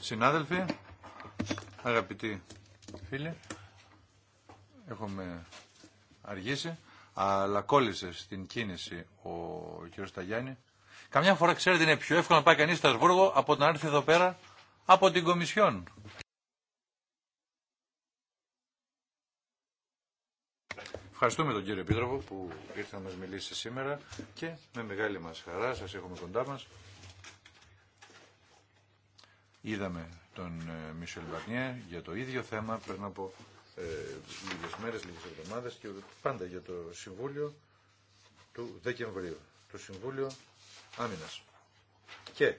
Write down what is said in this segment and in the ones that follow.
Συνάδελφοι, αγαπητοί φίλοι, έχουμε αργήσει, αλλά κόλλησε στην κίνηση ο κ. Σταγιάννη. Καμιά φορά, ξέρετε, είναι πιο εύκολο να πάει κανείς στο Ασβούργο από να έρθει εδώ πέρα από την Κομισιόν. Ευχαριστούμε τον κύριο Επίτροπο που ήρθε να μας μιλήσει σήμερα και με μεγάλη μας χαρά σας έχουμε κοντά μας. Είδαμε τον ε, Μισελ Μπαρνιέ για το ίδιο θέμα πριν από ε, λίγες μέρες, λίγες εβδομάδες και πάντα για το Συμβούλιο του Δεκεμβρίου, το Συμβούλιο Άμυνας. Και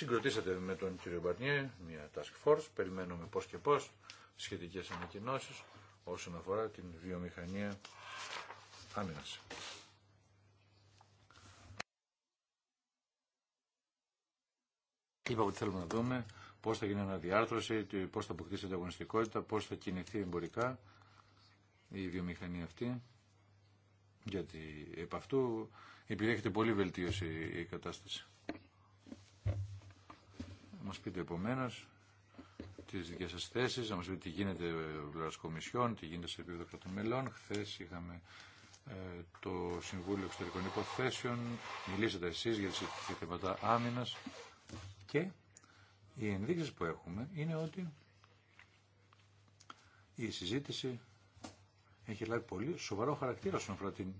συγκροτήσατε με τον κύριο Μπαρνιέ μια task force, περιμένουμε πώς και πώς σχετικές ανακοινώσεις όσον αφορά την βιομηχανία άμυνας. Είπα ότι θέλουμε να δούμε πώς θα γίνει αναδιάρθρωση, πώς θα αποκτήσει ανταγωνιστικότητα, πώς θα κινηθεί εμπορικά η βιομηχανία αυτή. Γιατί επ' αυτού επιδέχεται πολύ βελτίωση η κατάσταση μας πείτε επομένω τις δικές σας θέσεις, να μας πείτε τι γίνεται πλευράς κομισιών, τι γίνεται σε επίπεδο κρατών μελών. Χθες είχαμε ε, το Συμβούλιο Εξωτερικών Υποθέσεων, μιλήσατε εσείς για τις θέματα άμυνας και οι ενδείξεις που έχουμε είναι ότι η συζήτηση έχει λάβει πολύ σοβαρό χαρακτήρα όσον αφορά την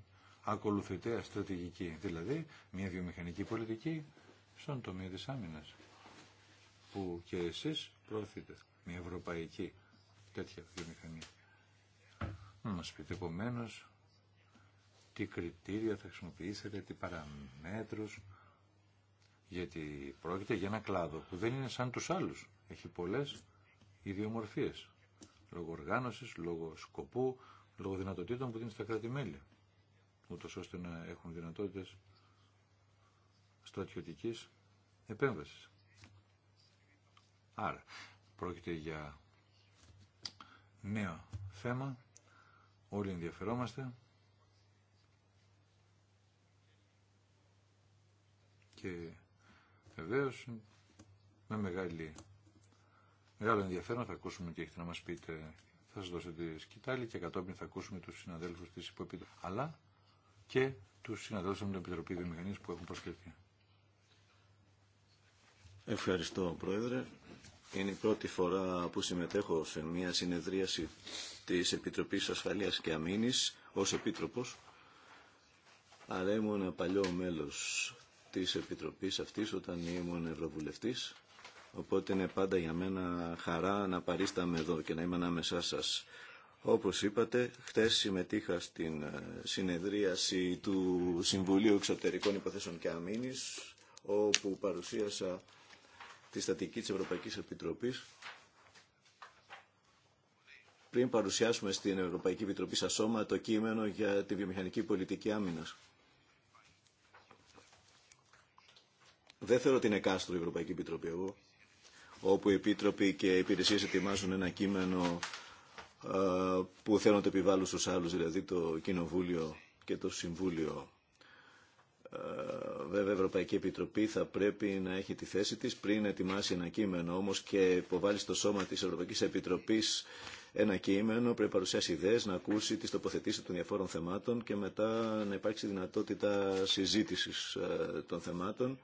ακολουθητέα στρατηγική, δηλαδή μια βιομηχανική πολιτική στον τομέα της άμυνας που και εσείς προωθείτε. Μια ευρωπαϊκή τέτοια βιομηχανία. Να μας πείτε επομένω τι κριτήρια θα χρησιμοποιήσετε, τι παραμέτρους, γιατί πρόκειται για ένα κλάδο που δεν είναι σαν τους άλλους. Έχει πολλές ιδιομορφίες, λόγω οργάνωσης, λόγω σκοπού, λόγω δυνατοτήτων που δίνει στα κράτη-μέλη, ούτως ώστε να έχουν δυνατότητες στρατιωτικής επέμβασης. Άρα, πρόκειται για νέο θέμα. Όλοι ενδιαφερόμαστε. Και βεβαίω με μεγάλη, μεγάλο ενδιαφέρον θα ακούσουμε τι έχετε να μας πείτε. Θα σας δώσω τη σκητάλη και κατόπιν θα ακούσουμε τους συναδέλφους της υποπίτροπης. Αλλά και τους συναδέλφους με την Επιτροπή Βιομηχανίας που έχουν προσκληθεί. Ευχαριστώ, Πρόεδρε. Είναι η πρώτη φορά που συμμετέχω σε μια συνεδρίαση της Επιτροπής Ασφαλείας και Αμήνης ως Επίτροπος, αλλά ήμουν παλιό μέλος της Επιτροπής αυτής όταν ήμουν Ευρωβουλευτής, οπότε είναι πάντα για μένα χαρά να παρίσταμαι εδώ και να είμαι ανάμεσά σας. Όπως είπατε, χτες συμμετείχα στην ε, συνεδρίαση του Συμβουλίου Εξωτερικών Υποθέσεων και Αμήνης, όπου παρουσίασα τη στατική της Ευρωπαϊκής Επιτροπής. Πριν παρουσιάσουμε στην Ευρωπαϊκή Επιτροπή σαν σώμα το κείμενο για τη βιομηχανική πολιτική άμυνας. Δεν θέλω την είναι κάστρο Ευρωπαϊκή Επιτροπή εγώ, όπου οι επίτροποι και οι υπηρεσίες ετοιμάζουν ένα κείμενο ε, που θέλουν να το επιβάλλουν στους άλλους, δηλαδή το Κοινοβούλιο και το Συμβούλιο ε, βέβαια, η Ευρωπαϊκή Επιτροπή θα πρέπει να έχει τη θέση της πριν ετοιμάσει ένα κείμενο, όμως και υποβάλει στο σώμα της Ευρωπαϊκής Επιτροπής ένα κείμενο, πρέπει να παρουσιάσει ιδέες, να ακούσει τις τοποθετήσεις των διαφόρων θεμάτων και μετά να υπάρξει δυνατότητα συζήτησης ε, των θεμάτων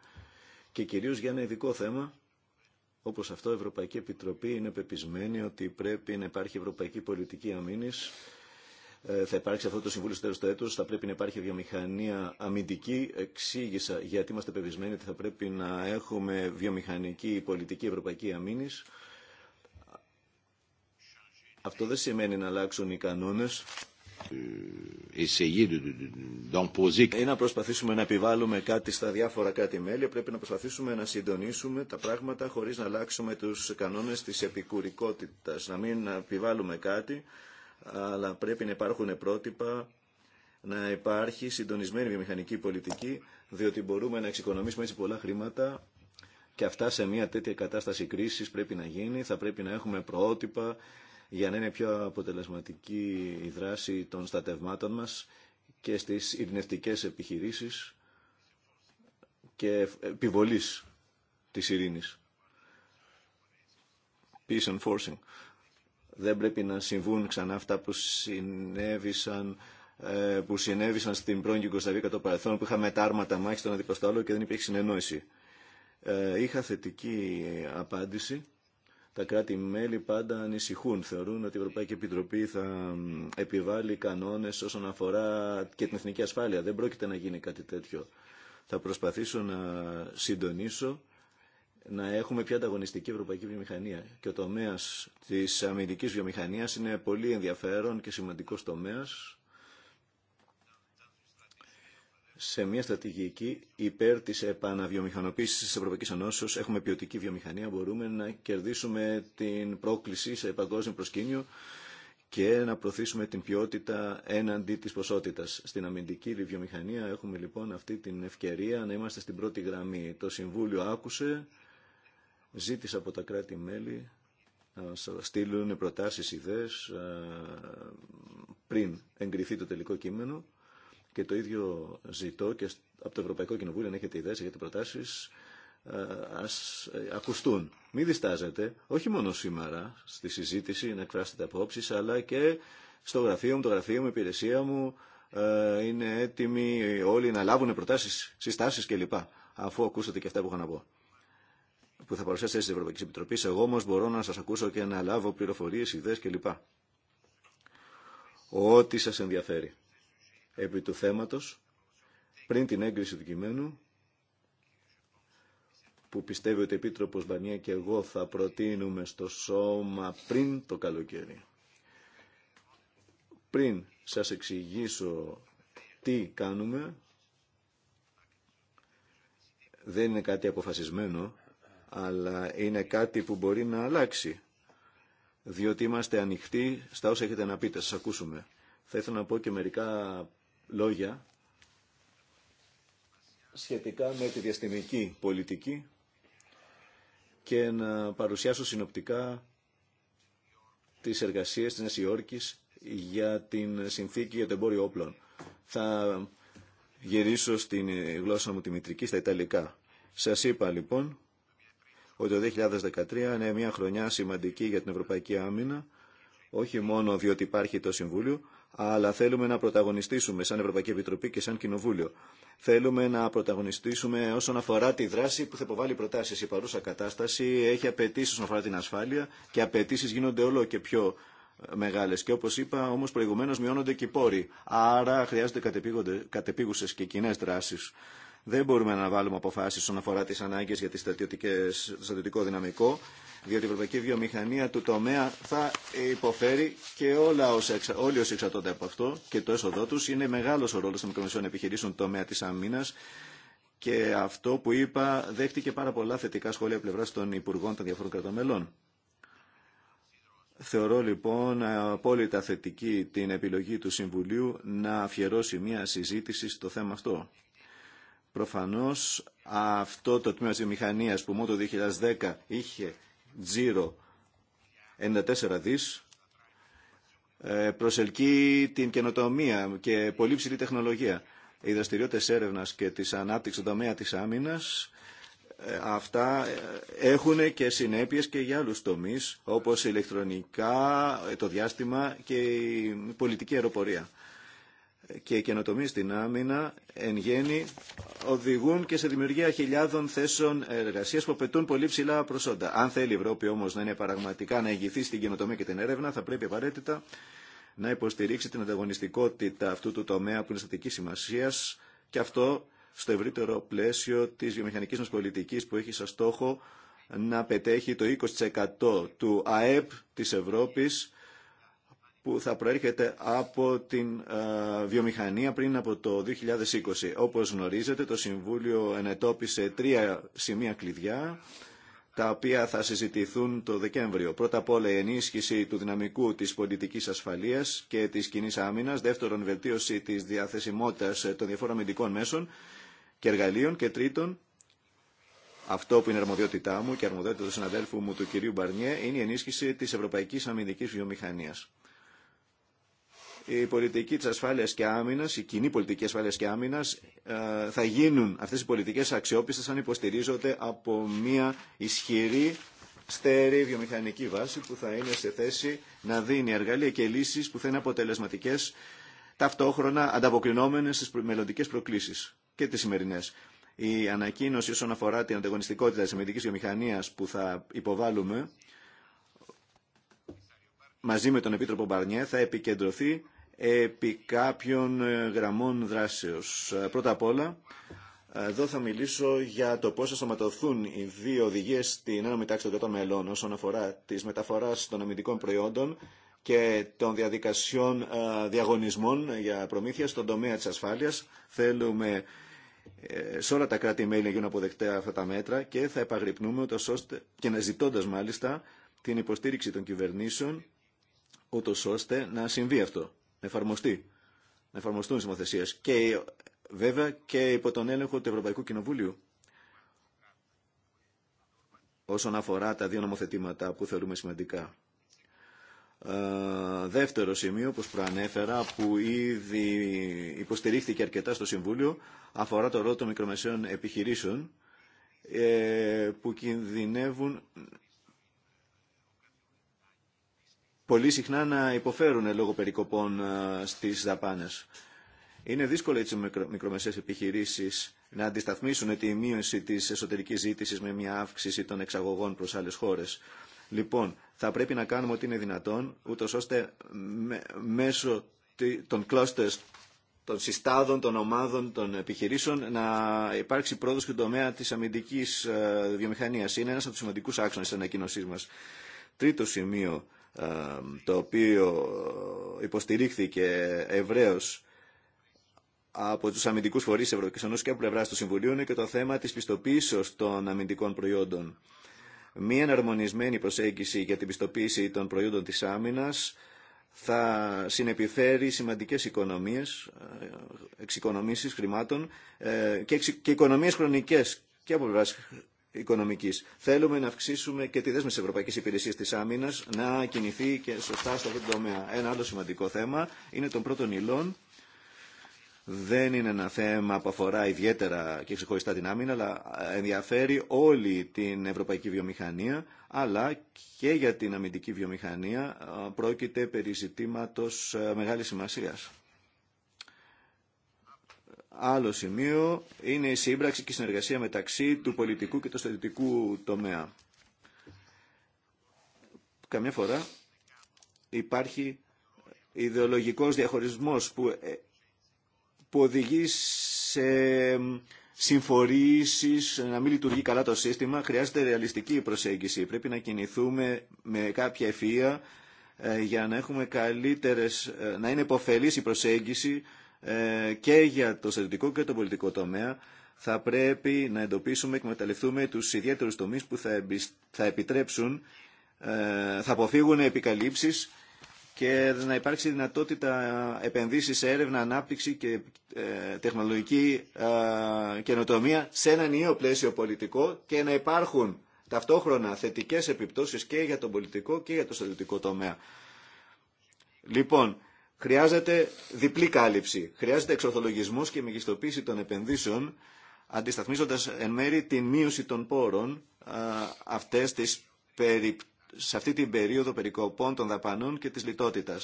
και κυρίως για ένα ειδικό θέμα, όπως αυτό η Ευρωπαϊκή Επιτροπή είναι πεπισμένη ότι πρέπει να υπάρχει ευρωπαϊκή πολιτική αμήνης ε, θα υπάρξει αυτό το Συμβούλιο στο τέλο του έτου, θα πρέπει να υπάρχει βιομηχανία αμυντική. Εξήγησα γιατί είμαστε πεπισμένοι ότι θα πρέπει να έχουμε βιομηχανική πολιτική ευρωπαϊκή αμήνη. Αυτό δεν σημαίνει να αλλάξουν οι κανόνε. Ή ε, ε, να προσπαθήσουμε να επιβάλλουμε κάτι στα διάφορα κράτη-μέλη, πρέπει να προσπαθήσουμε να συντονίσουμε τα πράγματα χωρί να αλλάξουμε του κανόνε τη επικουρικότητα. Να μην επιβάλλουμε κάτι αλλά πρέπει να υπάρχουν πρότυπα, να υπάρχει συντονισμένη βιομηχανική πολιτική, διότι μπορούμε να εξοικονομήσουμε έτσι πολλά χρήματα και αυτά σε μια τέτοια κατάσταση κρίσης πρέπει να γίνει, θα πρέπει να έχουμε πρότυπα για να είναι πιο αποτελεσματική η δράση των στατευμάτων μας και στις ειρηνευτικέ επιχειρήσει και επιβολή τη ειρήνης. Peace δεν πρέπει να συμβούν ξανά αυτά που συνέβησαν ε, που συνέβησαν στην πρώην Κυκοσταβία κατά το παρελθόν, που είχαμε τα άρματα μάχη στον άλλο και δεν υπήρχε συνεννόηση. Ε, είχα θετική απάντηση. Τα κράτη-μέλη πάντα ανησυχούν. Θεωρούν ότι η Ευρωπαϊκή Επιτροπή θα επιβάλλει κανόνε όσον αφορά και την εθνική ασφάλεια. Δεν πρόκειται να γίνει κάτι τέτοιο. Θα προσπαθήσω να συντονίσω να έχουμε πιο ανταγωνιστική ευρωπαϊκή βιομηχανία. Και ο τομέα τη αμυντική βιομηχανία είναι πολύ ενδιαφέρον και σημαντικό τομέα σε μια στρατηγική υπέρ της επαναβιομηχανοποίησης της Ευρωπαϊκής Ενώσεω Έχουμε ποιοτική βιομηχανία, μπορούμε να κερδίσουμε την πρόκληση σε παγκόσμιο προσκήνιο και να προωθήσουμε την ποιότητα έναντι της ποσότητας. Στην αμυντική βιομηχανία έχουμε λοιπόν αυτή την ευκαιρία να είμαστε στην πρώτη γραμμή. Το Συμβούλιο άκουσε Ζήτησα από τα κράτη-μέλη να στείλουν προτάσεις, ιδέες ε, πριν εγκριθεί το τελικό κείμενο και το ίδιο ζητώ και από το Ευρωπαϊκό Κοινοβούλιο αν έχετε ιδέες, έχετε προτάσεις ε, ας ε, ακουστούν. Μην διστάζετε, όχι μόνο σήμερα στη συζήτηση να εκφράσετε απόψεις, αλλά και στο γραφείο μου, το γραφείο μου, η υπηρεσία μου, είναι έτοιμοι όλοι να λάβουν προτάσεις, συστάσεις κλπ. Αφού ακούσατε και αυτά που είχα να πω που θα παρουσιάσετε στι Ευρωπαϊκέ Εγώ όμω μπορώ να σας ακούσω και να λάβω πληροφορίε, ιδέε, κλπ. Ό,τι σας ενδιαφέρει. Επί του θέματος, πριν την έγκριση του κειμένου, που πιστεύει ότι ο Επίτροπος Μπανία και εγώ θα προτείνουμε στο σώμα πριν το καλοκαίρι. Πριν σας εξηγήσω τι κάνουμε, δεν είναι κάτι αποφασισμένο, αλλά είναι κάτι που μπορεί να αλλάξει, διότι είμαστε ανοιχτοί στα όσα έχετε να πείτε, σας ακούσουμε. Θα ήθελα να πω και μερικά λόγια σχετικά με τη διαστημική πολιτική και να παρουσιάσω συνοπτικά τις εργασίες της Νέας Υόρκης για την συνθήκη για το εμπόριο όπλων. Θα γυρίσω στην γλώσσα μου τη μητρική στα Ιταλικά. Σας είπα λοιπόν ότι το 2013 είναι μια χρονιά σημαντική για την Ευρωπαϊκή Άμυνα, όχι μόνο διότι υπάρχει το Συμβούλιο, αλλά θέλουμε να πρωταγωνιστήσουμε σαν Ευρωπαϊκή Επιτροπή και σαν Κοινοβούλιο. Θέλουμε να πρωταγωνιστήσουμε όσον αφορά τη δράση που θα υποβάλει προτάσει. Η παρούσα κατάσταση έχει απαιτήσει όσον αφορά την ασφάλεια και απαιτήσει γίνονται όλο και πιο ε, μεγάλες. Και όπως είπα όμως προηγουμένως μειώνονται και οι πόροι. Άρα χρειάζονται κατεπίγουσες και κοινέ δράσεις. Δεν μπορούμε να βάλουμε αποφάσει όσον αφορά τι ανάγκε για το στρατιωτικό δυναμικό, διότι η ευρωπαϊκή βιομηχανία του τομέα θα υποφέρει και όλα όσα, όλοι όσοι εξαρτώνται από αυτό και το έσοδό του. Είναι μεγάλο ο ρόλο των μικρομεσαίων επιχειρήσεων του τομέα τη αμήνα και αυτό που είπα δέχτηκε πάρα πολλά θετικά σχόλια πλευρά των Υπουργών των διαφορών κρατομελών. Θεωρώ λοιπόν απόλυτα θετική την επιλογή του Συμβουλίου να αφιερώσει μια συζήτηση στο θέμα αυτό. Προφανώς αυτό το τμήμα της μηχανίας που μόνο το 2010 είχε τζίρο 94 δις ε, προσελκύει την καινοτομία και πολύ ψηλή τεχνολογία. Οι δραστηριότητε έρευνα και της ανάπτυξη στον τομέα τη άμυνα ε, αυτά ε, έχουν και συνέπειες και για άλλους τομείς όπως ηλεκτρονικά, το διάστημα και η πολιτική αεροπορία και οι στην άμυνα εν γέννη οδηγούν και σε δημιουργία χιλιάδων θέσεων εργασία που απαιτούν πολύ ψηλά προσόντα. Αν θέλει η Ευρώπη όμω να είναι πραγματικά να ηγηθεί στην καινοτομία και την έρευνα θα πρέπει απαραίτητα να υποστηρίξει την ανταγωνιστικότητα αυτού του τομέα που είναι στατική σημασία και αυτό στο ευρύτερο πλαίσιο τη βιομηχανική μα πολιτική που έχει σαν στόχο να πετέχει το 20% του ΑΕΠ της Ευρώπης που θα προέρχεται από την ε, βιομηχανία πριν από το 2020. Όπως γνωρίζετε, το Συμβούλιο ενετόπισε τρία σημεία κλειδιά, τα οποία θα συζητηθούν το Δεκέμβριο. Πρώτα απ' όλα η ενίσχυση του δυναμικού της πολιτικής ασφαλείας και της κοινή άμυνας, δεύτερον βελτίωση της διαθεσιμότητας των διαφόρων αμυντικών μέσων και εργαλείων και τρίτον αυτό που είναι αρμοδιότητά μου και αρμοδιότητα του συναδέλφου μου του κυρίου Μπαρνιέ είναι η ενίσχυση της ευρωπαϊκής αμυντικής βιομηχανίας η πολιτική της ασφάλειας και άμυνας, η κοινή πολιτική ασφάλειας και άμυνας ε, θα γίνουν αυτές οι πολιτικές αξιόπιστες αν υποστηρίζονται από μια ισχυρή στέρη βιομηχανική βάση που θα είναι σε θέση να δίνει εργαλεία και λύσεις που θα είναι αποτελεσματικές ταυτόχρονα ανταποκρινόμενες στις μελλοντικέ προκλήσεις και τις σημερινές. Η ανακοίνωση όσον αφορά την ανταγωνιστικότητα της αμυντικής βιομηχανίας που θα υποβάλουμε μαζί με τον Επίτροπο Μπαρνιέ θα επικεντρωθεί επί κάποιων ε, γραμμών δράσεως. Ε, πρώτα απ' όλα, ε, εδώ θα μιλήσω για το πώς θα σωματωθούν οι δύο οδηγίες στην ένωμη τάξη των κρατών μελών όσον αφορά τις μεταφοράς των αμυντικών προϊόντων και των διαδικασιών διαγωνισμών για προμήθεια στον τομέα της ασφάλειας. Θέλουμε σε όλα τα κράτη-μέλη να γίνουν αποδεκτά αυτά τα μέτρα και θα επαγρυπνούμε ώστε, και να ζητώντα μάλιστα την υποστήριξη των κυβερνήσεων ούτως ώστε να συμβεί αυτό εφαρμοστεί, να εφαρμοστούν οι Και βέβαια και υπό τον έλεγχο του Ευρωπαϊκού Κοινοβούλιου όσον αφορά τα δύο νομοθετήματα που θεωρούμε σημαντικά. Ε, δεύτερο σημείο, όπως προανέφερα, που ήδη υποστηρίχθηκε αρκετά στο Συμβούλιο, αφορά το ρόλο των μικρομεσαίων επιχειρήσεων, ε, που κινδυνεύουν πολύ συχνά να υποφέρουν λόγω περικοπών ε, στις δαπάνες. Είναι δύσκολο έτσι οι μικρομεσαίες επιχειρήσεις να αντισταθμίσουν τη μείωση της εσωτερικής ζήτησης με μια αύξηση των εξαγωγών προς άλλες χώρες. Λοιπόν, θα πρέπει να κάνουμε ό,τι είναι δυνατόν, ούτως ώστε μέσω των κλώστες των συστάδων, των ομάδων, των επιχειρήσεων να υπάρξει πρόοδο στον τομέα τη αμυντική ε, βιομηχανία. Είναι ένα από του σημαντικού άξονε τη ανακοίνωσή μα. Τρίτο σημείο το οποίο υποστηρίχθηκε ευρέως από τους αμυντικούς φορείς Ευρωπαϊκής και από πλευρά του Συμβουλίου είναι και το θέμα της πιστοποίησης των αμυντικών προϊόντων. Μία εναρμονισμένη προσέγγιση για την πιστοποίηση των προϊόντων της άμυνας θα συνεπιφέρει σημαντικές οικονομίες, εξοικονομήσεις χρημάτων ε, και οικονομίες χρονικές και από πλευράς οικονομική. Θέλουμε να αυξήσουμε και τη δέσμευση Ευρωπαϊκή Υπηρεσία τη Άμυνα να κινηθεί και σωστά σε αυτό το τομέα. Ένα άλλο σημαντικό θέμα είναι των πρώτων υλών. Δεν είναι ένα θέμα που αφορά ιδιαίτερα και ξεχωριστά την άμυνα, αλλά ενδιαφέρει όλη την ευρωπαϊκή βιομηχανία, αλλά και για την αμυντική βιομηχανία ε, πρόκειται περί ζητήματος ε, μεγάλης σημασίας. Άλλο σημείο είναι η σύμπραξη και η συνεργασία μεταξύ του πολιτικού και του στρατιωτικού τομέα. Καμιά φορά υπάρχει ιδεολογικός διαχωρισμός που, ε, που οδηγεί σε συμφορήσεις, να μην λειτουργεί καλά το σύστημα. Χρειάζεται ρεαλιστική προσέγγιση. Πρέπει να κινηθούμε με κάποια ευφυΐα ε, για να έχουμε καλύτερες, ε, να είναι υποφελής η προσέγγιση ε, και για το στρατιωτικό και το πολιτικό τομέα θα πρέπει να εντοπίσουμε και εκμεταλλευτούμε τους ιδιαίτερους τομείς που θα, θα επιτρέψουν, ε, θα αποφύγουν επικαλύψεις και να υπάρξει δυνατότητα επενδύσεις σε έρευνα, ανάπτυξη και ε, τεχνολογική καινοτομία σε έναν ιό πλαίσιο πολιτικό και να υπάρχουν ταυτόχρονα θετικές επιπτώσεις και για τον πολιτικό και για το στρατιωτικό τομέα. Λοιπόν, Χρειάζεται διπλή κάλυψη. Χρειάζεται εξορθολογισμό και μεγιστοποίηση των επενδύσεων, αντισταθμίζοντα εν μέρη την μείωση των πόρων αυτές σε αυτή την περίοδο περικοπών των δαπανών και τη λιτότητα.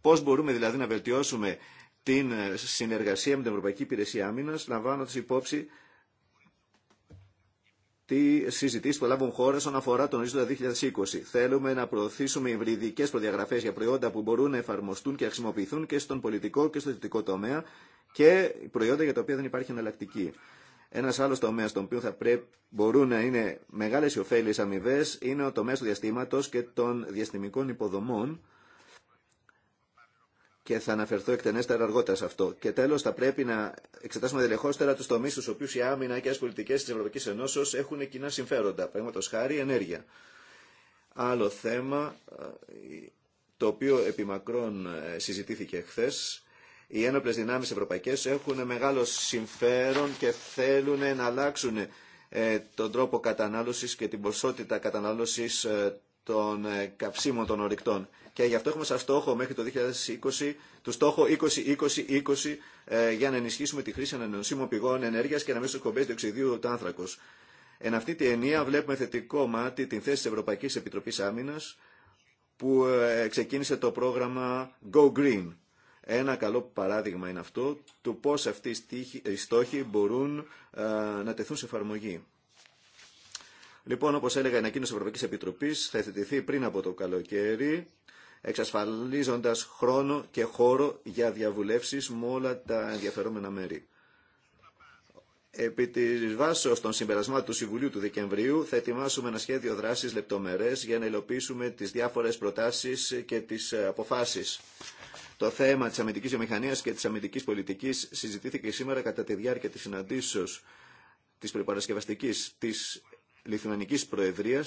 Πώ μπορούμε δηλαδή να βελτιώσουμε την ε, συνεργασία με την Ευρωπαϊκή Υπηρεσία Άμυνα, λαμβάνοντα υπόψη τι συζητήσει που λάβουν χώρε όσον αφορά τον ορίζοντα 2020. Θέλουμε να προωθήσουμε υβριδικέ προδιαγραφέ για προϊόντα που μπορούν να εφαρμοστούν και να χρησιμοποιηθούν και στον πολιτικό και στο δυτικό τομέα και προϊόντα για τα οποία δεν υπάρχει εναλλακτική. Ένα άλλο τομέα, στον οποίο θα πρέπει, μπορούν να είναι μεγάλε οι ωφέλειε αμοιβέ, είναι ο τομέα του διαστήματο και των διαστημικών υποδομών και θα αναφερθώ εκτενέστερα αργότερα σε αυτό. Και τέλο, θα πρέπει να εξετάσουμε δελεχώστερα του τομεί στου οποίου η άμυνα και οι πολιτικέ τη Ευρωπαϊκή Ενώσεω έχουν κοινά συμφέροντα. Παραδείγματο χάρη, ενέργεια. Άλλο θέμα, το οποίο επιμακρών ε, συζητήθηκε χθε. Οι ένοπλε δυνάμει ευρωπαϊκέ έχουν μεγάλο συμφέρον και θέλουν να αλλάξουν ε, τον τρόπο κατανάλωση και την ποσότητα κατανάλωσης ε, των ε, καυσίμων των ορυκτών. Και γι' αυτό έχουμε σαν στόχο μέχρι το 2020 το στόχο 20-20-20 ε, για να ενισχύσουμε τη χρήση ανανεωσίμων πηγών ενέργεια και να μέσω κομπέ διοξιδίου του άνθρακο. Εν αυτή τη ενία βλέπουμε θετικό μάτι την θέση τη Ευρωπαϊκή Επιτροπή Άμυνα που ε, ξεκίνησε το πρόγραμμα Go Green. Ένα καλό παράδειγμα είναι αυτό του πώς αυτοί οι στόχοι μπορούν να τεθούν σε εφαρμογή. Λοιπόν, όπω έλεγα, η ανακοίνωση τη Ευρωπαϊκή Επιτροπή θα εθετηθεί πριν από το καλοκαίρι, εξασφαλίζοντα χρόνο και χώρο για διαβουλεύσει με όλα τα ενδιαφερόμενα μέρη. Επί τη βάση των συμπερασμάτων του Συμβουλίου του Δεκεμβρίου, θα ετοιμάσουμε ένα σχέδιο δράση λεπτομερέ για να υλοποιήσουμε τι διάφορε προτάσει και τι αποφάσει. Το θέμα τη αμυντική βιομηχανία και τη αμυντική πολιτική συζητήθηκε σήμερα κατά τη διάρκεια τη συναντήσεω τη προπαρασκευαστική τη Λιθουανική Προεδρία,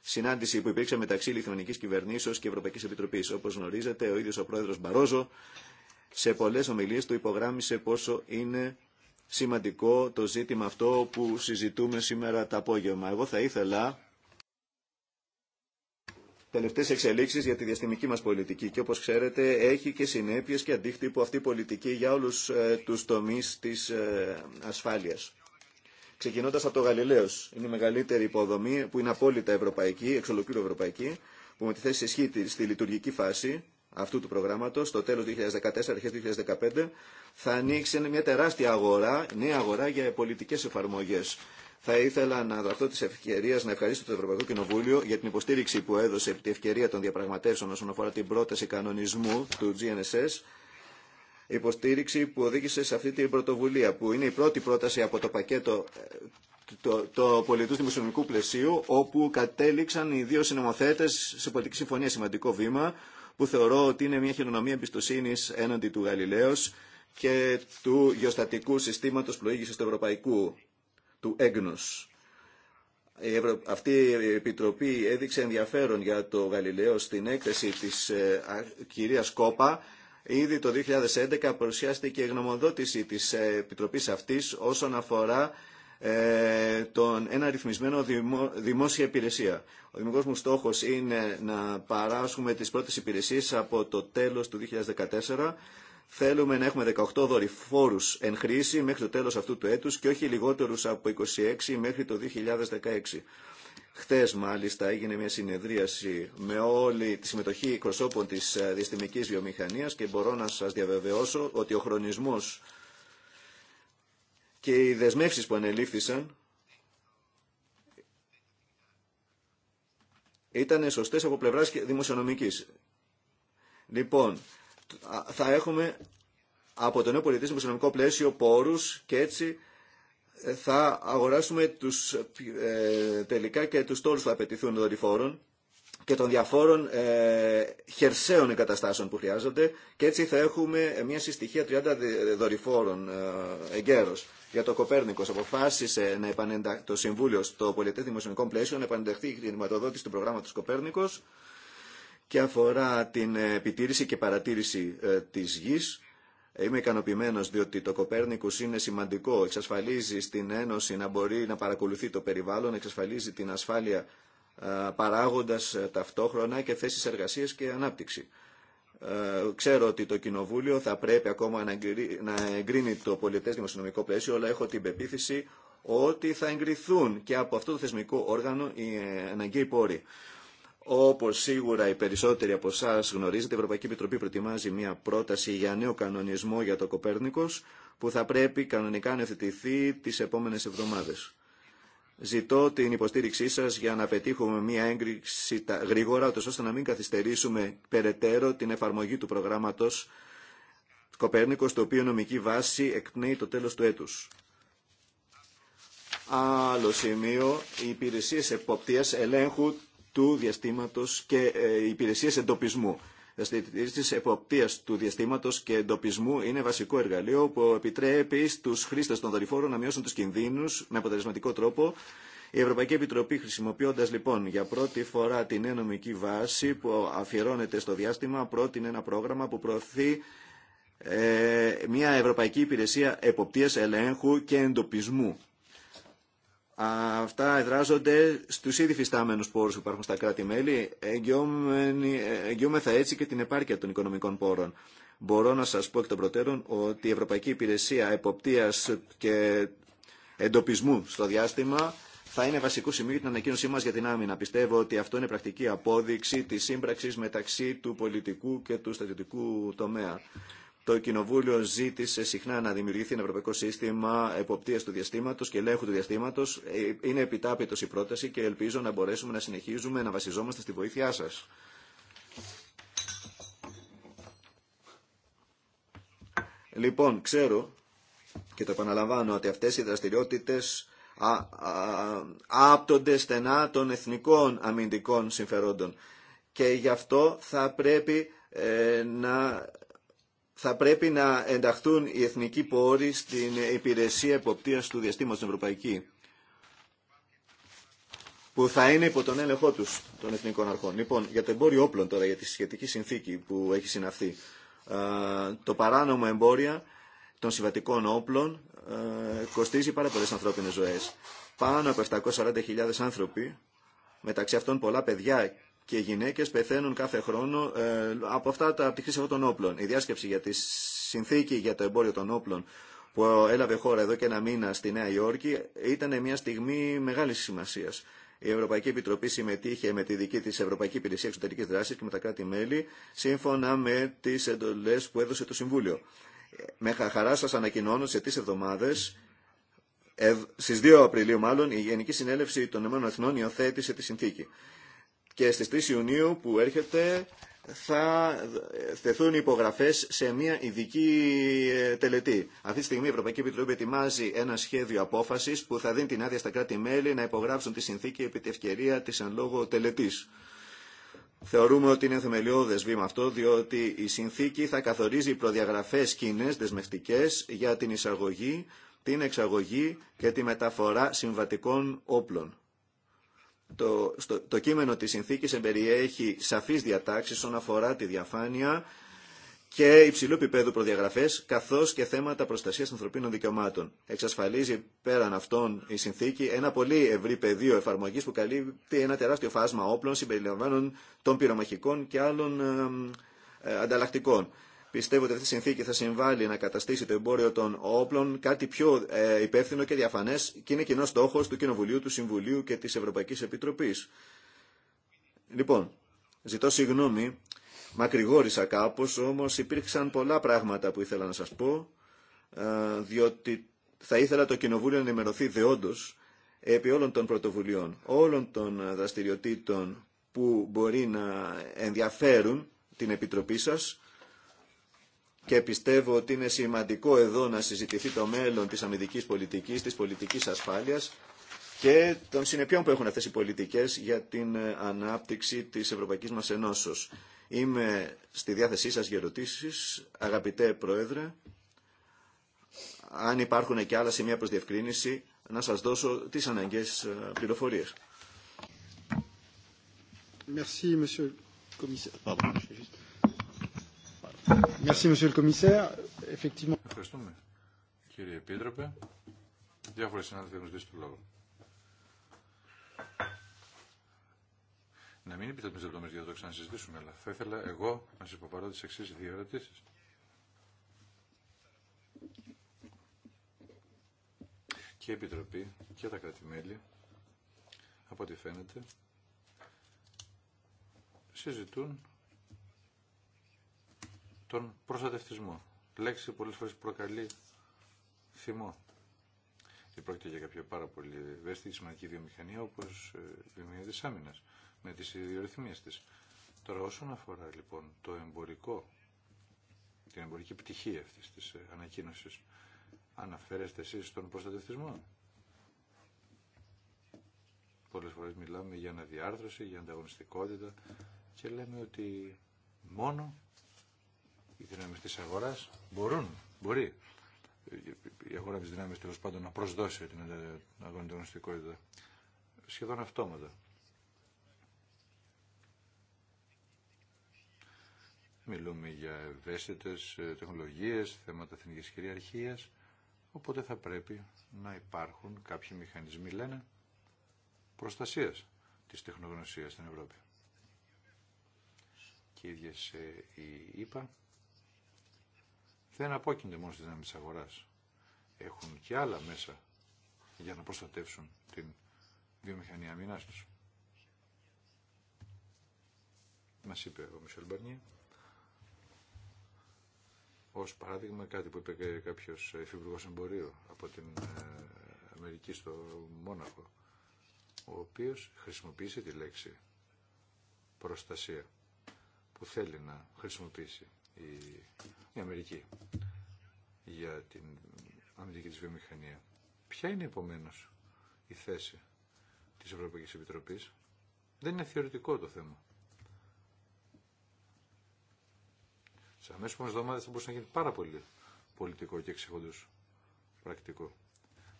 συνάντηση που υπήρξε μεταξύ Λιθουανική Κυβερνήσεω και Ευρωπαϊκή Επιτροπή. Όπω γνωρίζετε, ο ίδιο ο Πρόεδρο Μπαρόζο σε πολλέ ομιλίε του υπογράμμισε πόσο είναι σημαντικό το ζήτημα αυτό που συζητούμε σήμερα το απόγευμα. Εγώ θα ήθελα τελευταίες εξελίξεις για τη διαστημική μας πολιτική και όπως ξέρετε έχει και συνέπειες και αντίκτυπο αυτή η πολιτική για όλους ε, τους τομείς της ε, ασφάλειας. Ξεκινώντα από το Γαλιλαίο, Είναι η μεγαλύτερη υποδομή που είναι απόλυτα ευρωπαϊκή, εξ ευρωπαϊκή, που με τη θέση ισχύ στη λειτουργική φάση αυτού του προγράμματο, στο τέλο 2014, αρχέ 2015, θα ανοίξει μια τεράστια αγορά, νέα αγορά για πολιτικέ εφαρμογέ. Θα ήθελα να δραχτώ τη ευκαιρία να ευχαριστήσω το Ευρωπαϊκό Κοινοβούλιο για την υποστήριξη που έδωσε επί τη ευκαιρία των διαπραγματεύσεων όσον αφορά την πρόταση κανονισμού του GNSS υποστήριξη που οδήγησε σε αυτή την πρωτοβουλία, που είναι η πρώτη πρόταση από το πακέτο ε, το, το πολιτού δημοσιονομικού πλαισίου, όπου κατέληξαν οι δύο συνομοθέτε σε πολιτική συμφωνία. Σημαντικό βήμα, που θεωρώ ότι είναι μια χειρονομία εμπιστοσύνη έναντι του Γαλιλαίου και του γεωστατικού συστήματο πλοήγηση του Ευρωπαϊκού, του ΕΓΝΟΣ. Αυτή η Επιτροπή έδειξε ενδιαφέρον για το Γαλιλαίο στην έκθεση της ε, Κόπα Ήδη το 2011 παρουσιάστηκε η γνωμοδότηση της ε, Επιτροπής αυτής όσον αφορά ε, τον ένα ρυθμισμένο δημόσια υπηρεσία. Ο δημικός μου στόχος είναι να παράσχουμε τις πρώτες υπηρεσίες από το τέλος του 2014. Θέλουμε να έχουμε 18 δορυφόρους εν χρήση μέχρι το τέλος αυτού του έτους και όχι λιγότερους από 26 μέχρι το 2016. Χτες μάλιστα έγινε μια συνεδρίαση με όλη τη συμμετοχή εκπροσώπων της ε, διαστημικής βιομηχανίας και μπορώ να σας διαβεβαιώσω ότι ο χρονισμός και οι δεσμεύσεις που ανελήφθησαν ήταν σωστές από πλευράς δημοσιονομικής. Λοιπόν, θα έχουμε από το νέο πολιτισμό πλαίσιο πόρους και έτσι θα αγοράσουμε τους, ε, τελικά και τους τόλους που απαιτηθούν δορυφόρων και των διαφόρων ε, χερσαίων εγκαταστάσεων που χρειάζονται και έτσι θα έχουμε ε, μια συστοιχία 30 ε, δορυφόρων ε, εγκαίρως. Για το Κοπέρνικος αποφάσισε να επανεντα... το Συμβούλιο στο Πολιτεύτη Δημοσιονομικών Πλαίσιο να επανενταχθεί η χρηματοδότηση του προγράμματος Κοπέρνικος και αφορά την επιτήρηση και παρατήρηση ε, της γης Είμαι ικανοποιημένο διότι το Κοπέρνικου είναι σημαντικό. Εξασφαλίζει στην Ένωση να μπορεί να παρακολουθεί το περιβάλλον, εξασφαλίζει την ασφάλεια παράγοντας ε, ταυτόχρονα και θέσει εργασίας και ανάπτυξη. Ε, ξέρω ότι το Κοινοβούλιο θα πρέπει ακόμα να εγκρίνει το πολιτέ δημοσιονομικό πλαίσιο, αλλά έχω την πεποίθηση ότι θα εγκριθούν και από αυτό το θεσμικό όργανο οι ε, αναγκαίοι πόροι. Όπω σίγουρα οι περισσότεροι από εσά γνωρίζετε, η Ευρωπαϊκή Επιτροπή προετοιμάζει μια πρόταση για νέο κανονισμό για το Κοπέρνικο που θα πρέπει κανονικά να ευθετηθεί τι επόμενε εβδομάδε. Ζητώ την υποστήριξή σα για να πετύχουμε μια έγκριση γρήγορα, ώστε να μην καθυστερήσουμε περαιτέρω την εφαρμογή του προγράμματο Κοπέρνικο, το οποίο νομική βάση εκπνέει το τέλο του έτου. Άλλο σημείο, οι υπηρεσίε εποπτεία ελέγχου του διαστήματος και ε, υπηρεσίες εντοπισμού. Δραστηριότητε τη εποπτεία του διαστήματο και εντοπισμού είναι βασικό εργαλείο που επιτρέπει στου χρήστε των δορυφόρων να μειώσουν του κινδύνου με αποτελεσματικό τρόπο. Η Ευρωπαϊκή Επιτροπή, χρησιμοποιώντα λοιπόν για πρώτη φορά την ενομική βάση που αφιερώνεται στο διάστημα, πρότεινε ένα πρόγραμμα που προωθεί ε, μια Ευρωπαϊκή Υπηρεσία Εποπτείας Ελέγχου και Εντοπισμού Αυτά εδράζονται στους ήδη φυστάμενους πόρους που υπάρχουν στα κράτη-μέλη, εγγυούμεθα έτσι και την επάρκεια των οικονομικών πόρων. Μπορώ να σας πω εκ των προτέρων ότι η Ευρωπαϊκή Υπηρεσία Εποπτείας και Εντοπισμού στο διάστημα θα είναι βασικό σημείο για την ανακοίνωσή μας για την άμυνα. Πιστεύω ότι αυτό είναι πρακτική απόδειξη της σύμπραξης μεταξύ του πολιτικού και του στρατιωτικού τομέα. Το Κοινοβούλιο ζήτησε συχνά να δημιουργηθεί ένα ευρωπαϊκό σύστημα εποπτείας του διαστήματο και ελέγχου του διαστήματο. Ε, είναι επιτάπητο η πρόταση και ελπίζω να μπορέσουμε να συνεχίζουμε να βασιζόμαστε στη βοήθειά σα. Λοιπόν, ξέρω και το επαναλαμβάνω ότι αυτές οι δραστηριότητες άπτονται στενά των εθνικών αμυντικών συμφερόντων και γι' αυτό θα πρέπει ε, να θα πρέπει να ενταχθούν οι εθνικοί πόροι στην υπηρεσία εποπτείας του διαστήματος στην Ευρωπαϊκή που θα είναι υπό τον έλεγχό του των εθνικών αρχών. Λοιπόν, για το εμπόριο όπλων τώρα, για τη σχετική συνθήκη που έχει συναυθεί. Ε, το παράνομο εμπόρια των συμβατικών όπλων ε, κοστίζει πάρα πολλέ ανθρώπινε ζωέ. Πάνω από 740.000 άνθρωποι, μεταξύ αυτών πολλά παιδιά και οι γυναίκες πεθαίνουν κάθε χρόνο ε, από αυτά τα πτυχή αυτών των όπλων. Η διάσκεψη για τη συνθήκη για το εμπόριο των όπλων που έλαβε χώρα εδώ και ένα μήνα στη Νέα Υόρκη ήταν μια στιγμή μεγάλη σημασία. Η Ευρωπαϊκή Επιτροπή συμμετείχε με τη δική της Ευρωπαϊκή Υπηρεσία Εξωτερικής Δράσης και με τα κράτη-μέλη σύμφωνα με τις εντολές που έδωσε το Συμβούλιο. Με χαρά σας ανακοινώνω σε τρει εβδομάδες Στι 2 Απριλίου, μάλλον, η Γενική Συνέλευση των Ηνωμένων τη συνθήκη και στις 3 Ιουνίου που έρχεται θα θεθούν υπογραφές σε μια ειδική ε, τελετή. Αυτή τη στιγμή η Ευρωπαϊκή Επιτροπή ετοιμάζει ένα σχέδιο απόφασης που θα δίνει την άδεια στα κράτη-μέλη να υπογράψουν τη συνθήκη επί τη ευκαιρία της εν λόγω τελετής. Θεωρούμε ότι είναι θεμελιώδε βήμα αυτό, διότι η συνθήκη θα καθορίζει προδιαγραφέ κοινέ δεσμευτικέ για την εισαγωγή, την εξαγωγή και τη μεταφορά συμβατικών όπλων το, το κείμενο της συνθήκης εμπεριέχει σαφείς διατάξεις όσον αφορά τη διαφάνεια και υψηλού επίπεδου προδιαγραφέ, καθώ και θέματα προστασία ανθρωπίνων δικαιωμάτων. Εξασφαλίζει πέραν αυτών η συνθήκη ένα πολύ ευρύ πεδίο εφαρμογή που καλύπτει ένα τεράστιο φάσμα όπλων συμπεριλαμβάνων των πυρομαχικών και άλλων ε, ανταλλακτικών. Πιστεύω ότι αυτή η συνθήκη θα συμβάλλει να καταστήσει το εμπόριο των όπλων κάτι πιο ε, υπεύθυνο και διαφανέ και είναι κοινό στόχο του Κοινοβουλίου, του Συμβουλίου και τη Ευρωπαϊκή Επιτροπή. Λοιπόν, ζητώ συγγνώμη, μακρηγόρησα κάπω, όμω υπήρξαν πολλά πράγματα που ήθελα να σα πω, ε, διότι θα ήθελα το Κοινοβούλιο να ενημερωθεί δεόντω επί όλων των πρωτοβουλειών, όλων των δραστηριοτήτων που μπορεί να ενδιαφέρουν την Επιτροπή σας και πιστεύω ότι είναι σημαντικό εδώ να συζητηθεί το μέλλον της αμυντικής πολιτικής, της πολιτικής ασφάλειας και των συνεπειών που έχουν αυτές οι πολιτικές για την ε, ανάπτυξη της Ευρωπαϊκής μας Ενώσεως. Είμαι στη διάθεσή σας για ερωτήσεις, αγαπητέ Πρόεδρε. Αν υπάρχουν και άλλα σημεία προς διευκρίνηση, να σας δώσω τις αναγκαίες ε, πληροφορίες. Merci, monsieur Ευχαριστούμε. Κύριε Επίτροπε, Διάφορες συνάδελφοι έχουν ζητήσει το λόγο. Να μην επιτρέπετε τις λεπτομέρειε για να το ξανασυζητήσουμε, αλλά θα ήθελα εγώ να σα υποπαρώ τι εξή δύο ερωτήσει. Και η Επιτροπή και τα κρατημέλη, από ό,τι φαίνεται, συζητούν τον προστατευτισμό. Λέξη που πολλές φορές προκαλεί θυμό. Και πρόκειται για κάποια πάρα πολύ ευαίσθητη σημαντική βιομηχανία όπως ε, η βιομηχανία της άμυνας με τις ιδιορυθμίες της. Τώρα όσον αφορά λοιπόν το εμπορικό, την εμπορική πτυχή αυτή της ε, ανακοίνωσης, αναφέρεστε εσείς στον προστατευτισμό. Πολλές φορές μιλάμε για αναδιάρθρωση, για ανταγωνιστικότητα και λέμε ότι μόνο οι δυνάμει τη αγορά μπορούν, μπορεί η αγορά τη δυνάμει τέλο πάντων να προσδώσει την αγωνιστικότητα σχεδόν αυτόματα. Μιλούμε για ευαίσθητε ε, τεχνολογίες, θέματα εθνική κυριαρχία. οπότε θα πρέπει να υπάρχουν κάποιοι μηχανισμοί, λένε, προστασίας της τεχνογνωσία στην Ευρώπη. Και ίδιε η ε, ΗΠΑ δεν απόκεινται μόνο στις δυνάμεις αγοράς. Έχουν και άλλα μέσα για να προστατεύσουν την βιομηχανία αμυνάς τους. Μας είπε ο Μισελ Μπαρνιέ. Ως παράδειγμα κάτι που είπε κάποιος υφυπουργό εμπορίου από την ε, Αμερική στο Μόναχο, ο οποίος χρησιμοποίησε τη λέξη προστασία που θέλει να χρησιμοποιήσει η, Αμερική για την αμυντική της βιομηχανία. Ποια είναι επομένω η θέση της Ευρωπαϊκής Επιτροπής. Δεν είναι θεωρητικό το θέμα. Σε αμέσως επόμενες εβδομάδες θα μπορούσε να γίνει πάρα πολύ πολιτικό και εξηγόντως πρακτικό.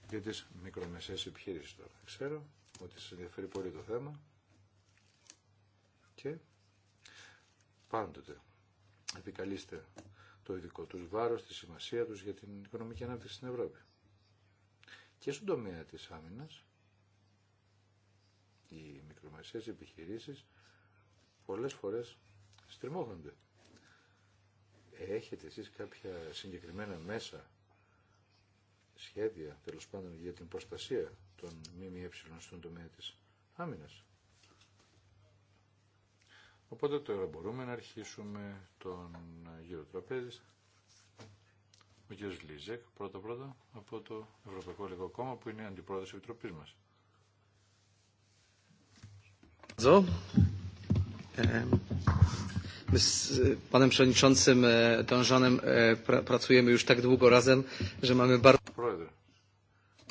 Για τις μικρομεσαίες επιχείρησεις τώρα. Ξέρω ότι σας ενδιαφέρει πολύ το θέμα και πάντοτε επικαλείστε το ειδικό τους βάρος, τη σημασία τους για την οικονομική ανάπτυξη στην Ευρώπη. Και στον τομέα της άμυνας, οι μικρομεσαίες επιχειρήσεις πολλές φορές στριμώχνονται. Έχετε εσείς κάποια συγκεκριμένα μέσα, σχέδια τέλος πάντων για την προστασία των ΜΜΕ στον τομέα της άμυνας. Οπότε τώρα μπορούμε να αρχίσουμε τον γύρο τραπέζης. Ο κ. Λίζεκ, πρώτα-πρώτα, από το Ευρωπαϊκό Λαϊκό Κόμμα, που είναι αντιπρόεδρος της Επιτροπής μας.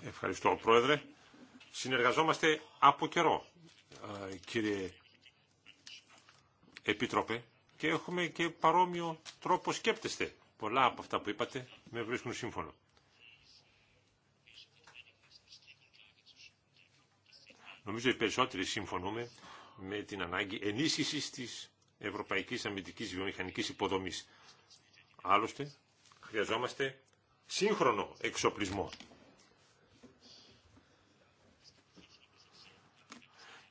Ευχαριστώ, Πρόεδρε. Συνεργαζόμαστε από καιρό, ε, κύριε Επίτροπε, και έχουμε και παρόμοιο τρόπο σκέπτεστε. Πολλά από αυτά που είπατε με βρίσκουν σύμφωνο. Νομίζω οι περισσότεροι συμφωνούμε με την ανάγκη ενίσχυσης της ευρωπαϊκής αμυντικής βιομηχανικής υποδομής. Άλλωστε, χρειαζόμαστε σύγχρονο εξοπλισμό.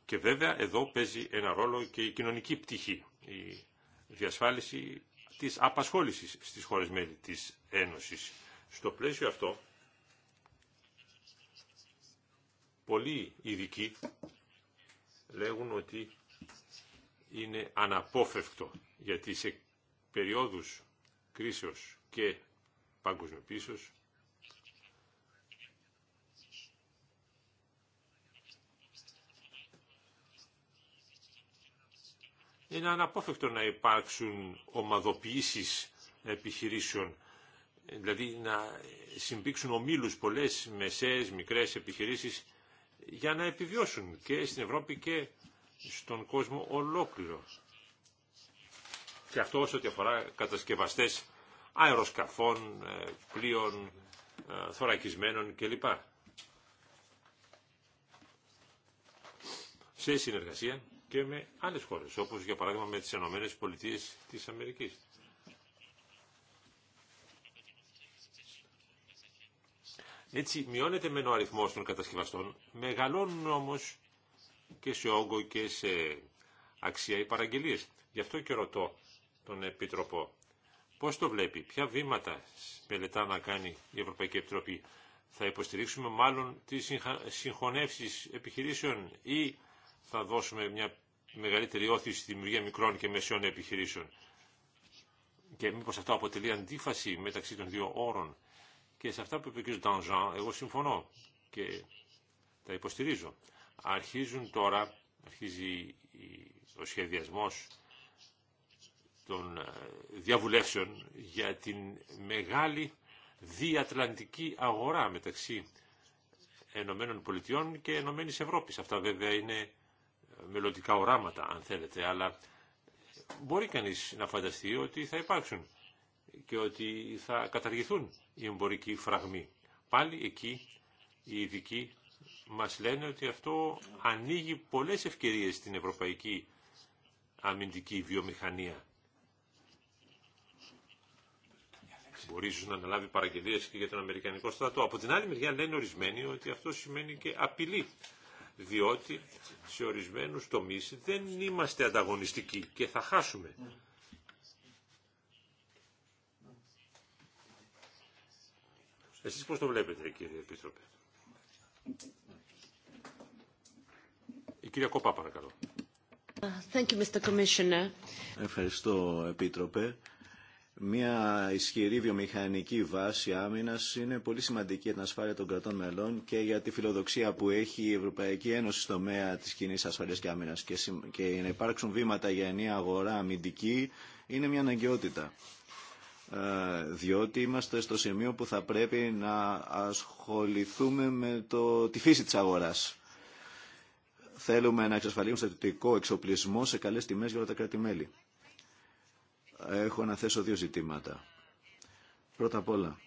Και βέβαια εδώ παίζει ένα ρόλο και η κοινωνική πτυχή, η διασφάλιση της απασχόλησης στις χώρες μέλη της Ένωσης. Στο πλαίσιο αυτό, πολλοί ειδικοί λέγουν ότι είναι αναπόφευκτο, γιατί σε περιόδους κρίσεως και παγκοσμιοποίησεως είναι αναπόφευκτο να υπάρξουν ομαδοποιήσεις επιχειρήσεων, δηλαδή να συμπήξουν ομίλους πολλές μεσαίες, μικρές επιχειρήσεις για να επιβιώσουν και στην Ευρώπη και στον κόσμο ολόκληρο. Και αυτό όσο αφορά κατασκευαστές αεροσκαφών, ε, πλοίων, ε, θωρακισμένων κλπ. Σε συνεργασία και με άλλες χώρες, όπως για παράδειγμα με τις Ηνωμένες Πολιτείες της Αμερικής. Έτσι μειώνεται μεν ο αριθμός των κατασκευαστών, μεγαλώνουν όμως και σε όγκο και σε αξία οι παραγγελίες. Γι' αυτό και ρωτώ τον Επίτροπο πώς το βλέπει, ποια βήματα μελετά να κάνει η Ευρωπαϊκή Επιτροπή. Θα υποστηρίξουμε μάλλον τις συγχωνεύσεις επιχειρήσεων ή θα δώσουμε μια μεγαλύτερη όθηση στη δημιουργία μικρών και μεσαίων επιχειρήσεων. Και μήπως αυτό αποτελεί αντίφαση μεταξύ των δύο όρων. Και σε αυτά που είπε ο κ. Ντανζάν, εγώ συμφωνώ και τα υποστηρίζω. Αρχίζουν τώρα, αρχίζει ο σχεδιασμός των ε, διαβουλεύσεων για την μεγάλη διατλαντική αγορά μεταξύ Ενωμένων Πολιτιών και Ενωμένης Ευρώπης. Αυτά βέβαια είναι μελλοντικά οράματα αν θέλετε, αλλά μπορεί κανείς να φανταστεί ότι θα υπάρξουν και ότι θα καταργηθούν οι εμπορικοί φραγμοί. Πάλι εκεί οι ειδικοί μας λένε ότι αυτό ανοίγει πολλές ευκαιρίες στην ευρωπαϊκή αμυντική βιομηχανία. Μπορεί να αναλάβει παραγγελίες και για τον Αμερικανικό στρατό. Από την άλλη μεριά λένε ορισμένοι ότι αυτό σημαίνει και απειλή διότι σε ορισμένους τομείς δεν είμαστε ανταγωνιστικοί και θα χάσουμε. Εσείς πώς το βλέπετε κύριε Επίτροπε. Η κυρία Κόπα παρακαλώ. Thank you, Mr. Commissioner. Ευχαριστώ Επίτροπε. Μια ισχυρή βιομηχανική βάση άμυνα είναι πολύ σημαντική για την ασφάλεια των κρατών μελών και για τη φιλοδοξία που έχει η Ευρωπαϊκή Ένωση στο μέα τη κοινή ασφαλεία και άμυνα. Και να υπάρξουν βήματα για νέα αγορά αμυντική είναι μια αναγκαιότητα. Ε, διότι είμαστε στο σημείο που θα πρέπει να ασχοληθούμε με το, τη φύση τη αγορά. Θέλουμε να εξασφαλίσουμε στρατιωτικό εξοπλισμό σε καλέ τιμέ για όλα τα κράτη-μέλη έχω να θέσω δύο ζητήματα. Πρώτα απ' όλα,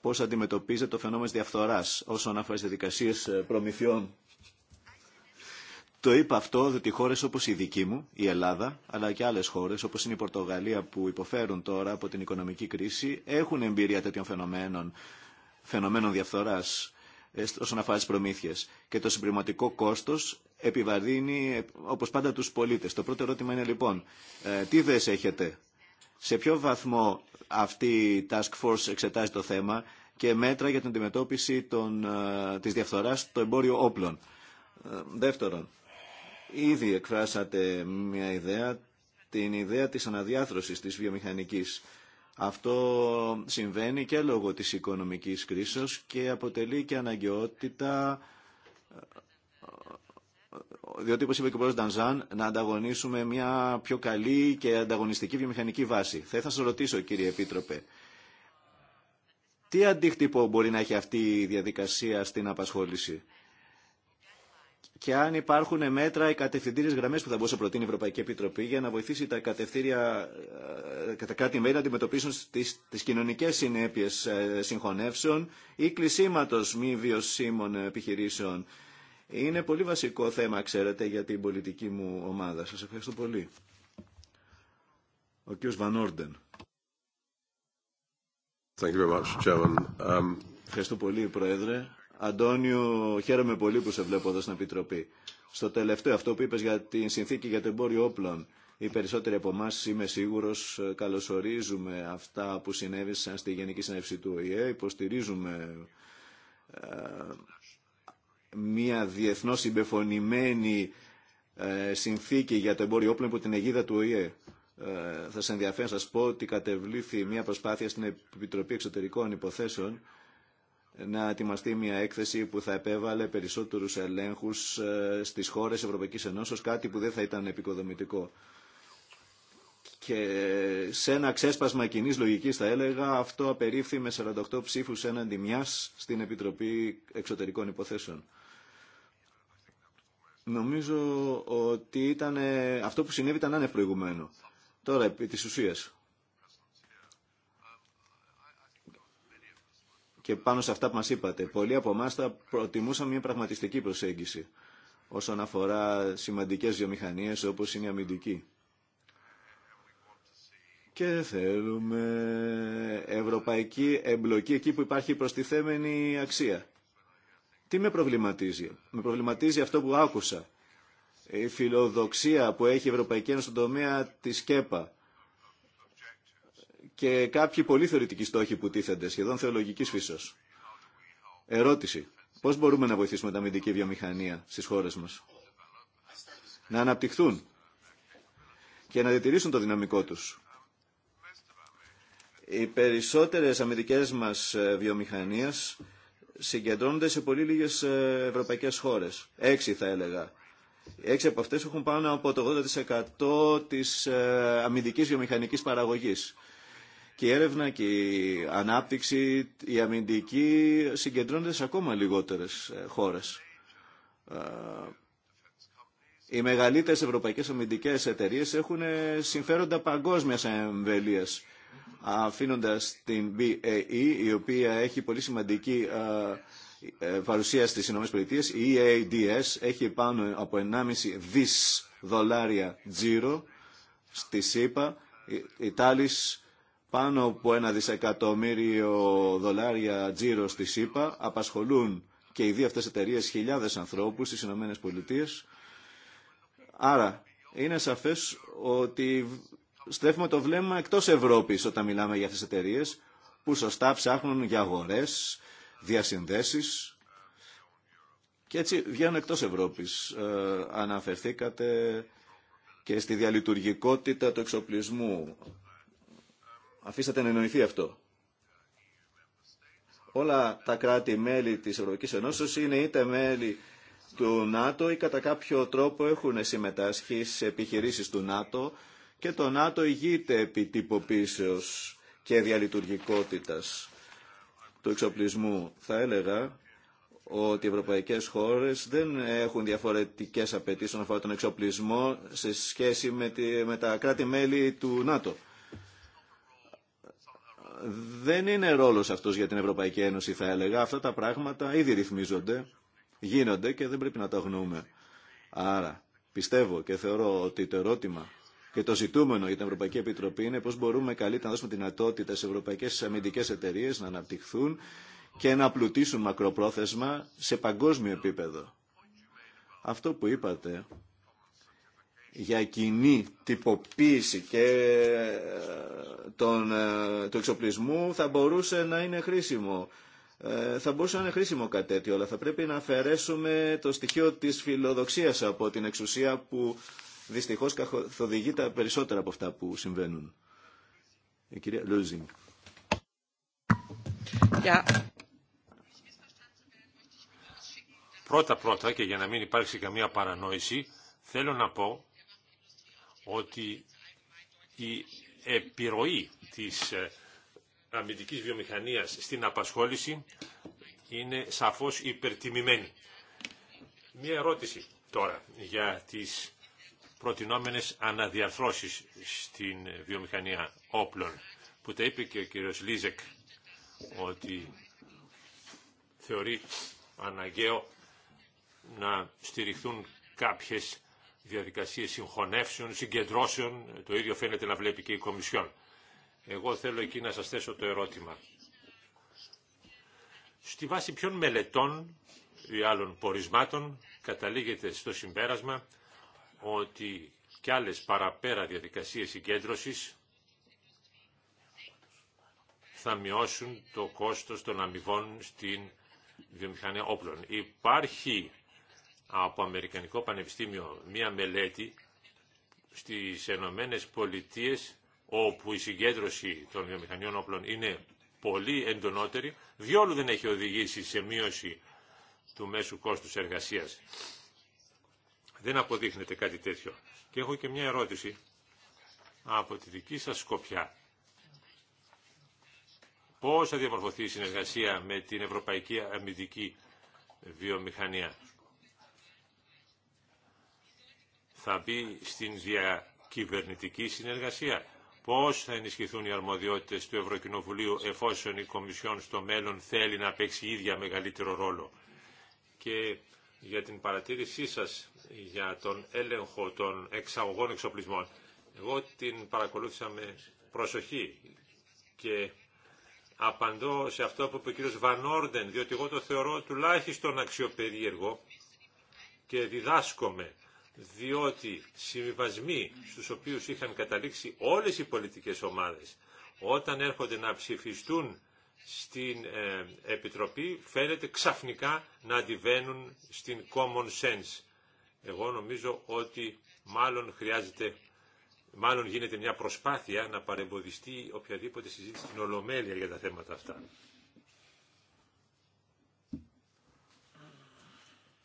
πώ αντιμετωπίζεται το φαινόμενο τη διαφθοράς όσον αφορά τι δικασίες ε, προμηθειών. Το είπα αυτό διότι χώρε όπω η δική μου, η Ελλάδα, αλλά και άλλε χώρε, όπω είναι η Πορτογαλία που υποφέρουν τώρα από την οικονομική κρίση, έχουν εμπειρία τέτοιων φαινομένων, φαινομένων διαφθοράς ε, όσον αφορά τι προμήθειε. Και το συμπληρωματικό κόστο επιβαρύνει ε, όπως πάντα τους πολίτες. Το πρώτο ερώτημα είναι λοιπόν, ε, τι δες έχετε, σε ποιο βαθμό αυτή η Task Force εξετάζει το θέμα και μέτρα για την αντιμετώπιση των, ε, της διαφθοράς στο εμπόριο όπλων. Δεύτερον, ήδη εκφράσατε μια ιδέα, την ιδέα της αναδιάθρωσης της βιομηχανικής. Αυτό συμβαίνει και λόγω της οικονομικής κρίσης και αποτελεί και αναγκαιότητα διότι όπως είπε και ο πρόεδρος Ντανζάν, να ανταγωνίσουμε μια πιο καλή και ανταγωνιστική βιομηχανική βάση. Θα ήθελα να σας ρωτήσω κύριε Επίτροπε, τι αντίκτυπο μπορεί να έχει αυτή η διαδικασία στην απασχόληση και αν υπάρχουν μέτρα ή κατευθυντήριε γραμμέ που θα μπορούσε να προτείνει η Ευρωπαϊκή Επιτροπή για να βοηθήσει τα κατευθύρια κατά ε, κάτι μέρη να αντιμετωπίσουν τι κοινωνικέ συνέπειε ε, συγχωνεύσεων ή κλεισίματο μη βιωσίμων επιχειρήσεων είναι πολύ βασικό θέμα, ξέρετε, για την πολιτική μου ομάδα. Σας ευχαριστώ πολύ. Ο κ. Βανόρντεν. Um, ευχαριστώ πολύ, Πρόεδρε. Αντώνιο, χαίρομαι πολύ που σε βλέπω εδώ στην Επιτροπή. Στο τελευταίο αυτό που είπες για την συνθήκη για το εμπόριο όπλων, οι περισσότεροι από εμά είμαι σίγουρος καλωσορίζουμε αυτά που συνέβησαν στη Γενική Συνέλευση του ΟΗΕ, υποστηρίζουμε ε, μια διεθνώς συμπεφωνημένη ε, συνθήκη για το εμπόριο όπλων υπό την αιγίδα του ΟΗΕ. Ε, θα σας ενδιαφέρει να σας πω ότι κατεβλήθη μια προσπάθεια στην Επιτροπή Εξωτερικών Υποθέσεων να ετοιμαστεί μια έκθεση που θα επέβαλε περισσότερους ελέγχους ε, στις χώρες Ευρωπαϊκής Ενώσεως, κάτι που δεν θα ήταν επικοδομητικό. Και σε ένα ξέσπασμα κοινή λογική, θα έλεγα, αυτό απερίφθη με 48 ψήφου έναντι μια στην Επιτροπή Εξωτερικών Υποθέσεων. Νομίζω ότι ήταν, ε, αυτό που συνέβη ήταν άνευ προηγουμένου. Τώρα, επί της ουσίας. Και πάνω σε αυτά που μας είπατε, πολλοί από εμά θα προτιμούσαν μια πραγματιστική προσέγγιση όσον αφορά σημαντικές βιομηχανίες όπως είναι η αμυντική. Και θέλουμε ευρωπαϊκή εμπλοκή εκεί που υπάρχει προστιθέμενη αξία τι με προβληματίζει. Με προβληματίζει αυτό που άκουσα. Η φιλοδοξία που έχει η Ευρωπαϊκή Ένωση στον τομέα της ΚΕΠΑ και κάποιοι πολύ θεωρητικοί στόχοι που τίθενται, σχεδόν θεολογικής φύσεω. Ερώτηση. Πώς μπορούμε να βοηθήσουμε τα αμυντική βιομηχανία στις χώρες μας. Να αναπτυχθούν και να διατηρήσουν το δυναμικό τους. Οι περισσότερε αμυντικέ μας ε, βιομηχανίε, συγκεντρώνονται σε πολύ λίγες ε, ευρωπαϊκές χώρες. Έξι θα έλεγα. Έξι από αυτές έχουν πάνω από το 80% της ε, αμυντικής βιομηχανική παραγωγής. Και η έρευνα και η ανάπτυξη, η αμυντική συγκεντρώνονται σε ακόμα λιγότερες ε, χώρες. Οι μεγαλύτερες ευρωπαϊκές αμυντικές εταιρείε έχουν συμφέροντα παγκόσμια εμβελίας αφήνοντας την BAE, η οποία έχει πολύ σημαντική ε, ε, παρουσία στις ΗΠΑ, η EADS έχει πάνω από 1,5 δις δολάρια τζίρο στη ΣΥΠΑ, η Τάλης πάνω από ένα δισεκατομμύριο δολάρια τζίρο στη ΣΥΠΑ, απασχολούν και οι δύο αυτές εταιρείες χιλιάδες ανθρώπους στις Ηνωμένες Πολιτείες. Άρα, είναι σαφές ότι στρέφουμε το βλέμμα εκτός Ευρώπης όταν μιλάμε για αυτές τις εταιρείε που σωστά ψάχνουν για αγορές, διασυνδέσεις και έτσι βγαίνουν εκτός Ευρώπης. Ε, αναφερθήκατε και στη διαλειτουργικότητα του εξοπλισμού. Αφήσατε να εννοηθεί αυτό. Όλα τα κράτη-μέλη της Ευρωπαϊκής Ενώσεως είναι είτε μέλη του ΝΑΤΟ ή κατά κάποιο τρόπο έχουν συμμετάσχει σε επιχειρήσεις του ΝΑΤΟ και το ΝΑΤΟ ηγείται επί τυποποίησεως και διαλειτουργικότητας του εξοπλισμού. Θα έλεγα ότι οι ευρωπαϊκές χώρες δεν έχουν διαφορετικές απαιτήσεις όσον αφορά τον εξοπλισμό σε σχέση με, τη, με τα κράτη-μέλη του ΝΑΤΟ. Δεν είναι ρόλος αυτός για την Ευρωπαϊκή Ένωση, θα έλεγα. Αυτά τα πράγματα ήδη ρυθμίζονται, γίνονται και δεν πρέπει να τα γνωρούμε. Άρα, πιστεύω και θεωρώ ότι το ερώτημα και το ζητούμενο για την Ευρωπαϊκή Επιτροπή είναι πώ μπορούμε καλύτερα να δώσουμε δυνατότητα σε ευρωπαϊκέ αμυντικέ εταιρείε να αναπτυχθούν και να πλουτίσουν μακροπρόθεσμα σε παγκόσμιο επίπεδο. Αυτό που είπατε για κοινή τυποποίηση και ε, τον, ε, του εξοπλισμού θα μπορούσε να είναι χρήσιμο. Ε, θα μπορούσε να είναι χρήσιμο κάτι τέτοιο, αλλά θα πρέπει να αφαιρέσουμε το στοιχείο της φιλοδοξίας από την εξουσία που δυστυχώς καθοδηγεί τα περισσότερα από αυτά που συμβαίνουν. Η κυρία Λούζινγκ. Πρώτα-πρώτα και για να μην υπάρξει καμία παρανόηση, θέλω να πω ότι η επιρροή της ε, αμυντικής βιομηχανίας στην απασχόληση είναι σαφώς υπερτιμημένη. Μία ερώτηση τώρα για τις Προτινόμενε αναδιαρθρώσεις στην βιομηχανία όπλων που τα είπε και ο κύριος Λίζεκ ότι θεωρεί αναγκαίο να στηριχθούν κάποιες διαδικασίες συγχωνεύσεων, συγκεντρώσεων, το ίδιο φαίνεται να βλέπει και η Κομισιόν. Εγώ θέλω εκεί να σας θέσω το ερώτημα. Στη βάση ποιων μελετών ή άλλων πορισμάτων καταλήγεται στο συμπέρασμα ότι και άλλες παραπέρα διαδικασίες συγκέντρωσης θα μειώσουν το κόστος των αμοιβών στην βιομηχανία όπλων. Υπάρχει από Αμερικανικό Πανεπιστήμιο μία μελέτη στις Ενωμένε Πολιτείε όπου η συγκέντρωση των βιομηχανιών όπλων είναι πολύ εντονότερη, διόλου δεν έχει οδηγήσει σε μείωση του μέσου κόστους εργασίας. Δεν αποδείχνεται κάτι τέτοιο. Και έχω και μια ερώτηση από τη δική σας σκοπιά. Πώς θα διαμορφωθεί η συνεργασία με την Ευρωπαϊκή Αμυντική Βιομηχανία. Θα μπει στην διακυβερνητική συνεργασία. Πώς θα ενισχυθούν οι αρμοδιότητες του Ευρωκοινοβουλίου εφόσον η Κομισιόν στο μέλλον θέλει να παίξει ίδια μεγαλύτερο ρόλο. Και για την παρατήρησή σας για τον έλεγχο των εξαγωγών εξοπλισμών. Εγώ την παρακολούθησα με προσοχή και απαντώ σε αυτό που είπε ο κύριος Βανόρντεν, διότι εγώ το θεωρώ τουλάχιστον αξιοπερίεργο και διδάσκομαι, διότι συμβιβασμοί στους οποίους είχαν καταλήξει όλες οι πολιτικές ομάδες, όταν έρχονται να ψηφιστούν στην ε, Επιτροπή, φαίνεται ξαφνικά να αντιβαίνουν στην common sense. Εγώ νομίζω ότι μάλλον χρειάζεται, μάλλον γίνεται μια προσπάθεια να παρεμποδιστεί οποιαδήποτε συζήτηση στην Ολομέλεια για τα θέματα αυτά.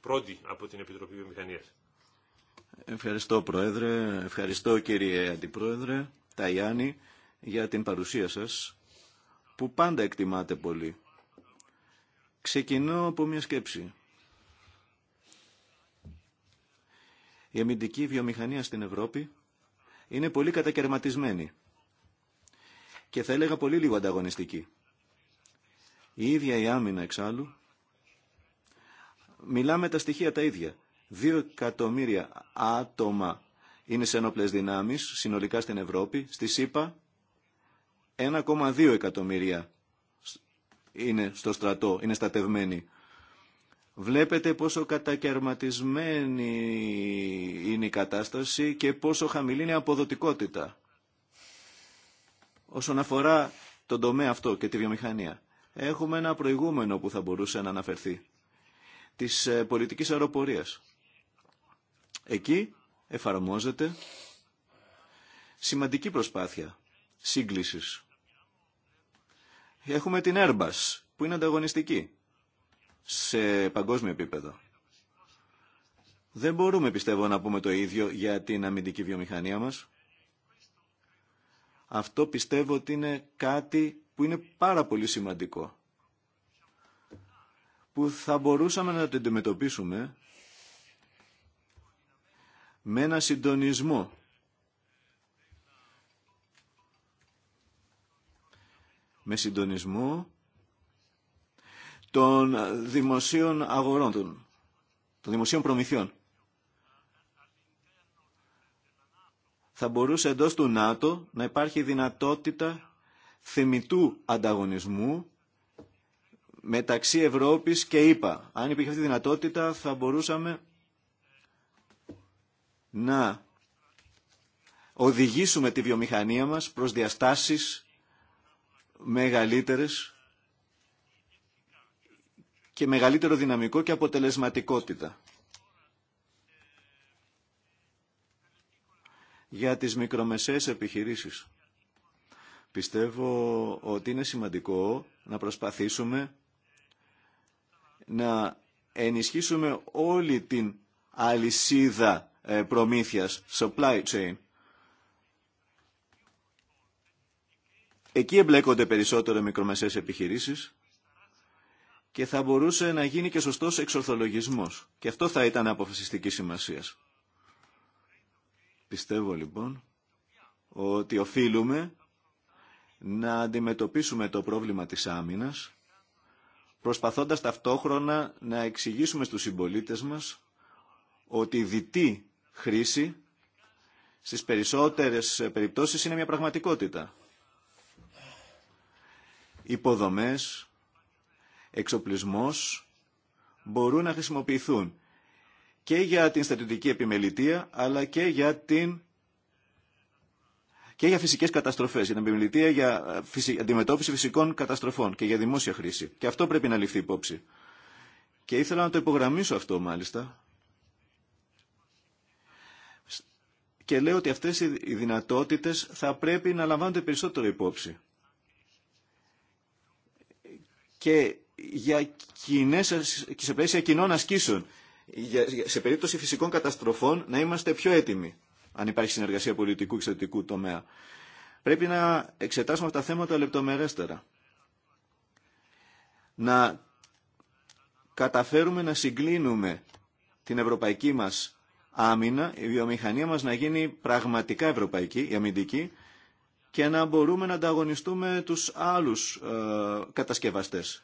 Πρώτη από την Επιτροπή Βιομηχανίας. Ευχαριστώ Πρόεδρε, ευχαριστώ κύριε Αντιπρόεδρε Ταϊάννη για την παρουσία σας που πάντα εκτιμάτε πολύ. Ξεκινώ από μια σκέψη. Η αμυντική βιομηχανία στην Ευρώπη είναι πολύ κατακαιρματισμένη και θα έλεγα πολύ λίγο ανταγωνιστική. Η ίδια η άμυνα εξάλλου. Μιλάμε τα στοιχεία τα ίδια. Δύο εκατομμύρια άτομα είναι σε ένοπλε δυνάμεις συνολικά στην Ευρώπη. Στη ΣΥΠΑ 1,2 εκατομμύρια είναι στο στρατό, είναι στατευμένοι. Βλέπετε πόσο κατακαιρματισμένη είναι η κατάσταση και πόσο χαμηλή είναι η αποδοτικότητα όσον αφορά τον τομέα αυτό και τη βιομηχανία. Έχουμε ένα προηγούμενο που θα μπορούσε να αναφερθεί, της ε, πολιτικής αεροπορίας. Εκεί εφαρμόζεται σημαντική προσπάθεια σύγκλησης. Έχουμε την Airbus που είναι ανταγωνιστική σε παγκόσμιο επίπεδο. Δεν μπορούμε, πιστεύω, να πούμε το ίδιο για την αμυντική βιομηχανία μας. Αυτό πιστεύω ότι είναι κάτι που είναι πάρα πολύ σημαντικό. Που θα μπορούσαμε να το αντιμετωπίσουμε με ένα συντονισμό. Με συντονισμό των δημοσίων αγορών, των, δημοσίων προμηθειών. Θα μπορούσε εντός του ΝΑΤΟ να υπάρχει δυνατότητα θεμητού ανταγωνισμού μεταξύ Ευρώπης και ΗΠΑ. Αν υπήρχε αυτή η δυνατότητα θα μπορούσαμε να οδηγήσουμε τη βιομηχανία μας προς διαστάσεις μεγαλύτερες και μεγαλύτερο δυναμικό και αποτελεσματικότητα. Για τις μικρομεσαίες επιχειρήσεις. Πιστεύω ότι είναι σημαντικό να προσπαθήσουμε να ενισχύσουμε όλη την αλυσίδα ε, προμήθειας, supply chain. Εκεί εμπλέκονται περισσότερο μικρομεσαίες επιχειρήσεις και θα μπορούσε να γίνει και σωστός εξορθολογισμός. Και αυτό θα ήταν αποφασιστική σημασία. Πιστεύω λοιπόν ότι οφείλουμε να αντιμετωπίσουμε το πρόβλημα της άμυνας, προσπαθώντας ταυτόχρονα να εξηγήσουμε στους συμπολίτες μας ότι η διτή χρήση στις περισσότερες περιπτώσεις είναι μια πραγματικότητα. Υποδομές, εξοπλισμός μπορούν να χρησιμοποιηθούν και για την στρατιωτική επιμελητεία αλλά και για την και για φυσικές καταστροφές. για την επιμελητία, για ε, αντιμετώπιση φυσικών καταστροφών και για δημόσια χρήση. Και αυτό πρέπει να ληφθεί υπόψη. Και ήθελα να το υπογραμμίσω αυτό μάλιστα. Και λέω ότι αυτές οι δυνατότητες θα πρέπει να λαμβάνονται περισσότερο υπόψη. Και για κοινές, σε πλαίσια κοινών ασκήσεων, σε περίπτωση φυσικών καταστροφών να είμαστε πιο έτοιμοι, αν υπάρχει συνεργασία πολιτικού και εξωτικού τομέα. Πρέπει να εξετάσουμε αυτά τα θέματα λεπτομερέστερα. Να καταφέρουμε να συγκλίνουμε την ευρωπαϊκή μας άμυνα, η βιομηχανία μας να γίνει πραγματικά ευρωπαϊκή, η αμυντική, και να μπορούμε να ανταγωνιστούμε τους άλλους ε, κατασκευαστές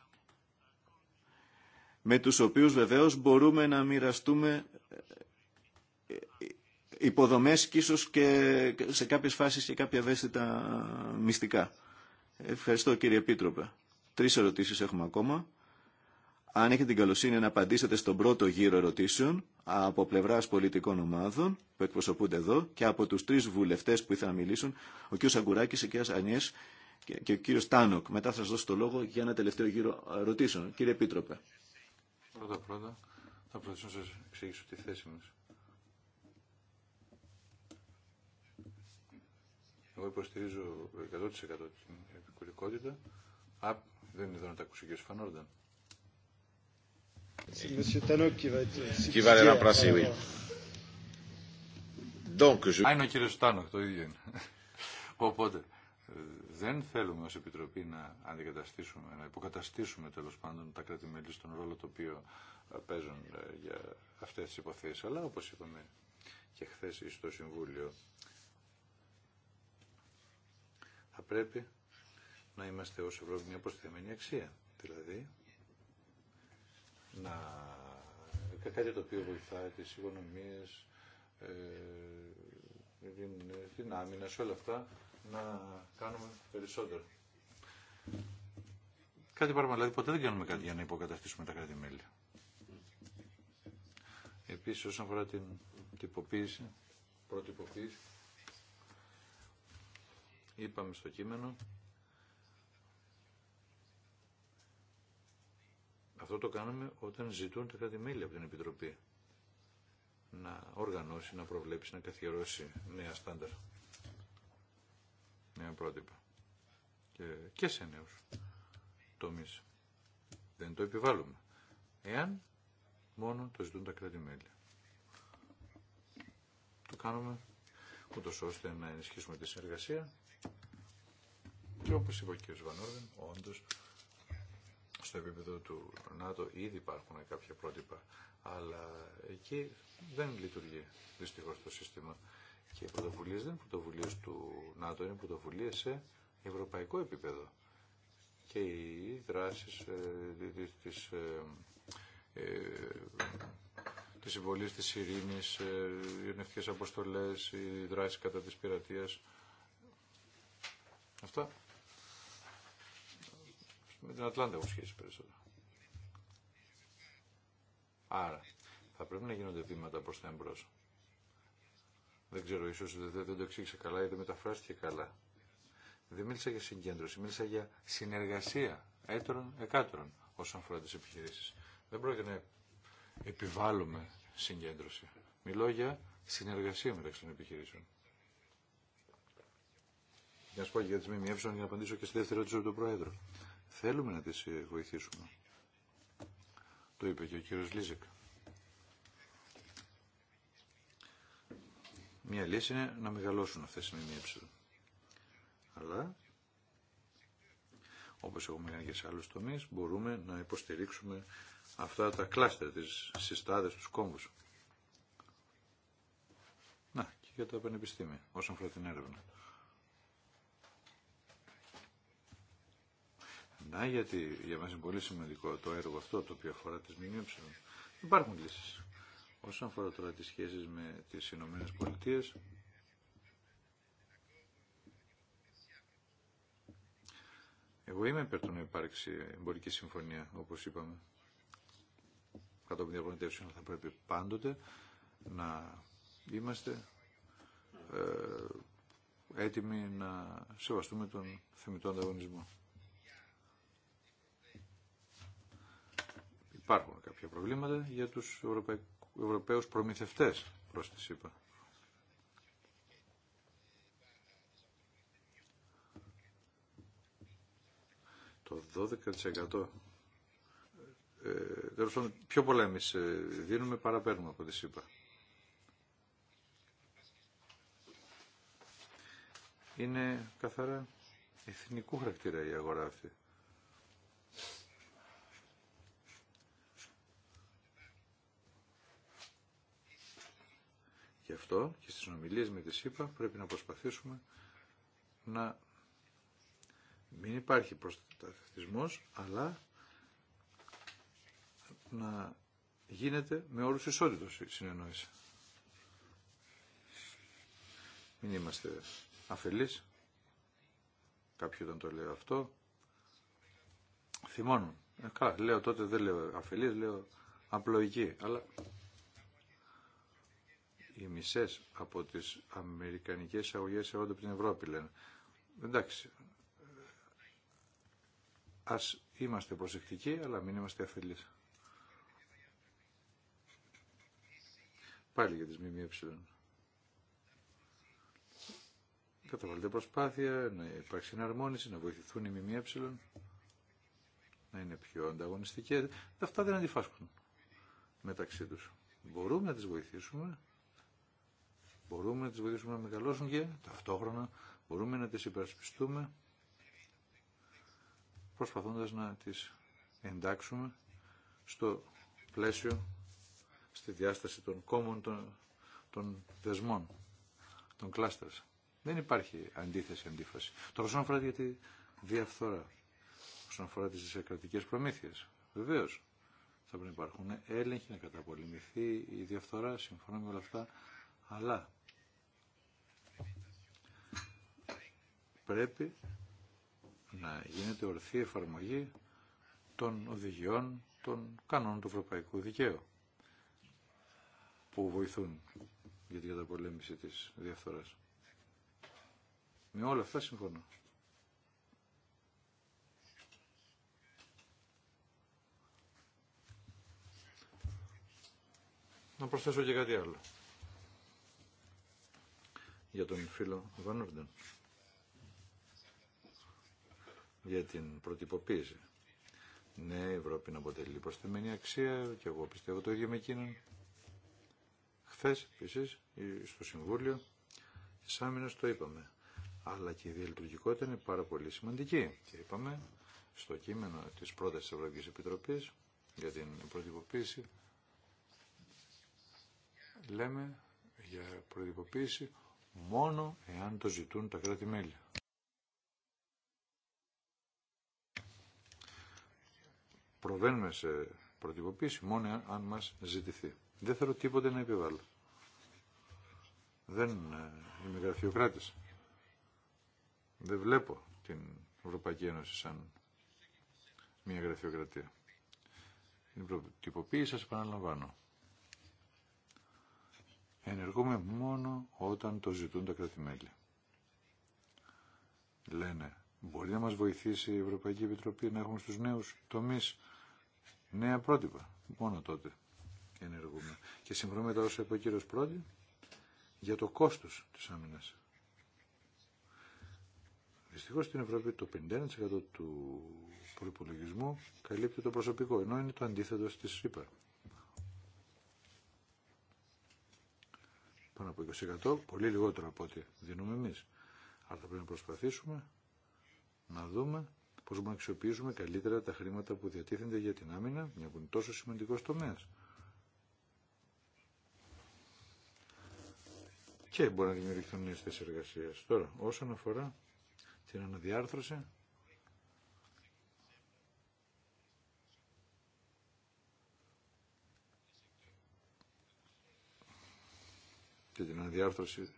με τους οποίους βεβαίως μπορούμε να μοιραστούμε ε, υποδομές και ίσως και σε κάποιες φάσεις και κάποια βέστητα μυστικά. Ευχαριστώ κύριε πίτροπε. Τρεις ερωτήσεις έχουμε ακόμα. Αν έχετε την καλοσύνη να απαντήσετε στον πρώτο γύρο ερωτήσεων από πλευρά πολιτικών ομάδων που εκπροσωπούνται εδώ και από του τρει βουλευτέ που ήθελαν να μιλήσουν, ο κ. Αγκουράκη, η κ. Ανιέ και ο κ. Τάνοκ. Μετά θα σα δώσω το λόγο για ένα τελευταίο γύρο ερωτήσεων. Κύριε Επίτροπε. Πρώτα πρώτα θα προσπαθήσω να σας εξηγήσω τη θέση μας. Εγώ υποστηρίζω 100% την επικουρικότητα. Α, δεν είναι εδώ να τα ακούσει ο κ. Φανόρνταν. Α, είναι ο κ. Στάνοκ, το ίδιο είναι. Οπότε, δεν θέλουμε ως Επιτροπή να αντικαταστήσουμε, να υποκαταστήσουμε τέλος πάντων τα κράτη-μέλη στον ρόλο το οποίο ε, παίζουν ε, για αυτές τις υποθέσεις. Αλλά όπως είπαμε και χθε στο Συμβούλιο, θα πρέπει να είμαστε ως Ευρώπη μια προσθεμένη αξία. Δηλαδή, να κάτι το οποίο βοηθά τις οικονομίες, ε, την, ε, την άμυνα, σε όλα αυτά να κάνουμε περισσότερο. Κάτι παραπάνω, δηλαδή ποτέ δεν κάνουμε κάτι για να υποκαταστήσουμε τα κράτη-μέλη. Επίσης όσον αφορά την τυποποίηση, πρώτη υποποίηση, είπαμε στο κείμενο, αυτό το κάνουμε όταν ζητούν τα κράτη-μέλη από την Επιτροπή να οργανώσει, να προβλέψει, να καθιερώσει νέα στάνταρ νέα πρότυπα και, και σε νέους τομείς. Δεν το επιβάλλουμε. Εάν μόνο το ζητούν τα κράτη-μέλη. Το κάνουμε ούτω ώστε να ενισχύσουμε τη συνεργασία και όπως είπε ο κ. Βανόρδεν, όντως στο επίπεδο του ΝΑΤΟ ήδη υπάρχουν κάποια πρότυπα, αλλά εκεί δεν λειτουργεί δυστυχώς το σύστημα. Και οι πρωτοβουλίε δεν είναι πρωτοβουλίε του ΝΑΤΟ, είναι πρωτοβουλίε σε ευρωπαϊκό επίπεδο. Και οι δράσει ε, τη ε, ε, συμβολή τη ειρήνη, ε, οι ενευτικέ αποστολέ, οι δράσει κατά τη πειρατεία. Αυτά. Με την Ατλάντα έχουν σχέση περισσότερο. Άρα, θα πρέπει να γίνονται βήματα προ τα εμπρό. Δεν ξέρω, ίσως δεν, δεν το εξήγησα καλά ή δεν μεταφράστηκε καλά. Δεν μίλησα για συγκέντρωση, μίλησα για συνεργασία έτερων εκάτερων όσον αφορά τις επιχειρήσεις. Δεν πρόκειται να επιβάλλουμε συγκέντρωση. Μιλώ για συνεργασία μεταξύ των επιχειρήσεων. Για να σου πω για τις ΜΜΕ για να απαντήσω και στη δεύτερη ερώτηση του Πρόεδρου. Θέλουμε να τις βοηθήσουμε. Το είπε και ο κύριος Λίζικ. Μία λύση είναι να μεγαλώσουν αυτές οι ΜΜΕ. Αλλά, όπως έχουμε κάνει και σε άλλους τομείς, μπορούμε να υποστηρίξουμε αυτά τα κλάστερ, τις συστάδες, του κόμβους. Να, και για τα πανεπιστήμια, όσον αφορά την έρευνα. Να, γιατί για μας είναι πολύ σημαντικό το έργο αυτό, το οποίο αφορά τις ΜΜΕ. Υπάρχουν λύσεις. Όσον αφορά τώρα τις σχέσεις με τις Ηνωμένες Πολιτείες, εγώ είμαι υπέρ του να υπάρξει εμπορική συμφωνία, όπως είπαμε. Κατόπιν διαπραγματεύσεων θα πρέπει πάντοτε να είμαστε ε, έτοιμοι να σεβαστούμε τον θεμητό ανταγωνισμό. Υπάρχουν κάποια προβλήματα για τους ευρωπαϊκούς Ευρωπαίους προμηθευτές προς τη ΣΥΠΑ. Το 12% ε, πιο πολλά ε, δίνουμε παρά παίρνουμε από τη ΣΥΠΑ. Είναι καθαρά εθνικού χαρακτήρα η αγορά αυτή. Γι' αυτό και στις ομιλίες με τη ΣΥΠΑ πρέπει να προσπαθήσουμε να μην υπάρχει προστατευτισμός, αλλά να γίνεται με όρους ισότητος η συνεννόηση. Μην είμαστε αφελείς. Κάποιοι όταν το λέω αυτό, θυμώνουν. Ε, καλά, λέω τότε δεν λέω αφελείς, λέω απλοϊκή. Αλλά οι μισέ από τι αμερικανικέ αγωγέ έρχονται από την Ευρώπη, λένε. Εντάξει, Α είμαστε προσεκτικοί, αλλά μην είμαστε αφελείς. Πάλι για τις ΜΜΕ. Καταβάλλεται προσπάθεια, να υπάρξει εναρμόνιση, να βοηθηθούν οι ΜΜΕ, να είναι πιο ανταγωνιστικές. Αυτά δεν αντιφάσκουν μεταξύ τους. Μπορούμε να τις βοηθήσουμε, μπορούμε να τις βοηθήσουμε να μεγαλώσουν και ταυτόχρονα μπορούμε να τις υπερασπιστούμε προσπαθώντας να τις εντάξουμε στο πλαίσιο, στη διάσταση των κόμμων των, των δεσμών, των κλάστερς. Δεν υπάρχει αντίθεση, αντίφαση. Τώρα όσον αφορά τη διαφθορά, όσον αφορά τις δισεκρατικές προμήθειες, βεβαίως θα πρέπει να υπάρχουν έλεγχοι, να καταπολεμηθεί η διαφθορά, συμφωνώ με όλα αυτά, αλλά πρέπει να γίνεται ορθή εφαρμογή των οδηγιών των κανόνων του ευρωπαϊκού δικαίου που βοηθούν για την καταπολέμηση της διαφθοράς. Με όλα αυτά συμφωνώ. Να προσθέσω και κάτι άλλο για τον φίλο Βανόρντεν για την προτυποποίηση. Ναι, η Ευρώπη να αποτελεί προσθεμένη αξία και εγώ πιστεύω το ίδιο με εκείνον. Χθε, επίση, στο Συμβούλιο τη Άμυνα το είπαμε. Αλλά και η διαλειτουργικότητα είναι πάρα πολύ σημαντική. Και είπαμε στο κείμενο τη πρόταση Ευρωπαϊκή Επιτροπή για την προτυποποίηση. Λέμε για προτυποποίηση μόνο εάν το ζητούν τα κράτη-μέλη. προβαίνουμε σε προτυποποίηση μόνο αν μας ζητηθεί. Δεν θέλω τίποτε να επιβάλλω. Δεν ε, είμαι γραφειοκράτης. Δεν βλέπω την Ευρωπαϊκή Ένωση σαν μια γραφειοκρατία. Την προτυποποίηση σας επαναλαμβάνω. Ενεργούμε μόνο όταν το ζητούν τα κρατημέλη. Λένε, μπορεί να μας βοηθήσει η Ευρωπαϊκή Επιτροπή να έχουμε στους νέους τομείς νέα πρότυπα. Μόνο τότε ενεργούμε. Και συμφωνούμε τα όσα είπε ο κύριο Πρόντι για το κόστος της άμυνας. Δυστυχώ στην Ευρώπη το 51% του προπολογισμού καλύπτει το προσωπικό, ενώ είναι το αντίθετο στη ΣΥΠΑ. Πάνω από 20% πολύ λιγότερο από ό,τι δίνουμε εμεί. Αλλά θα πρέπει να προσπαθήσουμε να δούμε Πώ μπορούμε να αξιοποιήσουμε καλύτερα τα χρήματα που διατίθενται για την άμυνα, μια που είναι τόσο σημαντικό τομέα. Και μπορεί να δημιουργηθούν νέες θέσει εργασία. Τώρα, όσον αφορά την αναδιάρθρωση, και την αναδιάρθρωση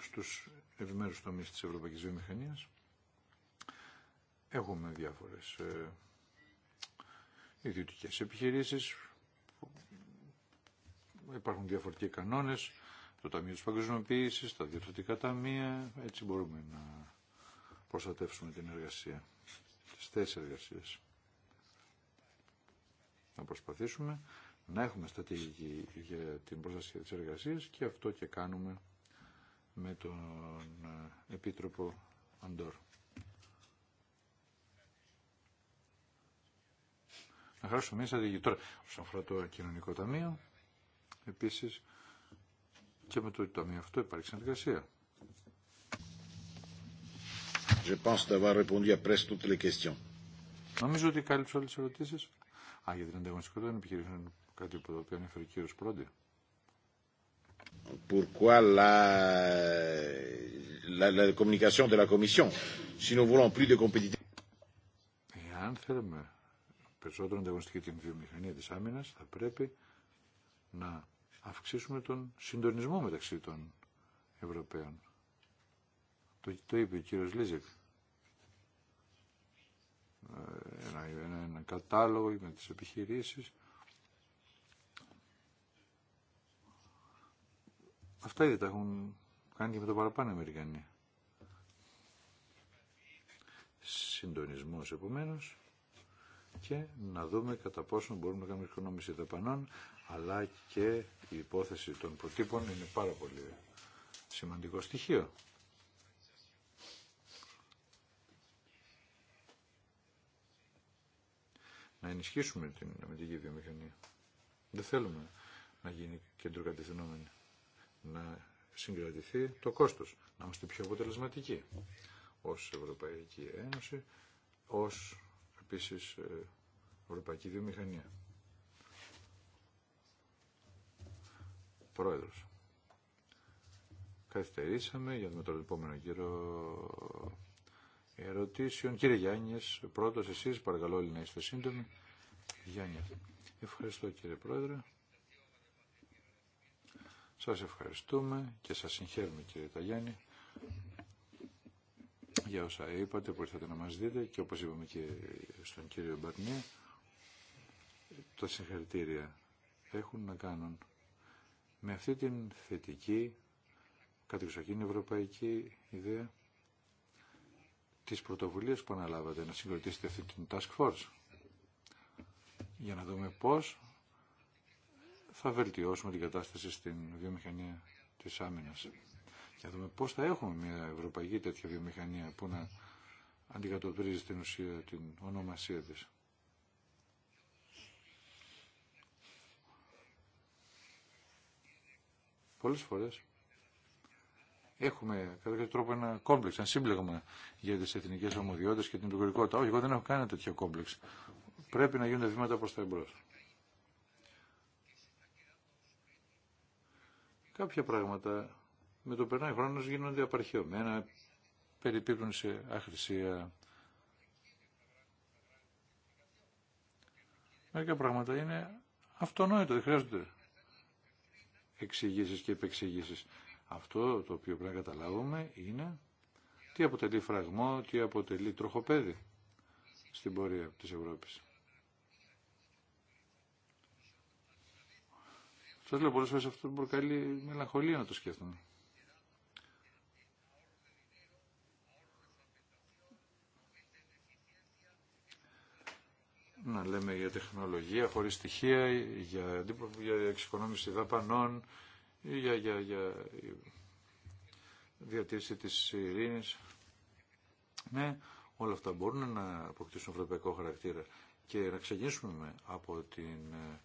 στους ευημέρους τομείς της Ευρωπαϊκής Βιομηχανίας. Έχουμε διάφορες ε, ιδιωτικές επιχειρήσεις, υπάρχουν διαφορετικοί κανόνες, το Ταμείο της Παγκοσμιοποίησης, τα Διευθυντικά ταμεία, έτσι μπορούμε να προστατεύσουμε την εργασία, τις τέσσερις εργασίας. Να προσπαθήσουμε να έχουμε στρατηγική για την προστασία της εργασίας και αυτό και κάνουμε με τον ε, Επίτροπο Αντόρ. να χαράσουμε μια στρατηγική. Τώρα, όσον αφορά το κοινωνικό ταμείο, επίση και με το ταμείο αυτό υπάρχει συνεργασία. Je pense d'avoir répondu à presque toutes les questions. Νομίζω ότι κάλυψα όλε τι ερωτήσει. Α, για την ανταγωνιστικότητα των επιχειρήσεων, κάτι που το οποίο ανέφερε ο κύριο Πρόντι. Pourquoi la, la, la communication de la Commission Si nous voulons plus de compétitivité. Εάν θέλουμε περισσότερο ανταγωνιστική την βιομηχανία της άμυνας, θα πρέπει να αυξήσουμε τον συντονισμό μεταξύ των Ευρωπαίων. Το, είπε ο κύριος Λίζεκ. Ε, ένα, κατάλογο με τις επιχειρήσεις. Αυτά ήδη τα έχουν κάνει και με το παραπάνω Αμερικανοί. Συντονισμός επομένως και να δούμε κατά πόσο μπορούμε να κάνουμε οικονόμηση δαπανών, αλλά και η υπόθεση των προτύπων είναι πάρα πολύ σημαντικό στοιχείο. Να ενισχύσουμε την αμυντική βιομηχανία. Δεν θέλουμε να γίνει κεντροκατευθυνόμενη. Να συγκρατηθεί το κόστος. Να είμαστε πιο αποτελεσματικοί ως Ευρωπαϊκή Ένωση, ως επίσης ε, Ευρωπαϊκή Βιομηχανία. Πρόεδρος. Καθυστερήσαμε για τον επόμενο κύριο ερωτήσεων. Κύριε Γιάννης, πρώτος εσείς, παρακαλώ όλοι να είστε σύντομοι. Γιάννη. Ευχαριστώ κύριε Πρόεδρε. Σας ευχαριστούμε και σας συγχαίρουμε κύριε Ταγιάννη για όσα είπατε που ήρθατε να μας δείτε και όπως είπαμε και στον κύριο Μπαρνιέ τα συγχαρητήρια έχουν να κάνουν με αυτή την θετική κατεξοχήν ευρωπαϊκή ιδέα της πρωτοβουλία που αναλάβατε να συγκροτήσετε αυτή την task force για να δούμε πώς θα βελτιώσουμε την κατάσταση στην βιομηχανία της άμυνας. Για να δούμε πώ θα έχουμε μια ευρωπαϊκή τέτοια βιομηχανία που να αντικατοπτρίζει την ουσία την ονομασία τη. Πολλέ φορές έχουμε κατά κάποιο τρόπο ένα κόμπλεξ, ένα σύμπλεγμα για τις εθνικές ομοδιότητες και την υπηκορικότητα. Όχι, εγώ δεν έχω κανένα τέτοιο κόμπλεξ. Πρέπει να γίνονται βήματα προ τα εμπρό. Κάποια πράγματα με το περνάει χρόνος γίνονται απαρχαιωμένα, περιπίπτουν σε αχρησία. Μερικά πράγματα είναι αυτονόητο, δεν χρειάζονται εξηγήσει και επεξηγήσει. Αυτό το οποίο πρέπει να καταλάβουμε είναι τι αποτελεί φραγμό, τι αποτελεί τροχοπέδι στην πορεία της Ευρώπης. Σας λέω πολλές φορές αυτό προκαλεί μελαγχολία να το σκέφτομαι. να λέμε για τεχνολογία χωρίς στοιχεία, για, για εξοικονόμηση δαπανών, για, για, διατήρηση της ειρήνης. Ναι, όλα αυτά μπορούν να αποκτήσουν ευρωπαϊκό χαρακτήρα και να ξεκινήσουμε από την ε,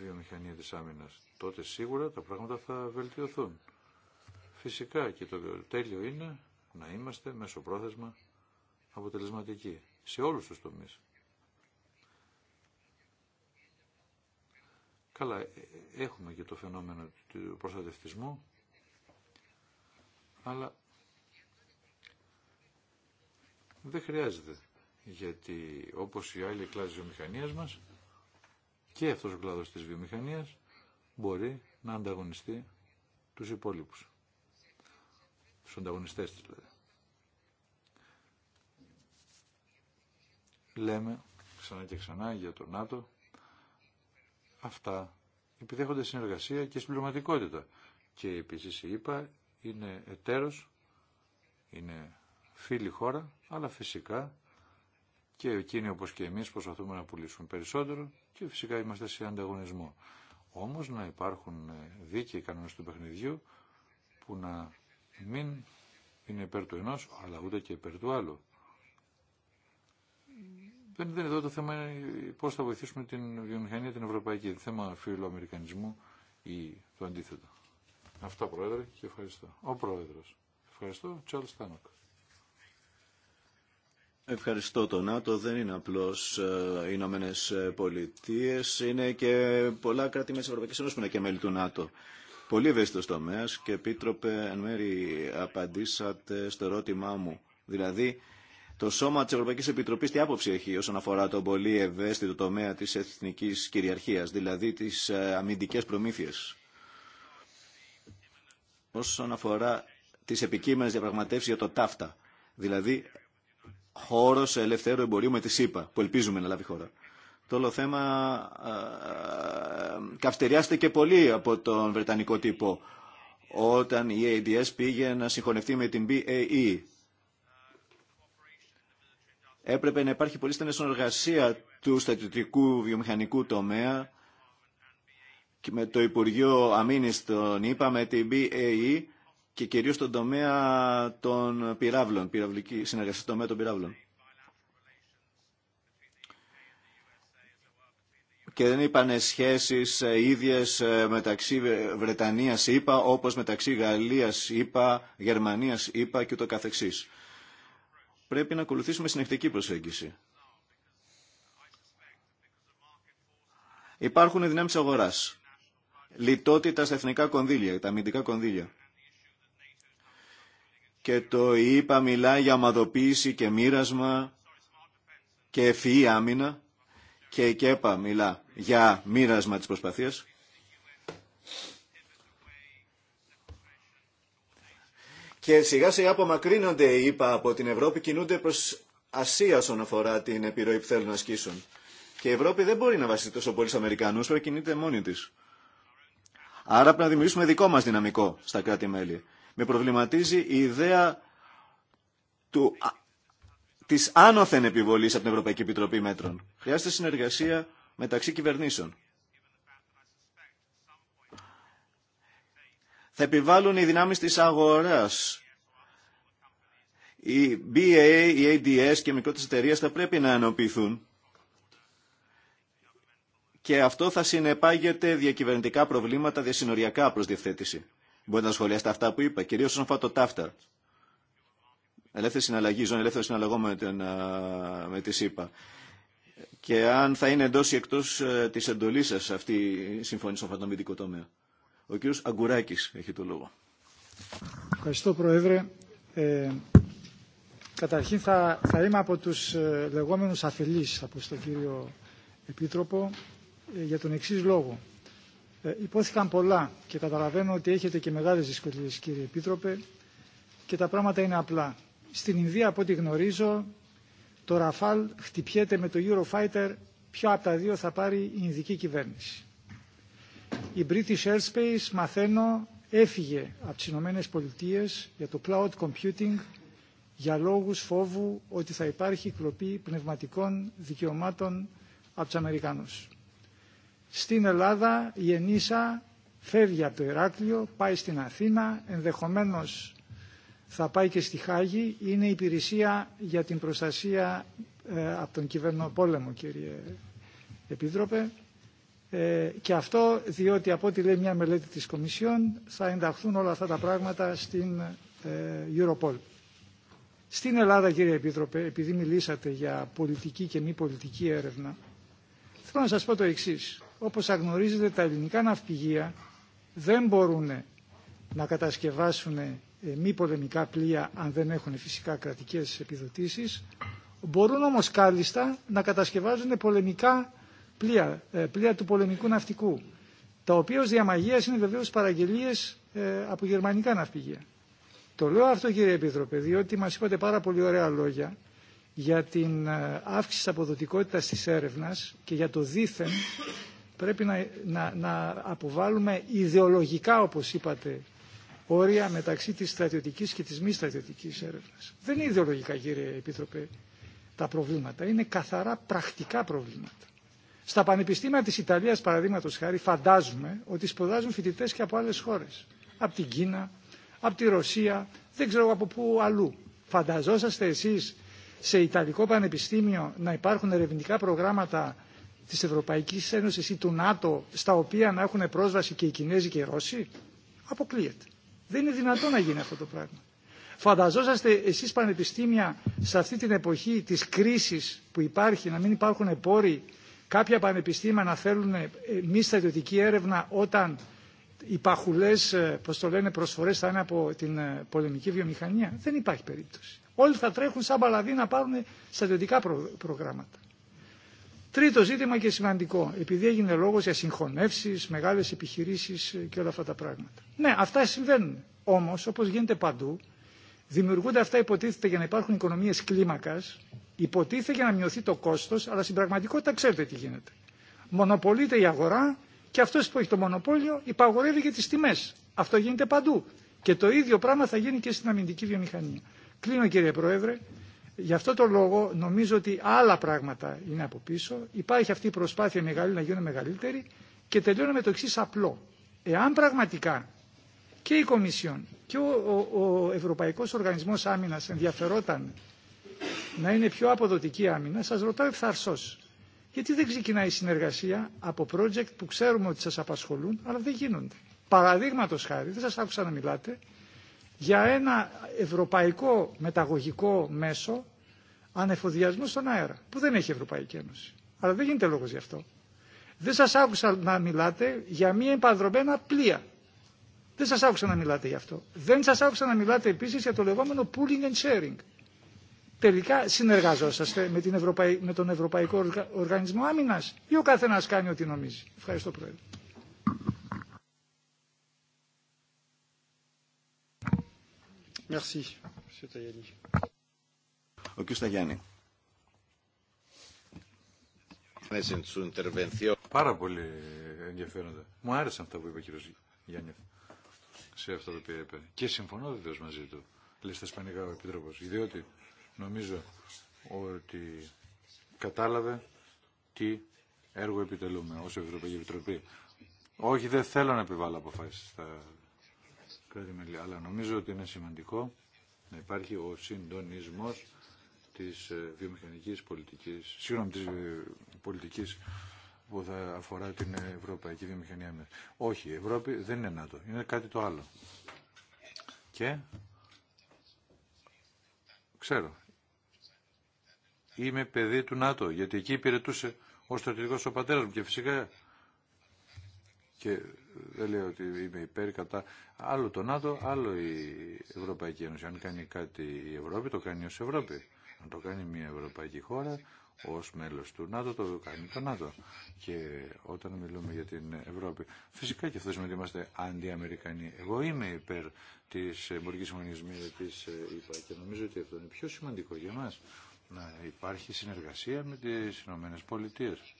βιομηχανία της άμυνας. Τότε σίγουρα τα πράγματα θα βελτιωθούν. Φυσικά και το τέλειο είναι να είμαστε μέσω αποτελεσματικοί σε όλους τους τομείς. Καλά, ε, ε, έχουμε και το φαινόμενο του προστατευτισμού, αλλά δεν χρειάζεται, γιατί όπως οι άλλη κλάδοι της βιομηχανίας μας, και αυτός ο κλάδος της βιομηχανίας μπορεί να ανταγωνιστεί τους υπόλοιπους. Τους ανταγωνιστές της δηλαδή. Λέμε ξανά και ξανά για τον ΝΑΤΟ αυτά επιδέχονται συνεργασία και συμπληρωματικότητα. Και επίσης είπα είναι εταίρος, είναι φίλη χώρα, αλλά φυσικά και εκείνοι όπως και εμείς προσπαθούμε να πουλήσουμε περισσότερο και φυσικά είμαστε σε ανταγωνισμό. Όμως να υπάρχουν δίκαιοι κανόνες του παιχνιδιού που να μην είναι υπέρ του ενός αλλά ούτε και υπέρ του άλλου. Δεν, είναι εδώ το θέμα είναι πώς θα βοηθήσουμε την βιομηχανία την ευρωπαϊκή. Είναι θέμα φιλοαμερικανισμού ή το αντίθετο. Αυτά πρόεδρε και ευχαριστώ. Ο πρόεδρος. Ευχαριστώ. Τσάλ Τάνοκ. Ευχαριστώ το ΝΑΤΟ. Δεν είναι απλώς ε, οι Ηνωμένε Πολιτείε, είναι και πολλά κράτη μέσα Ευρωπαϊκής Ένωσης που είναι και μέλη του ΝΑΤΟ. Πολύ ευαίσθητο τομέα και επίτροπε εν μέρη απαντήσατε στο ερώτημά μου. Δηλαδή, το σώμα τη Ευρωπαϊκή Επιτροπή τι άποψη έχει όσον αφορά τον πολύ ευαίσθητο τομέα τη εθνική κυριαρχία, δηλαδή τι ε, αμυντικέ προμήθειε. Όσον αφορά τι επικείμενε διαπραγματεύσει για το ΤΑΦΤΑ, δηλαδή χώρο ελευθέρου εμπορίου με τη ΣΥΠΑ, που ελπίζουμε να λάβει χώρα. Το όλο θέμα ε, ε, πολύ από τον Βρετανικό τύπο όταν η ADS πήγε να συγχωνευτεί με την BAE έπρεπε να υπάρχει πολύ στενή συνεργασία του στατιωτικού βιομηχανικού τομέα και με το Υπουργείο Αμήνης των ΗΠΑ με την BAE και κυρίως στον τομέα των πυράβλων, πυραυλική συνεργασία στον τομέα των πυράβλων. Και δεν είπαν σχέσεις ε, ίδιες ε, μεταξύ Βρετανίας, είπα, όπως μεταξύ Γαλλίας, είπα, Γερμανίας, είπα και ούτω καθεξής πρέπει να ακολουθήσουμε συνεχτική προσέγγιση. Υπάρχουν δυνάμεις αγοράς. Λιτότητα στα εθνικά κονδύλια, τα αμυντικά κονδύλια. Και το ΙΠΑ μιλάει για αμαδοποίηση και μοίρασμα και ευφυή άμυνα. Και η ΚΕΠΑ μιλά για μοίρασμα της προσπαθίας. Και σιγά σιγά απομακρύνονται είπα, από την Ευρώπη, κινούνται προς Ασία όσον αφορά την επιρροή που θέλουν να ασκήσουν. Και η Ευρώπη δεν μπορεί να βασιστεί τόσο πολύ στους Αμερικανού, πρέπει κινείται μόνη της. Άρα πρέπει να δημιουργήσουμε δικό μας δυναμικό στα κράτη-μέλη. Με προβληματίζει η ιδέα του, της άνωθεν επιβολής από την Ευρωπαϊκή Επιτροπή Μέτρων. Χρειάζεται συνεργασία μεταξύ κυβερνήσεων. θα επιβάλλουν οι δυνάμεις της αγοράς. Οι BA, οι ADS και οι μικρότερες εταιρείε θα πρέπει να ενοποιηθούν και αυτό θα συνεπάγεται διακυβερνητικά προβλήματα διασυνοριακά προς διευθέτηση. Μπορείτε να σχολιάσετε αυτά που είπα, κυρίως όσον αφορά το Ελεύθερη συναλλαγή, ζώνη ελεύθερη συναλλαγό με, την, με τη ΣΥΠΑ. Και αν θα είναι εντός ή εκτός ε, της εντολής σας αυτή η συμφωνία στον τομέα. Ο κύριος Αγκουράκης έχει το λόγο. Ευχαριστώ Πρόεδρε. Ε, καταρχήν θα, θα είμαι από τους ε, λεγόμενους αφελείς από τον κύριο Επίτροπο ε, για τον εξής λόγο. Υπόθηκαν πολλά και καταλαβαίνω ότι έχετε και μεγάλες δυσκολίες κύριε Επίτροπε και τα πράγματα είναι απλά. Στην Ινδία από ό,τι γνωρίζω το Ραφάλ χτυπιέται με το Eurofighter ποιο από τα δύο θα πάρει η Ινδική κυβέρνηση η British Airspace, μαθαίνω, έφυγε από τις Ηνωμένε Πολιτείε για το cloud computing για λόγους φόβου ότι θα υπάρχει κλοπή πνευματικών δικαιωμάτων από τους Αμερικανούς. Στην Ελλάδα η Ενίσα φεύγει από το Ηράκλειο, πάει στην Αθήνα, ενδεχομένως θα πάει και στη Χάγη. Είναι υπηρεσία για την προστασία ε, από τον κυβερνοπόλεμο, κύριε Επίτροπε. Ε, και αυτό διότι από ό,τι λέει μια μελέτη της Κομισιόν θα ενταχθούν όλα αυτά τα πράγματα στην ε, Europol. Στην Ελλάδα κύριε Επίτροπε, επειδή μιλήσατε για πολιτική και μη πολιτική έρευνα, θέλω να σας πω το εξής. Όπως αγνωρίζετε τα ελληνικά ναυπηγεία δεν μπορούν να κατασκευάσουν ε, μη πολεμικά πλοία αν δεν έχουν φυσικά κρατικές επιδοτήσεις. Μπορούν όμως κάλλιστα να κατασκευάζουν πολεμικά πλοία, ε, πλοία του πολεμικού ναυτικού, τα οποία ως διαμαγείας είναι βεβαίως παραγγελίες ε, από γερμανικά ναυπηγεία. Το λέω αυτό κύριε Επίτροπε, διότι μας είπατε πάρα πολύ ωραία λόγια για την ε, αύξηση της αποδοτικότητας της έρευνας και για το δίθεν πρέπει να, να, να αποβάλουμε ιδεολογικά, όπως είπατε, όρια μεταξύ της στρατιωτικής και της μη στρατιωτικής έρευνας. Δεν είναι ιδεολογικά, κύριε Επίτροπε, τα προβλήματα. Είναι καθαρά πρακτικά προβλήματα. Στα πανεπιστήμια της Ιταλίας, παραδείγματο χάρη, φαντάζουμε ότι σπουδάζουν φοιτητές και από άλλες χώρες. Από την Κίνα, από τη Ρωσία, δεν ξέρω από πού αλλού. Φανταζόσαστε εσείς σε Ιταλικό Πανεπιστήμιο να υπάρχουν ερευνητικά προγράμματα της Ευρωπαϊκής Ένωσης ή του ΝΑΤΟ στα οποία να έχουν πρόσβαση και οι Κινέζοι και οι Ρώσοι. Αποκλείεται. Δεν είναι δυνατό να γίνει αυτό το πράγμα. Φανταζόσαστε εσείς πανεπιστήμια σε αυτή την εποχή της κρίσης που υπάρχει να μην υπάρχουν πόροι κάποια πανεπιστήμια να θέλουν ε, μη στρατιωτική έρευνα όταν οι παχουλές, ε, πώς προσφορές θα είναι από την ε, πολεμική βιομηχανία. Δεν υπάρχει περίπτωση. Όλοι θα τρέχουν σαν παλαδί να πάρουν στρατιωτικά προγράμματα. Τρίτο ζήτημα και σημαντικό, επειδή έγινε λόγος για συγχωνεύσεις, μεγάλες επιχειρήσεις και όλα αυτά τα πράγματα. Ναι, αυτά συμβαίνουν. Όμως, όπως γίνεται παντού, δημιουργούνται αυτά υποτίθεται για να υπάρχουν οικονομίες κλίμακας, Υποτίθεται για να μειωθεί το κόστος, αλλά στην πραγματικότητα ξέρετε τι γίνεται. Μονοπολείται η αγορά και αυτό που έχει το μονοπόλιο υπαγορεύει και τι τιμέ. Αυτό γίνεται παντού. Και το ίδιο πράγμα θα γίνει και στην αμυντική βιομηχανία. Κλείνω κύριε Πρόεδρε. Γι' αυτό το λόγο νομίζω ότι άλλα πράγματα είναι από πίσω. Υπάρχει αυτή η προσπάθεια μεγάλη να γίνουν μεγαλύτερη και τελειώνω με το εξή απλό. Εάν πραγματικά και η Κομισιόν και ο, ο, ο Ευρωπαϊκός Οργανισμός ενδιαφερόταν να είναι πιο αποδοτική άμυνα, σας ρωτάω ευθαρσώς. Γιατί δεν ξεκινάει η συνεργασία από project που ξέρουμε ότι σας απασχολούν, αλλά δεν γίνονται. Παραδείγματος χάρη, δεν σας άκουσα να μιλάτε, για ένα ευρωπαϊκό μεταγωγικό μέσο ανεφοδιασμού στον αέρα, που δεν έχει Ευρωπαϊκή Ένωση. Αλλά δεν γίνεται λόγος γι' αυτό. Δεν σας άκουσα να μιλάτε για μία επανδρομένα πλοία. Δεν σας άκουσα να μιλάτε γι' αυτό. Δεν σας άκουσα να μιλάτε επίσης για το λεγόμενο pooling and sharing τελικά συνεργαζόσαστε με, με τον Ευρωπαϊκό Οργανισμό Άμυνας ή ο καθένα κάνει ό,τι νομίζει. Ευχαριστώ Πρόεδρε. ο κ. Σταγιάννη. Πάρα πολύ ενδιαφέροντα. Μου άρεσαν αυτά που είπε ο κ. Γιάννη σε αυτό το οποίο είπε. Και συμφωνώ βεβαίω μαζί του, λέει στα Ισπανικά ο Επίτροπο. Διότι νομίζω ότι κατάλαβε τι έργο επιτελούμε ως Ευρωπαϊκή Επιτροπή. Όχι, δεν θέλω να επιβάλλω αποφάσεις στα κράτη-μέλη, αλλά νομίζω ότι είναι σημαντικό να υπάρχει ο συντονισμός της ε, βιομηχανικής πολιτικής, σύγχρονα της ε, πολιτικής που θα αφορά την ευρωπαϊκή βιομηχανία. Όχι, η Ευρώπη δεν είναι ΝΑΤΟ, είναι κάτι το άλλο. Και ξέρω είμαι παιδί του ΝΑΤΟ, γιατί εκεί υπηρετούσε ο στρατηγικός ο πατέρας μου και φυσικά και δεν λέω ότι είμαι υπέρ κατά άλλο το ΝΑΤΟ, άλλο η Ευρωπαϊκή Ένωση. Αν κάνει κάτι η Ευρώπη, το κάνει ως Ευρώπη. Αν το κάνει μια Ευρωπαϊκή χώρα, ως μέλος του ΝΑΤΟ, το κάνει το ΝΑΤΟ. Και όταν μιλούμε για την Ευρώπη, φυσικά και αυτό σημαίνει ότι είμαστε αντιαμερικανοί. Εγώ είμαι υπέρ της εμπορική συμφωνία με ΕΠΑ και νομίζω ότι αυτό είναι πιο σημαντικό για εμά να υπάρχει συνεργασία με τις Ηνωμένες Πολιτείες.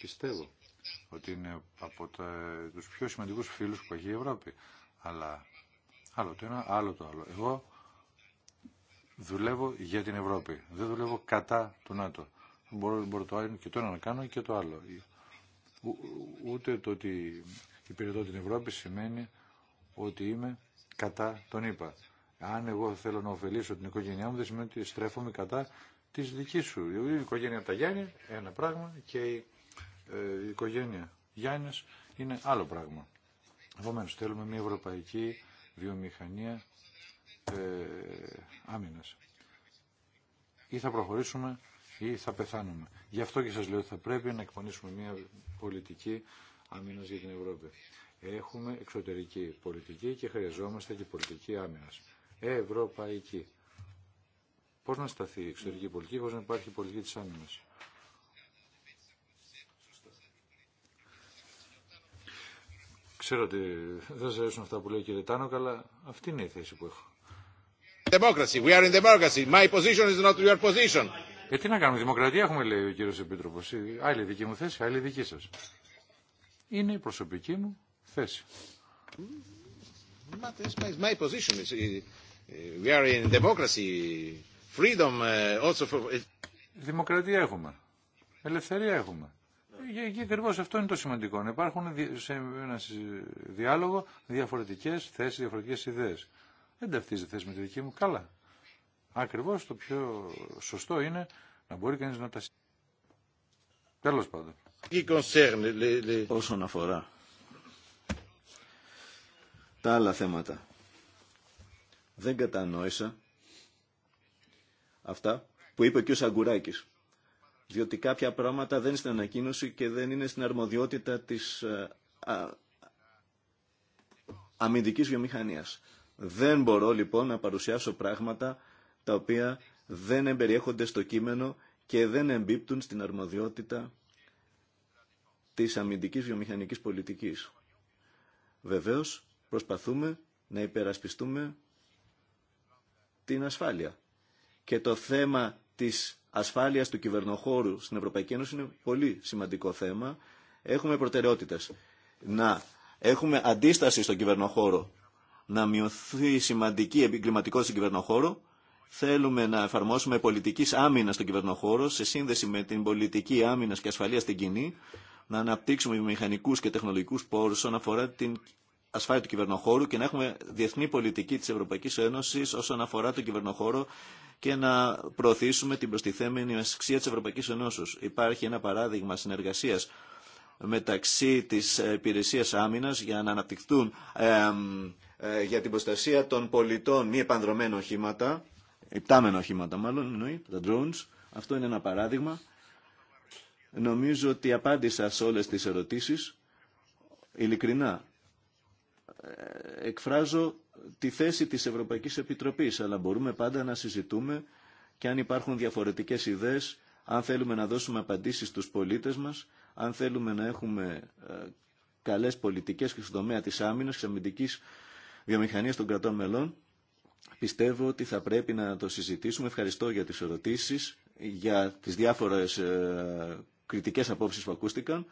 Πιστεύω ότι είναι από τα, τους πιο σημαντικούς φίλους που έχει η Ευρώπη. Αλλά άλλο το ένα, άλλο το άλλο. Εγώ δουλεύω για την Ευρώπη. Δεν δουλεύω κατά του ΝΑΤΟ. Μπορώ, μπορώ το και το ένα να κάνω και το άλλο. ούτε το ότι υπηρετώ την Ευρώπη σημαίνει ότι είμαι κατά τον ΙΠΑ. Αν εγώ θέλω να ωφελήσω την οικογένειά μου, δεν σημαίνει ότι στρέφομαι κατά τη δική σου. Η οικογένεια τα Γιάννη, ένα πράγμα, και η, ε, οικογένεια Γιάννη είναι άλλο πράγμα. Επομένω, θέλουμε μια ευρωπαϊκή βιομηχανία ε, άμυνα. Ή θα προχωρήσουμε ή θα πεθάνουμε. Γι' αυτό και σα λέω ότι θα πρέπει να εκπονήσουμε μια πολιτική άμυνα για την Ευρώπη. Έχουμε εξωτερική πολιτική και χρειαζόμαστε και πολιτική άμυνας ευρωπαϊκή. Πώς να σταθεί η εξωτερική πολιτική, πώς να υπάρχει η πολιτική τη άμυνα. Ξέρω ότι δεν σα αρέσουν αυτά που λέει ο κύριε Τάνοκ, αλλά αυτή είναι η θέση που έχω. Democracy. We are in democracy. My position is not your position. Ε, τι να κάνουμε, δημοκρατία έχουμε λέει ο κύριος Επίτροπο. Άλλη δική μου θέση, άλλη δική σας. Είναι η προσωπική μου θέση. Ε, we are in democracy, freedom ε, also ε, Δημοκρατία έχουμε. Ελευθερία έχουμε. Και ακριβώ αυτό είναι το σημαντικό. υπάρχουν σε ένα διάλογο διαφορετικέ θέσει, διαφορετικέ ιδέε. Δεν ταυτίζει θέση με τη δική μου. Καλά. Ακριβώ το πιο σωστό είναι να μπορεί κανεί να τα Τέλο πάντων. Όσον αφορά τα άλλα θέματα δεν κατανόησα αυτά που είπε ο κ. Σαγκουράκης. Διότι κάποια πράγματα δεν είναι στην ανακοίνωση και δεν είναι στην αρμοδιότητα της ε, α, αμυντικής βιομηχανίας. Δεν μπορώ λοιπόν να παρουσιάσω πράγματα τα οποία δεν εμπεριέχονται στο κείμενο και δεν εμπίπτουν στην αρμοδιότητα της αμυντικής βιομηχανικής πολιτικής. Βεβαίως, προσπαθούμε να υπερασπιστούμε την ασφάλεια. Και το θέμα της ασφάλειας του κυβερνοχώρου στην Ευρωπαϊκή Ένωση είναι πολύ σημαντικό θέμα. Έχουμε προτεραιότητες. Να έχουμε αντίσταση στον κυβερνοχώρο, να μειωθεί σημαντική εγκληματικότητα στον κυβερνοχώρο. Θέλουμε να εφαρμόσουμε πολιτική άμυνα στον κυβερνοχώρο σε σύνδεση με την πολιτική άμυνα και ασφαλεία στην κοινή, να αναπτύξουμε μηχανικού και τεχνολογικού πόρου όσον αφορά την ασφάλεια του κυβερνοχώρου και να έχουμε διεθνή πολιτική της Ευρωπαϊκής Ένωσης όσον αφορά τον κυβερνοχώρο και να προωθήσουμε την προστιθέμενη ασυξία της Ευρωπαϊκής Ένωσης. Υπάρχει ένα παράδειγμα συνεργασίας μεταξύ της υπηρεσίας άμυνας για να αναπτυχθούν ε, για την προστασία των πολιτών μη επανδρομένα οχήματα, υπτάμενα οχήματα μάλλον εννοεί, τα drones. Αυτό είναι ένα παράδειγμα. Νομίζω ότι απάντησα σε όλες τις ερωτήσεις εκφράζω τη θέση της Ευρωπαϊκής Επιτροπής, αλλά μπορούμε πάντα να συζητούμε και αν υπάρχουν διαφορετικές ιδέες, αν θέλουμε να δώσουμε απαντήσεις στους πολίτες μας, αν θέλουμε να έχουμε ε, καλές πολιτικές και στον τομέα της άμυνας, της αμυντικής βιομηχανίας των κρατών μελών, πιστεύω ότι θα πρέπει να το συζητήσουμε. Ευχαριστώ για τις ερωτήσεις, για τις διάφορες ε, κριτικές απόψεις που ακούστηκαν.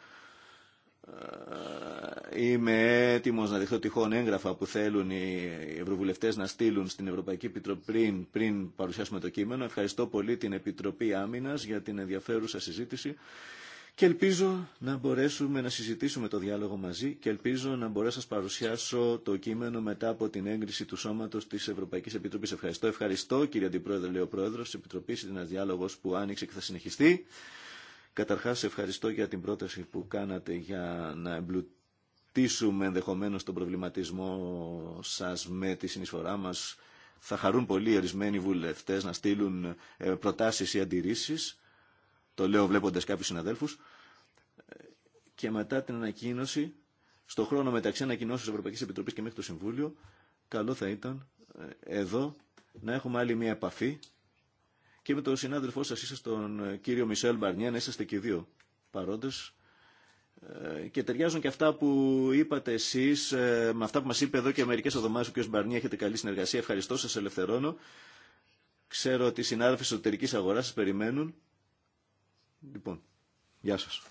Ε, είμαι έτοιμο να δεχτώ τυχόν έγγραφα που θέλουν οι Ευρωβουλευτέ να στείλουν στην Ευρωπαϊκή Επιτροπή πριν, παρουσιάσουμε το κείμενο. Ευχαριστώ πολύ την Επιτροπή Άμυνα για την ενδιαφέρουσα συζήτηση και ελπίζω να μπορέσουμε να συζητήσουμε το διάλογο μαζί και ελπίζω να μπορέσω να σας παρουσιάσω το κείμενο μετά από την έγκριση του σώματος της Ευρωπαϊκής Επιτροπής. Ευχαριστώ, ευχαριστώ κύριε Αντιπρόεδρε, λέει ο Πρόεδρος της Επιτροπής, είναι ένας που άνοιξε και θα συνεχιστεί. Καταρχάς ευχαριστώ για την πρόταση που κάνατε για να εμπλουτίσουμε ενδεχομένως τον προβληματισμό σας με τη συνεισφορά μας. Θα χαρούν πολύ ορισμένοι βουλευτές να στείλουν ε, προτάσεις ή αντιρρήσεις. Το λέω βλέποντας κάποιους συναδέλφους. Και μετά την ανακοίνωση, στο χρόνο μεταξύ ανακοινώσεως της Ευρωπαϊκής Επιτροπής και μέχρι το Συμβούλιο, καλό θα ήταν ε, εδώ να έχουμε άλλη μια επαφή και με τον συνάδελφό σας, είσαι, τον ε, κύριο Μισελ Μπαρνιέ, να είσαστε και δύο παρόντες. Ε, και ταιριάζουν και αυτά που είπατε εσείς ε, με αυτά που μας είπε εδώ και μερικές εβδομάδες ο κ. Μπαρνιέ. Έχετε καλή συνεργασία. Ευχαριστώ σας, ελευθερώνω. Ξέρω ότι οι συνάδελφοι εσωτερικής αγοράς σας περιμένουν. Λοιπόν, γεια σας.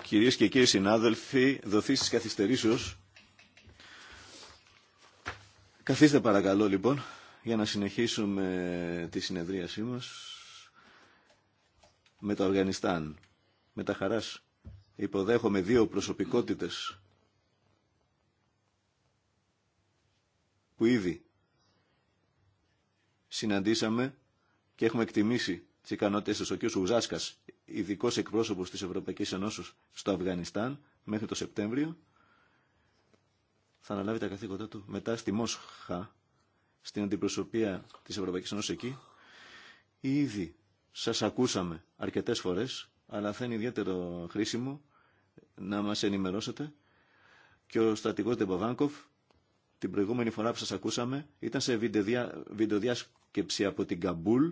Κυρίες και κύριοι συνάδελφοι, δοθεί της καθυστερήσεως. Καθίστε παρακαλώ λοιπόν για να συνεχίσουμε τη συνεδρίασή μας με το Αφγανιστάν. Με τα χαράς υποδέχομαι δύο προσωπικότητες που ήδη συναντήσαμε και έχουμε εκτιμήσει τι ικανότητε του ο κ. Ουζάσκα, ειδικό εκπρόσωπο τη Ευρωπαϊκή Ενώσεω στο Αφγανιστάν μέχρι το Σεπτέμβριο. Θα αναλάβει τα καθήκοντά του μετά στη Μόσχα, στην αντιπροσωπεία τη Ευρωπαϊκή Ενώσεω εκεί. Ήδη σα ακούσαμε αρκετέ φορέ, αλλά θα είναι ιδιαίτερο χρήσιμο να μα ενημερώσετε. Και ο στρατηγό Ντεμποβάνκοφ την προηγούμενη φορά που σα ακούσαμε, ήταν σε βιντεοδιά... βιντεοδιάσκεψη από την Καμπούλ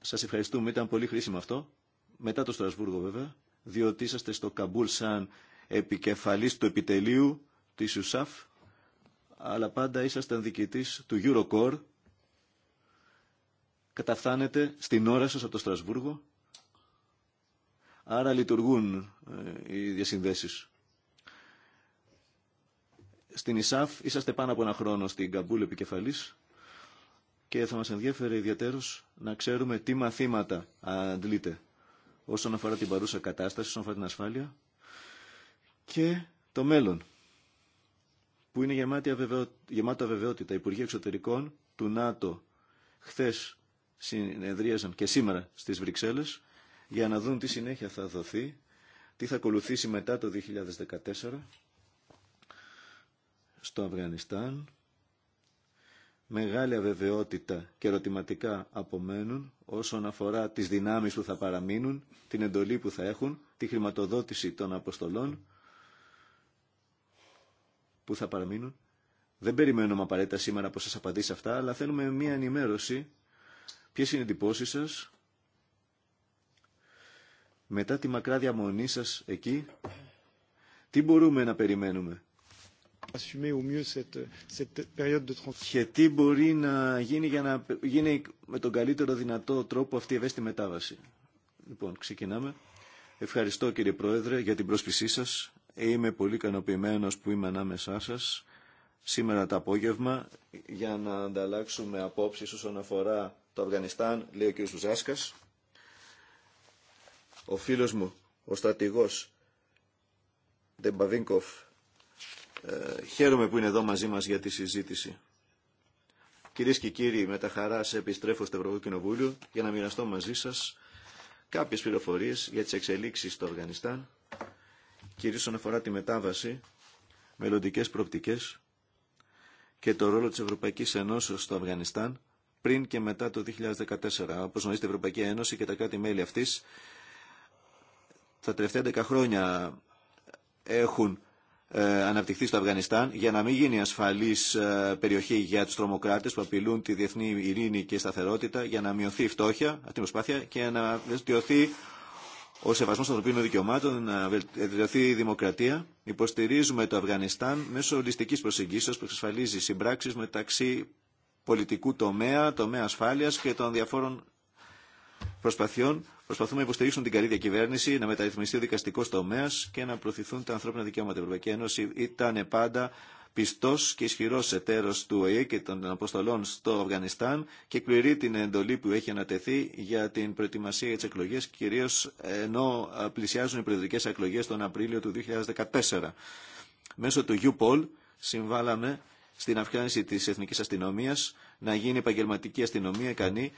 σας ευχαριστούμε, ήταν πολύ χρήσιμο αυτό. Μετά το Στρασβούργο βέβαια, διότι είσαστε στο Καμπούλ σαν επικεφαλής του επιτελείου της Ιουσάφ, αλλά πάντα ήσασταν διοικητής του Eurocore. Καταφθάνετε στην ώρα σας από το Στρασβούργο. Άρα λειτουργούν ε, οι διασυνδέσεις. Στην ΙΣΑΦ είσαστε πάνω από ένα χρόνο στην Καμπούλ επικεφαλής και θα μας ενδιαφέρει ιδιαίτερως να ξέρουμε τι μαθήματα αντλείται όσον αφορά την παρούσα κατάσταση, όσον αφορά την ασφάλεια και το μέλλον που είναι γεμάτο αβεβαιότητα. Οι Υπουργοί Εξωτερικών του ΝΑΤΟ χθες συνεδρίαζαν και σήμερα στις Βρυξέλλες για να δουν τι συνέχεια θα δοθεί, τι θα ακολουθήσει μετά το 2014 στο Αφγανιστάν, Μεγάλη αβεβαιότητα και ερωτηματικά απομένουν όσον αφορά τις δυνάμεις που θα παραμείνουν, την εντολή που θα έχουν, τη χρηματοδότηση των αποστολών που θα παραμείνουν. Δεν περιμένουμε απαραίτητα σήμερα πως σας απαντήσει αυτά, αλλά θέλουμε μία ενημέρωση. Ποιες είναι οι εντυπώσεις σας μετά τη μακρά διαμονή σας εκεί, τι μπορούμε να περιμένουμε και τι μπορεί να γίνει για να γίνει με τον καλύτερο δυνατό τρόπο αυτή η ευαίσθητη μετάβαση. Λοιπόν, ξεκινάμε. Ευχαριστώ κύριε Πρόεδρε για την πρόσκλησή σας. Είμαι πολύ ικανοποιημένος που είμαι ανάμεσά σας σήμερα το απόγευμα για να ανταλλάξουμε απόψεις όσον αφορά το Αφγανιστάν, λέει ο κ. Ζάσκας. Ο φίλος μου, ο στρατηγός Δεμπαβίνκοφ ε, χαίρομαι που είναι εδώ μαζί μας για τη συζήτηση. Κυρίε και κύριοι, με τα χαρά σε επιστρέφω στο Ευρωπαϊκό Κοινοβούλιο για να μοιραστώ μαζί σας κάποιες πληροφορίες για τι εξελίξει στο Αφγανιστάν, κυρίως όσον αφορά τη μετάβαση, μελλοντικέ προοπτικές και το ρόλο της Ευρωπαϊκής Ενώσης στο Αφγανιστάν πριν και μετά το 2014. Όπω γνωρίζετε, η Ευρωπαϊκή Ένωση και τα κράτη-μέλη αυτής τα τελευταία 10 χρόνια έχουν ε, αναπτυχθεί στο Αφγανιστάν για να μην γίνει ασφαλής ε, περιοχή για του τρομοκράτε που απειλούν τη διεθνή ειρήνη και σταθερότητα για να μειωθεί η φτώχεια, αυτή η προσπάθεια και να βελτιωθεί ο σεβασμό των ανθρωπίνων δικαιωμάτων, να βελτιωθεί η δημοκρατία. Υποστηρίζουμε το Αφγανιστάν μέσω ολιστική προσεγγίσεω που εξασφαλίζει συμπράξει μεταξύ πολιτικού τομέα, τομέα ασφάλεια και των διαφόρων προσπαθειών Προσπαθούμε να υποστηρίξουν την καλή διακυβέρνηση, να μεταρρυθμιστεί ο δικαστικό τομέα και να προωθηθούν τα ανθρώπινα δικαιώματα. Η Ευρωπαϊκή Ένωση ήταν πάντα πιστό και ισχυρό εταίρο του ΟΗΕ και των αποστολών στο Αφγανιστάν και εκπληρεί την εντολή που έχει ανατεθεί για την προετοιμασία για τι εκλογέ, κυρίω ενώ πλησιάζουν οι προεδρικέ εκλογέ τον Απρίλιο του 2014. Μέσω του UPOL συμβάλαμε στην αυξάνιση τη εθνική αστυνομία να γίνει επαγγελματική αστυνομία ικανή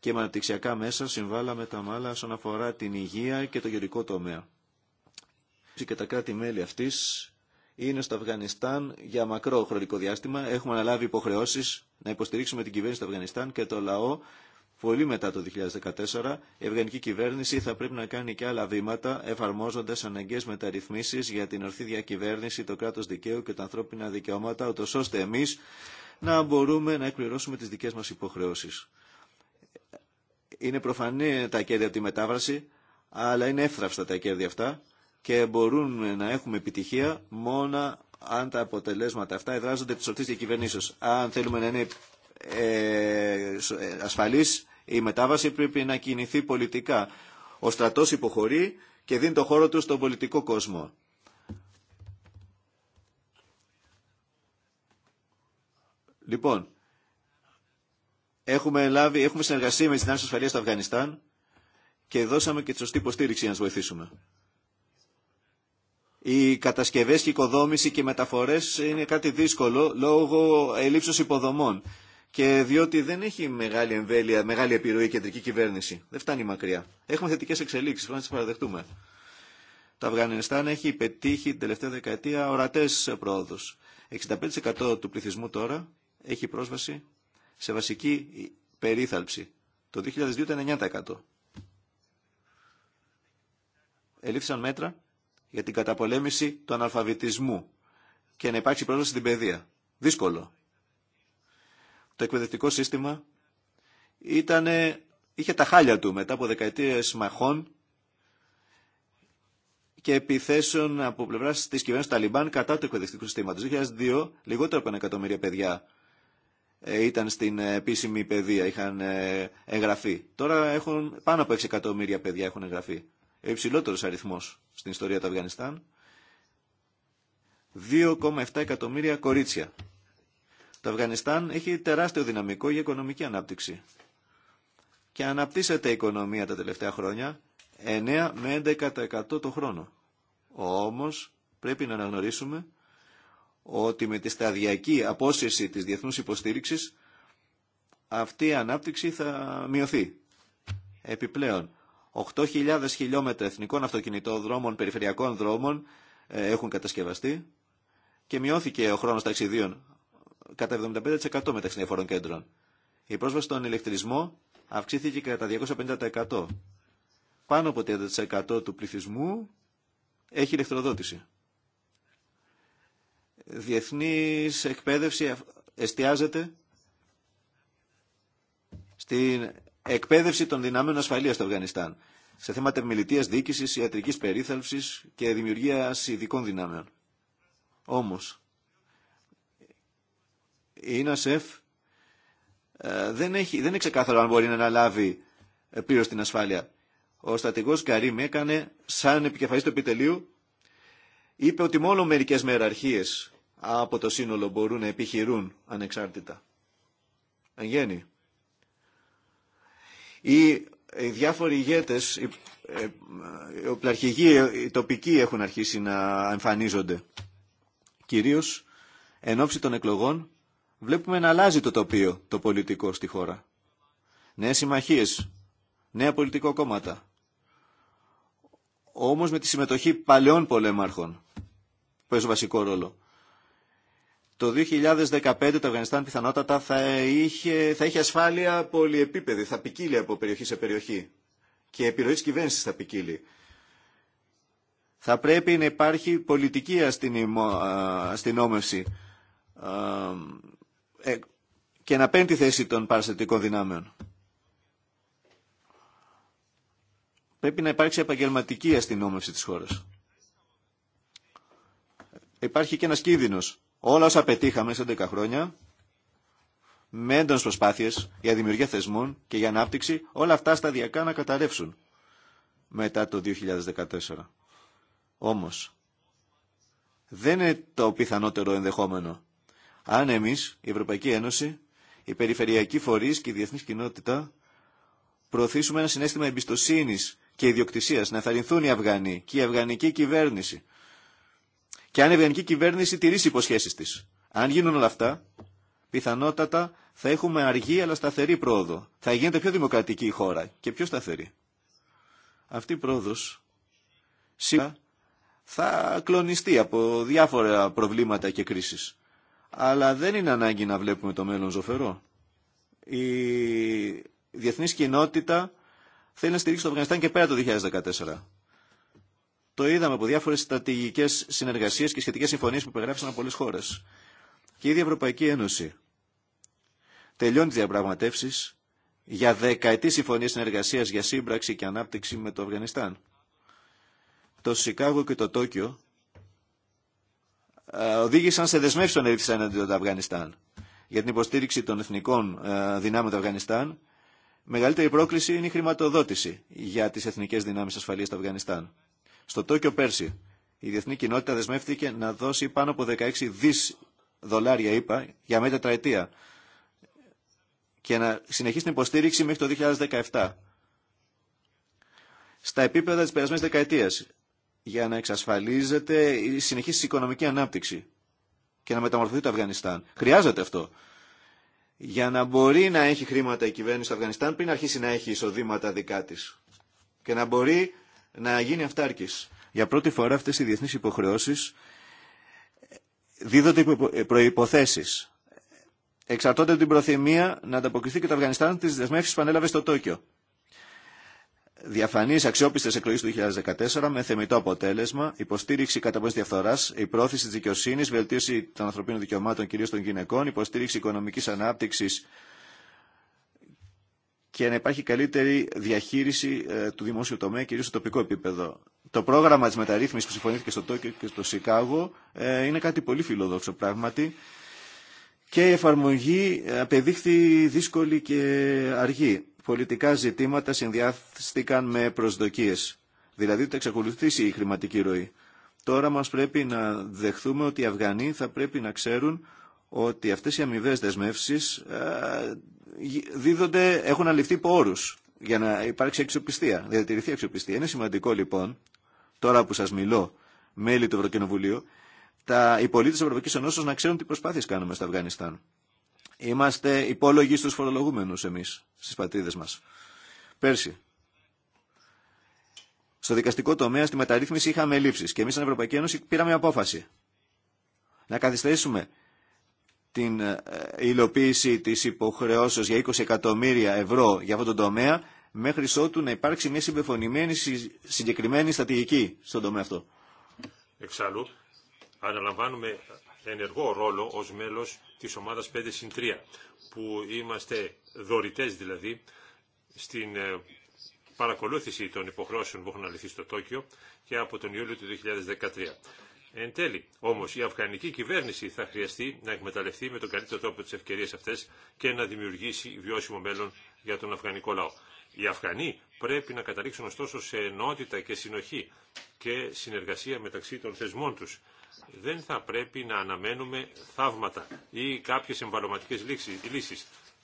και με αναπτυξιακά μέσα συμβάλαμε τα μάλα όσον αφορά την υγεία και το γεωρικό τομέα. Και τα κράτη-μέλη αυτή είναι στο Αφγανιστάν για μακρό χρονικό διάστημα. Έχουμε αναλάβει υποχρεώσει να υποστηρίξουμε την κυβέρνηση του Αφγανιστάν και το λαό πολύ μετά το 2014. Η Αφγανική κυβέρνηση θα πρέπει να κάνει και άλλα βήματα εφαρμόζοντα αναγκαίε μεταρρυθμίσει για την ορθή διακυβέρνηση, το κράτο δικαίου και τα ανθρώπινα δικαιώματα, ούτω ώστε εμεί να μπορούμε να εκπληρώσουμε τι δικέ μα υποχρεώσει. Είναι προφανή τα κέρδη από τη μετάβαση αλλά είναι εύθραυστα τα κέρδη αυτά και μπορούν να έχουμε επιτυχία μόνο αν τα αποτελέσματα αυτά εδράζονται τη ορθή διακυβερνήσεω. Αν θέλουμε να είναι ε, ε ασφαλή η μετάβαση, πρέπει να κινηθεί πολιτικά. Ο στρατό υποχωρεί και δίνει το χώρο του στον πολιτικό κόσμο. Λοιπόν, Έχουμε, λάβει, έχουμε συνεργασία με τι δυνάμει ασφαλεία στο Αφγανιστάν και δώσαμε και τη σωστή υποστήριξη για να βοηθήσουμε. Οι κατασκευέ και η οικοδόμηση και οι μεταφορέ είναι κάτι δύσκολο λόγω ελλείψεω υποδομών και διότι δεν έχει μεγάλη εμβέλεια, μεγάλη επιρροή η κεντρική κυβέρνηση. Δεν φτάνει μακριά. Έχουμε θετικέ εξελίξει, πρέπει να τι παραδεχτούμε. Το Αφγανιστάν έχει πετύχει την τελευταία δεκαετία ορατέ πρόοδου. 65% του πληθυσμού τώρα έχει πρόσβαση σε βασική περίθαλψη. Το 2002 ήταν 9%. Ελήφθησαν μέτρα για την καταπολέμηση του αναλφαβητισμού και να υπάρξει πρόσβαση στην παιδεία. Δύσκολο. Το εκπαιδευτικό σύστημα ήταν, είχε τα χάλια του μετά από δεκαετίες μαχών και επιθέσεων από πλευρά τη κυβέρνηση Ταλιμπάν κατά του εκπαιδευτικού συστήματο. Το 2002 λιγότερο από ένα εκατομμύριο παιδιά ε, ήταν στην ε, επίσημη παιδεία, είχαν ε, εγγραφεί. Τώρα έχουν πάνω από 6 εκατομμύρια παιδιά έχουν εγγραφεί. Υψηλότερος αριθμός στην ιστορία του Αφγανιστάν. 2,7 εκατομμύρια κορίτσια. Το Αφγανιστάν έχει τεράστιο δυναμικό για οικονομική ανάπτυξη. Και αναπτύσσεται η οικονομία τα τελευταία χρόνια 9 με 11% το χρόνο. Όμως πρέπει να αναγνωρίσουμε ότι με τη σταδιακή απόσυρση της διεθνούς υποστήριξης αυτή η ανάπτυξη θα μειωθεί. Επιπλέον, 8.000 χιλιόμετρα εθνικών αυτοκινητόδρομων, περιφερειακών δρόμων ε, έχουν κατασκευαστεί και μειώθηκε ο χρόνος ταξιδίων κατά 75% μεταξύ διαφορών κέντρων. Η πρόσβαση στον ηλεκτρισμό αυξήθηκε κατά 250%. Πάνω από 30% του πληθυσμού έχει ηλεκτροδότηση διεθνής εκπαίδευση εστιάζεται στην εκπαίδευση των δυνάμεων ασφαλείας στο Αφγανιστάν σε θέματα μιλητίας διοίκησης, ιατρικής περίθαλψης και δημιουργίας ειδικών δυνάμεων. Όμως, η ΙΝΑΣΕΦ ε, δεν, έχει, δεν είναι ξεκάθαρο αν μπορεί να αναλάβει ε, πλήρω την ασφάλεια. Ο στρατηγό Καρύμ έκανε σαν επικεφαλής του επιτελείου είπε ότι μόνο μερικές μεραρχίες από το σύνολο μπορούν να επιχειρούν ανεξάρτητα. Εν γέννη. Οι διάφοροι ηγέτες, ε, οι οπλαρχηγοί, οι τοπικοί έχουν αρχίσει να εμφανίζονται. Κυρίως εν ώψη των εκλογών βλέπουμε να αλλάζει το τοπίο το πολιτικό στη χώρα. Νέες συμμαχίες, νέα πολιτικό κόμματα. Όμως με τη συμμετοχή παλαιών πολέμαρχων παίζουν βασικό ρόλο. Το 2015 το Αφγανιστάν πιθανότατα θα είχε, θα είχε ασφάλεια πολυεπίπεδη, θα ποικίλει από περιοχή σε περιοχή και επιρροή τη κυβέρνησης θα ποικίλει. Θα πρέπει να υπάρχει πολιτική αστυνόμευση ε, και να παίρνει τη θέση των παραστατικών δυνάμεων. Πρέπει να υπάρξει επαγγελματική αστυνόμευση της χώρας. Υπάρχει και ένας κίνδυνος όλα όσα πετύχαμε σε 10 χρόνια, με έντονε προσπάθειε για δημιουργία θεσμών και για ανάπτυξη, όλα αυτά σταδιακά να καταρρεύσουν μετά το 2014. Όμω, δεν είναι το πιθανότερο ενδεχόμενο. Αν εμεί, η Ευρωπαϊκή Ένωση, η Περιφερειακή φορεί και η διεθνή κοινότητα προωθήσουμε ένα συνέστημα εμπιστοσύνη και ιδιοκτησία, να θαρρυνθούν οι Αυγανοί και η Αυγανική κυβέρνηση, και αν η βιανική κυβέρνηση τηρήσει υποσχέσει τη. Αν γίνουν όλα αυτά, πιθανότατα θα έχουμε αργή αλλά σταθερή πρόοδο. Θα γίνεται πιο δημοκρατική η χώρα και πιο σταθερή. Αυτή η πρόοδο σίγουρα θα κλονιστεί από διάφορα προβλήματα και κρίσεις. Αλλά δεν είναι ανάγκη να βλέπουμε το μέλλον ζωφερό. Η διεθνής κοινότητα θέλει να στηρίξει το Αφγανιστάν και πέρα το 2014. Το είδαμε από διάφορε στρατηγικέ συνεργασίε και σχετικέ συμφωνίε που υπεγράφησαν από πολλέ χώρε. Και η ίδια Ευρωπαϊκή Ένωση τελειώνει τι διαπραγματεύσει για δεκαετή συμφωνία συνεργασία για σύμπραξη και ανάπτυξη με το Αφγανιστάν. Το Σικάγο και το Τόκιο ε, οδήγησαν σε δεσμεύσει των ερήφθη εναντίον του Αφγανιστάν για την υποστήριξη των εθνικών ε, δυνάμεων του Αφγανιστάν. Μεγαλύτερη πρόκληση είναι η χρηματοδότηση για τι εθνικέ δυνάμει ασφαλεία του Αφγανιστάν. Στο Τόκιο πέρσι η διεθνή κοινότητα δεσμεύτηκε να δώσει πάνω από 16 δις δολάρια, είπα, για μια τετραετία και να συνεχίσει την υποστήριξη μέχρι το 2017. Στα επίπεδα της περασμένης δεκαετίας, για να εξασφαλίζεται η συνεχής οικονομική ανάπτυξη και να μεταμορφωθεί το Αφγανιστάν. Χρειάζεται αυτό. Για να μπορεί να έχει χρήματα η κυβέρνηση του Αφγανιστάν πριν αρχίσει να έχει εισοδήματα δικά της. Και να μπορεί να γίνει αυτάρκη. Για πρώτη φορά αυτέ οι διεθνεί υποχρεώσει δίδονται προϋποθέσεις. Εξαρτώνται από την προθυμία να ανταποκριθεί και το Αφγανιστάν τι δεσμεύσει που ανέλαβε στο Τόκιο. Διαφανεί αξιόπιστες εκλογέ του 2014 με θεμητό αποτέλεσμα, υποστήριξη κατά πόση διαφθοράς, η πρόθεση τη δικαιοσύνη, βελτίωση των ανθρωπίνων δικαιωμάτων κυρίω των γυναικών, υποστήριξη οικονομική ανάπτυξη και να υπάρχει καλύτερη διαχείριση ε, του δημόσιου τομέα, κυρίως στο τοπικό επίπεδο. Το πρόγραμμα της μεταρρύθμισης που συμφωνήθηκε στο Τόκιο και στο Σικάγο ε, είναι κάτι πολύ φιλόδοξο πράγματι και η εφαρμογή ε, απεδείχθη δύσκολη και αργή. Πολιτικά ζητήματα συνδυάστηκαν με προσδοκίες, δηλαδή ότι θα εξακολουθήσει η χρηματική ροή. Τώρα μας πρέπει να δεχθούμε ότι οι Αφγανοί θα πρέπει να ξέρουν ότι αυτές οι αμοιβέ δεσμεύσει ε, δίδονται, έχουν αληφθεί υπό όρους για να υπάρξει αξιοπιστία, διατηρηθεί αξιοπιστία. Είναι σημαντικό λοιπόν, τώρα που σας μιλώ, μέλη του Ευρωκοινοβουλίου, τα, οι πολίτε τη Ευρωπαϊκή Ενώσεω να ξέρουν τι προσπάθειε κάνουμε στο Αφγανιστάν. Είμαστε υπόλογοι στου φορολογούμενου εμεί, στι πατρίδες μα. Πέρσι, στο δικαστικό τομέα, στη μεταρρύθμιση είχαμε ελλείψει και εμεί σαν Ευρωπαϊκή Ένωση πήραμε απόφαση να καθυστερήσουμε την ε, υλοποίηση της υποχρεώσεως για 20 εκατομμύρια ευρώ για αυτόν τον τομέα μέχρι ότου να υπάρξει μια συμπεφωνημένη συγκεκριμένη στρατηγική στον τομέα αυτό. Εξάλλου, αναλαμβάνουμε ενεργό ρόλο ως μέλος της ομάδας 5 συν 3, που είμαστε δωρητές δηλαδή στην ε, παρακολούθηση των υποχρεώσεων που έχουν αληθεί στο Τόκιο και από τον Ιούλιο του 2013. Εν τέλει, όμω, η αφγανική κυβέρνηση θα χρειαστεί να εκμεταλλευτεί με τον καλύτερο τρόπο τι ευκαιρίε αυτέ και να δημιουργήσει βιώσιμο μέλλον για τον αφγανικό λαό. Οι Αφγανοί πρέπει να καταλήξουν ωστόσο σε ενότητα και συνοχή και συνεργασία μεταξύ των θεσμών του. Δεν θα πρέπει να αναμένουμε θαύματα ή κάποιε εμβαλωματικέ λύσει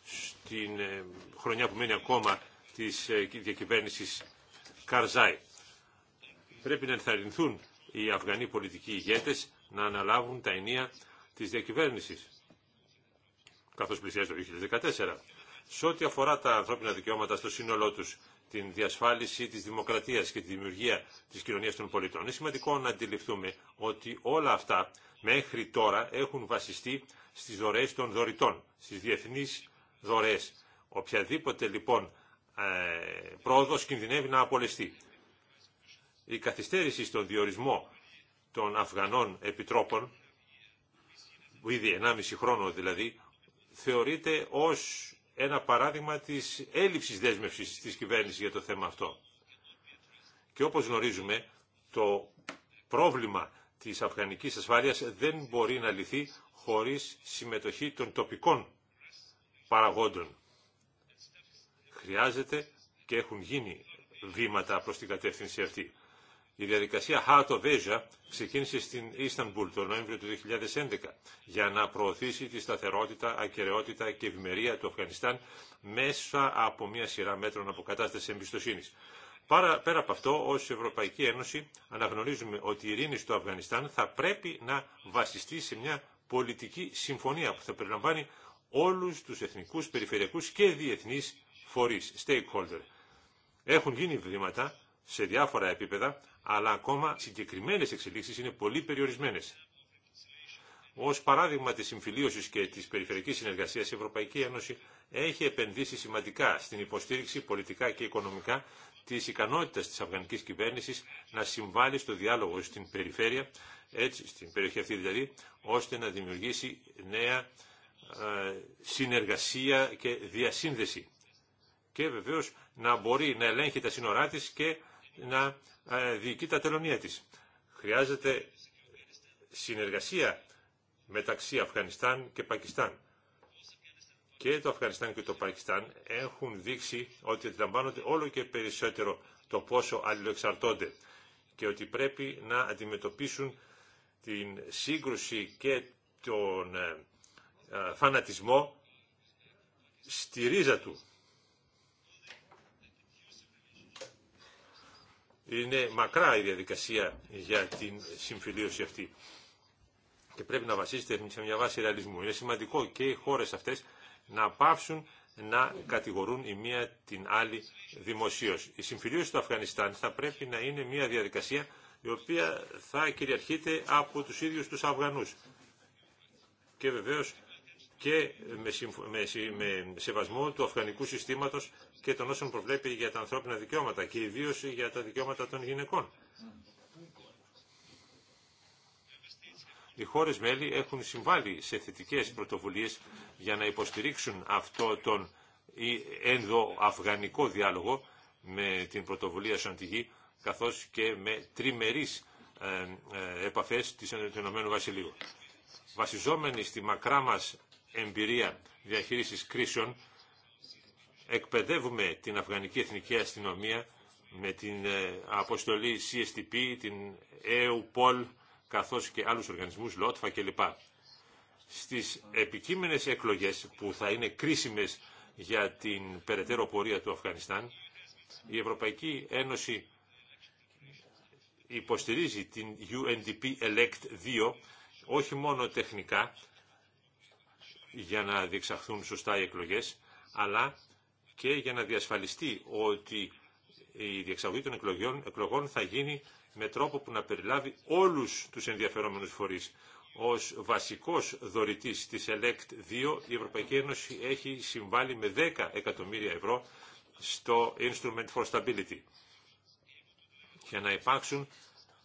στην ε, χρονιά που μένει ακόμα τη ε, διακυβέρνηση Καρζάη. Πρέπει να ενθαρρυνθούν οι Αφγανοί πολιτικοί ηγέτες να αναλάβουν τα ενία της διακυβέρνησης, καθώς πλησιάζει το 2014. Σε ό,τι αφορά τα ανθρώπινα δικαιώματα στο σύνολό τους, την διασφάλιση της δημοκρατίας και τη δημιουργία της κοινωνίας των πολιτών, είναι σημαντικό να αντιληφθούμε ότι όλα αυτά μέχρι τώρα έχουν βασιστεί στις δωρεές των δωρητών, στις διεθνείς δωρεές. Οποιαδήποτε λοιπόν ε, πρόοδος κινδυνεύει να απολεστεί η καθυστέρηση στον διορισμό των Αφγανών επιτρόπων, ήδη 1,5 χρόνο δηλαδή, θεωρείται ως ένα παράδειγμα της έλλειψης δέσμευσης της κυβέρνησης για το θέμα αυτό. Και όπως γνωρίζουμε, το πρόβλημα της αφγανικής ασφάλειας δεν μπορεί να λυθεί χωρίς συμμετοχή των τοπικών παραγόντων. Χρειάζεται και έχουν γίνει βήματα προς την κατεύθυνση αυτή. Η διαδικασία Heart of Asia ξεκίνησε στην Ιστανμπούλ το Νοέμβριο του 2011 για να προωθήσει τη σταθερότητα, ακαιρεότητα και ευημερία του Αφγανιστάν μέσα από μια σειρά μέτρων αποκατάστασης εμπιστοσύνης. Πέρα, πέρα από αυτό, ως Ευρωπαϊκή Ένωση αναγνωρίζουμε ότι η ειρήνη στο Αφγανιστάν θα πρέπει να βασιστεί σε μια πολιτική συμφωνία που θα περιλαμβάνει όλους τους εθνικούς, περιφερειακούς και διεθνείς φορείς, stakeholder. Έχουν γίνει βήματα σε διάφορα επίπεδα, αλλά ακόμα συγκεκριμένες εξελίξεις είναι πολύ περιορισμένες. Ως παράδειγμα της συμφιλίωσης και της περιφερειακής συνεργασίας, η Ευρωπαϊκή Ένωση έχει επενδύσει σημαντικά στην υποστήριξη πολιτικά και οικονομικά της ικανότητας της αφγανικής κυβέρνησης να συμβάλλει στο διάλογο στην περιφέρεια, έτσι, στην περιοχή αυτή δηλαδή, ώστε να δημιουργήσει νέα ε, συνεργασία και διασύνδεση. Και βεβαίως να μπορεί να ελέγχει τα σύνορά τη. και να ε, διοικεί τα τελωνία της. Χρειάζεται συνεργασία μεταξύ Αφγανιστάν και Πακιστάν. Και το Αφγανιστάν και το Πακιστάν έχουν δείξει ότι αντιλαμβάνονται όλο και περισσότερο το πόσο αλληλοεξαρτώνται και ότι πρέπει να αντιμετωπίσουν την σύγκρουση και τον ε, ε, φανατισμό στη ρίζα του. Είναι μακρά η διαδικασία για την συμφιλίωση αυτή και πρέπει να βασίζεται σε μια βάση ρεαλισμού. Είναι σημαντικό και οι χώρες αυτές να πάψουν να κατηγορούν η μία την άλλη δημοσίως. Η συμφιλίωση του Αφγανιστάν θα πρέπει να είναι μια διαδικασία η οποία θα κυριαρχείται από τους ίδιους τους Αφγανούς. Και βεβαίως και με σεβασμό του αφγανικού συστήματος και των όσων προβλέπει για τα ανθρώπινα δικαιώματα και ιδίω για τα δικαιώματα των γυναικών. Οι χώρες μέλη έχουν συμβάλει σε θετικές πρωτοβουλίες για να υποστηρίξουν αυτό τον ενδοαφγανικό διάλογο με την πρωτοβουλία Σαντιγή καθώς και με τριμερείς ε, ε, επαφές της ΕΕ. Βασιζόμενοι στη μακρά μας εμπειρία διαχείρισης κρίσεων εκπαιδεύουμε την Αφγανική Εθνική Αστυνομία με την ε, αποστολή CSTP, την EUPOL, καθώς και άλλους οργανισμούς, ΛΟΤΦΑ κλπ. Στις επικείμενες εκλογές που θα είναι κρίσιμες για την περαιτέρω πορεία του Αφγανιστάν, η Ευρωπαϊκή Ένωση υποστηρίζει την UNDP Elect 2, όχι μόνο τεχνικά, για να διεξαχθούν σωστά οι εκλογές, αλλά και για να διασφαλιστεί ότι η διεξαγωγή των εκλογών, εκλογών θα γίνει με τρόπο που να περιλάβει όλους τους ενδιαφερόμενους φορείς. Ως βασικός δωρητής της ΕΛΕΚΤ 2, η Ευρωπαϊκή Ένωση έχει συμβάλει με 10 εκατομμύρια ευρώ στο Instrument for Stability για να υπάρξουν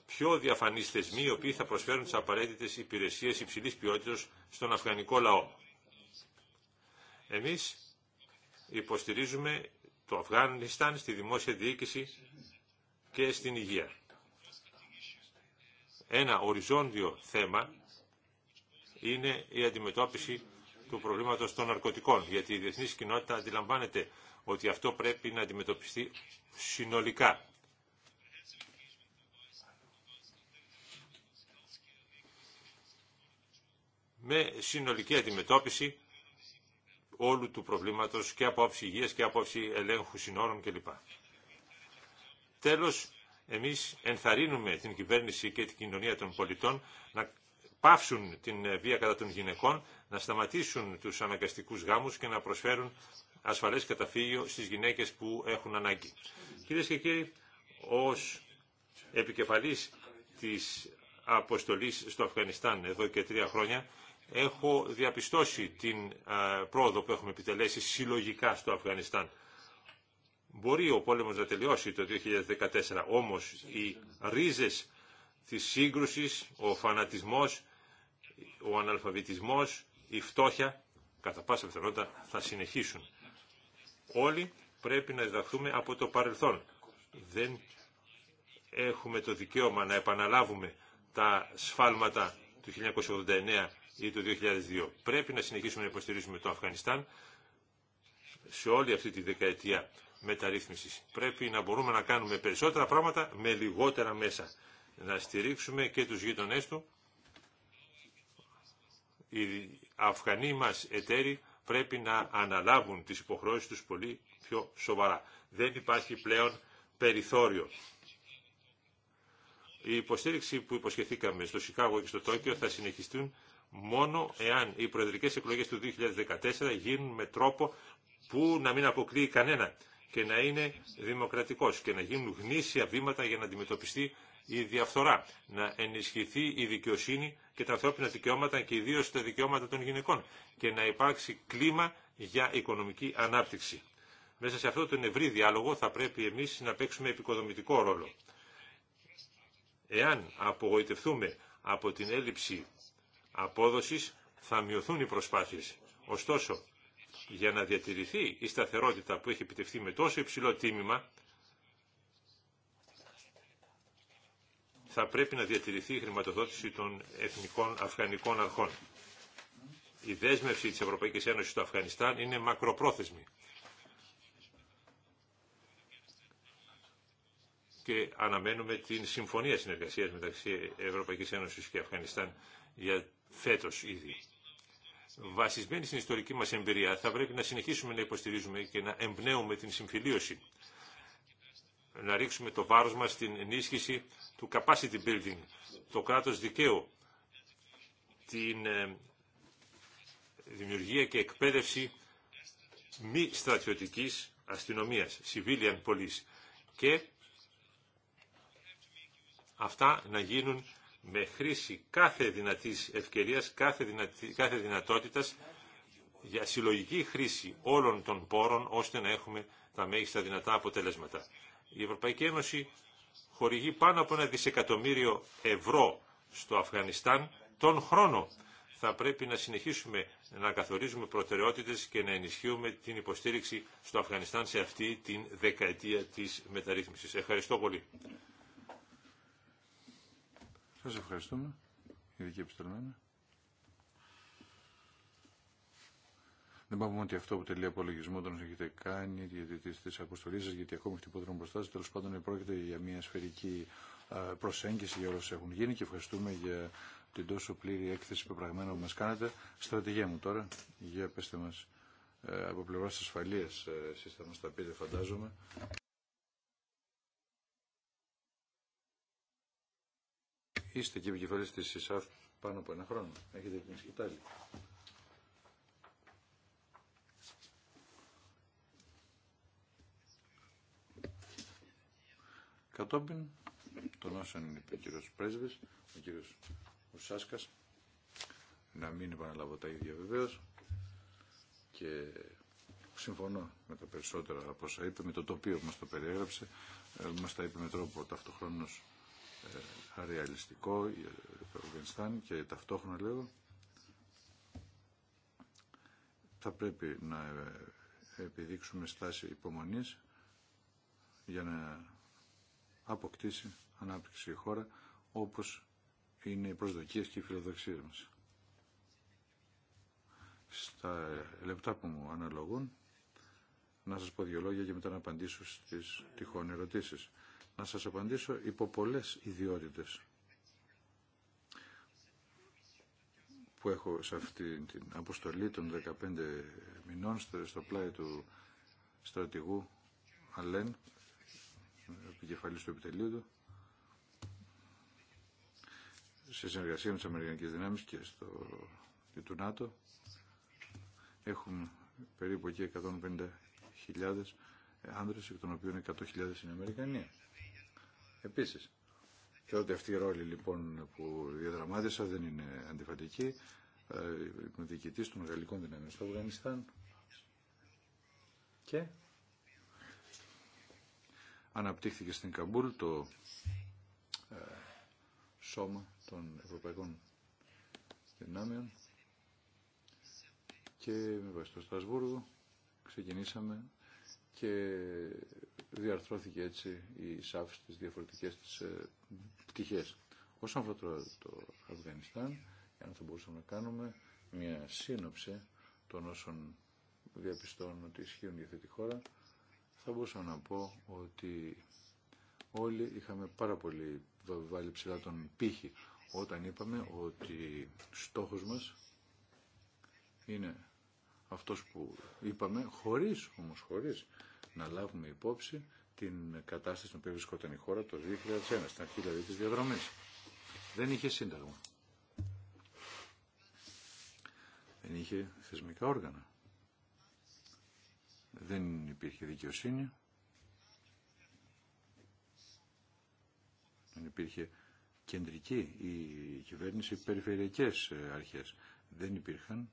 πιο διαφανείς θεσμοί οι οποίοι θα προσφέρουν τις απαραίτητες υπηρεσίες υψηλής ποιότητας στον αφγανικό λαό. Εμείς υποστηρίζουμε το Αφγάνιστάν στη δημόσια διοίκηση και στην υγεία. Ένα οριζόντιο θέμα είναι η αντιμετώπιση του προβλήματος των ναρκωτικών, γιατί η διεθνής κοινότητα αντιλαμβάνεται ότι αυτό πρέπει να αντιμετωπιστεί συνολικά. Με συνολική αντιμετώπιση όλου του προβλήματος και από άψη υγείας και από άψη ελέγχου συνόρων κλπ. Τέλος, εμείς ενθαρρύνουμε την κυβέρνηση και την κοινωνία των πολιτών να πάυσουν την βία κατά των γυναικών, να σταματήσουν τους αναγκαστικούς γάμους και να προσφέρουν ασφαλές καταφύγιο στις γυναίκες που έχουν ανάγκη. Κυρίε και κύριοι, ως επικεφαλής της αποστολής στο Αφγανιστάν εδώ και τρία χρόνια, έχω διαπιστώσει την ε, πρόοδο που έχουμε επιτελέσει συλλογικά στο Αφγανιστάν. Μπορεί ο πόλεμος να τελειώσει το 2014, όμως οι ρίζες της σύγκρουσης, ο φανατισμός, ο αναλφαβητισμός, η φτώχεια, κατά πάσα πιθανότητα θα συνεχίσουν. Όλοι πρέπει να διδαχθούμε από το παρελθόν. Δεν έχουμε το δικαίωμα να επαναλάβουμε τα σφάλματα του 1989 ή το 2002. Πρέπει να συνεχίσουμε να υποστηρίζουμε το Αφγανιστάν σε όλη αυτή τη δεκαετία μεταρρύθμισης. Πρέπει να μπορούμε να κάνουμε περισσότερα πράγματα με λιγότερα μέσα. Να στηρίξουμε και τους γείτονές του. Οι Αφγανοί μας εταίροι πρέπει να αναλάβουν τις υποχρεώσεις τους πολύ πιο σοβαρά. Δεν υπάρχει πλέον περιθώριο. Η υποστήριξη που υποσχεθήκαμε στο Σικάγο και στο Τόκιο θα συνεχιστούν μόνο εάν οι προεδρικές εκλογές του 2014 γίνουν με τρόπο που να μην αποκλείει κανένα και να είναι δημοκρατικός και να γίνουν γνήσια βήματα για να αντιμετωπιστεί η διαφθορά, να ενισχυθεί η δικαιοσύνη και τα ανθρώπινα δικαιώματα και ιδίως τα δικαιώματα των γυναικών και να υπάρξει κλίμα για οικονομική ανάπτυξη. Μέσα σε αυτό τον ευρύ διάλογο θα πρέπει εμείς να παίξουμε επικοδομητικό ρόλο. Εάν απογοητευτούμε από την έλλειψη απόδοσης θα μειωθούν οι προσπάθειες. Ωστόσο, για να διατηρηθεί η σταθερότητα που έχει επιτευχθεί με τόσο υψηλό τίμημα, θα πρέπει να διατηρηθεί η χρηματοδότηση των εθνικών αφγανικών αρχών. Η δέσμευση της Ευρωπαϊκής Ένωσης στο Αφγανιστάν είναι μακροπρόθεσμη. και αναμένουμε την συμφωνία συνεργασίας μεταξύ Ευρωπαϊκής Ένωσης και Αφγανιστάν για φέτος ήδη. Βασισμένη στην ιστορική μας εμπειρία θα πρέπει να συνεχίσουμε να υποστηρίζουμε και να εμπνέουμε την συμφιλίωση. Να ρίξουμε το βάρος μας στην ενίσχυση του capacity building, το κράτος δικαίου, την ε, δημιουργία και εκπαίδευση μη στρατιωτικής αστυνομίας, civilian police και αυτά να γίνουν με χρήση κάθε δυνατής ευκαιρίας, κάθε, δυνατή, κάθε δυνατότητας για συλλογική χρήση όλων των πόρων ώστε να έχουμε τα μέγιστα δυνατά αποτελέσματα. Η Ευρωπαϊκή Ένωση χορηγεί πάνω από ένα δισεκατομμύριο ευρώ στο Αφγανιστάν τον χρόνο. Θα πρέπει να συνεχίσουμε να καθορίζουμε προτεραιότητες και να ενισχύουμε την υποστήριξη στο Αφγανιστάν σε αυτή την δεκαετία της μεταρρύθμισης. Ευχαριστώ πολύ. Σας ευχαριστούμε, ειδική επιστολμένα. Δεν πάμε ότι αυτό αποτελεί απολογισμό όταν έχετε κάνει διαιτητή τη αποστολή σα, γιατί ακόμη χτυπώντας μπροστά σα. Τέλο πάντων, πρόκειται για μια σφαιρική προσέγγιση για όσα έχουν γίνει και ευχαριστούμε για την τόσο πλήρη έκθεση πεπραγμένα που μα κάνατε. Στρατηγία μου τώρα, για πετε μας ε, από πλευρά ασφαλείας, ε, εσείς θα μας τα πείτε, φαντάζομαι. Είστε και επικεφαλής της ΕΣΑΦ πάνω από ένα χρόνο. Έχετε την σκητάλη. Κατόπιν τον όσων είπε ο κύριο Πρέσβης, ο κύριος Ουσάσκας, να μην επαναλάβω τα ίδια βεβαίω και συμφωνώ με τα περισσότερα από όσα είπε, με το τοπίο που μας το περιέγραψε, ε, μας τα είπε με τρόπο ταυτοχρόνως ε, ρεαλιστικό το Αφγανιστάν και ταυτόχρονα λέω θα πρέπει να επιδείξουμε στάση υπομονής για να αποκτήσει ανάπτυξη η χώρα όπως είναι οι προσδοκίες και οι φιλοδοξίες μας. Στα λεπτά που μου αναλογούν να σας πω δύο λόγια και μετά να απαντήσω στις τυχόν ερωτήσεις να σας απαντήσω υπό πολλές ιδιότητες που έχω σε αυτή την αποστολή των 15 μηνών στο πλάι του στρατηγού Αλέν, επικεφαλής του επιτελείου του, σε συνεργασία με τις Αμερικανικές Δυνάμεις και, στο, και του ΝΑΤΟ. Έχουν περίπου εκεί 150.000 άνδρες, εκ των οποίων 100.000 είναι Αμερικανοί επίσης. Και ότι αυτή η ρόλη λοιπόν που διαδραμάτισα δεν είναι αντιφατική. Ε, είμαι διοικητή των γαλλικών δυνάμεων στο Αφγανιστάν. Και αναπτύχθηκε στην Καμπούλ το ε, σώμα των Ευρωπαϊκών Δυνάμεων και με βάση το Στρασβούργο ξεκινήσαμε και διαρθρώθηκε έτσι η σάφη στις διαφορετικές της ε, πτυχές. Όσον αφορά το, το Αφγανιστάν, αν θα μπορούσαμε να κάνουμε μια σύνοψη των όσων διαπιστώνουν ότι ισχύουν για αυτή τη χώρα, θα μπορούσα να πω ότι όλοι είχαμε πάρα πολύ βάλει ψηλά τον πύχη όταν είπαμε ότι στόχος μας είναι αυτός που είπαμε, χωρίς όμως χωρίς να λάβουμε υπόψη την κατάσταση στην οποία βρισκόταν η χώρα το 2001, στην αρχή δηλαδή της διαδρομής. Δεν είχε σύνταγμα. Δεν είχε θεσμικά όργανα. Δεν υπήρχε δικαιοσύνη. Δεν υπήρχε κεντρική η κυβέρνηση, περιφερειακές ε, αρχές. Δεν υπήρχαν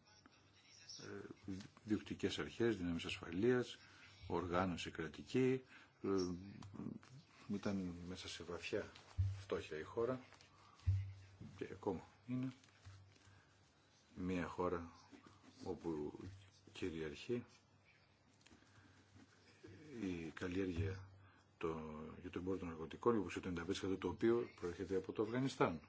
ε, διοκτικές αρχές, δυνάμεις ασφαλείας, οργάνωση κρατική, ε, ήταν μέσα σε βαθιά φτώχεια η χώρα και ακόμα είναι μια χώρα όπου κυριαρχεί η καλλιέργεια το, για το πόρο των εργοτικών όπως το 95% το οποίο προέρχεται από το Αφγανιστάν.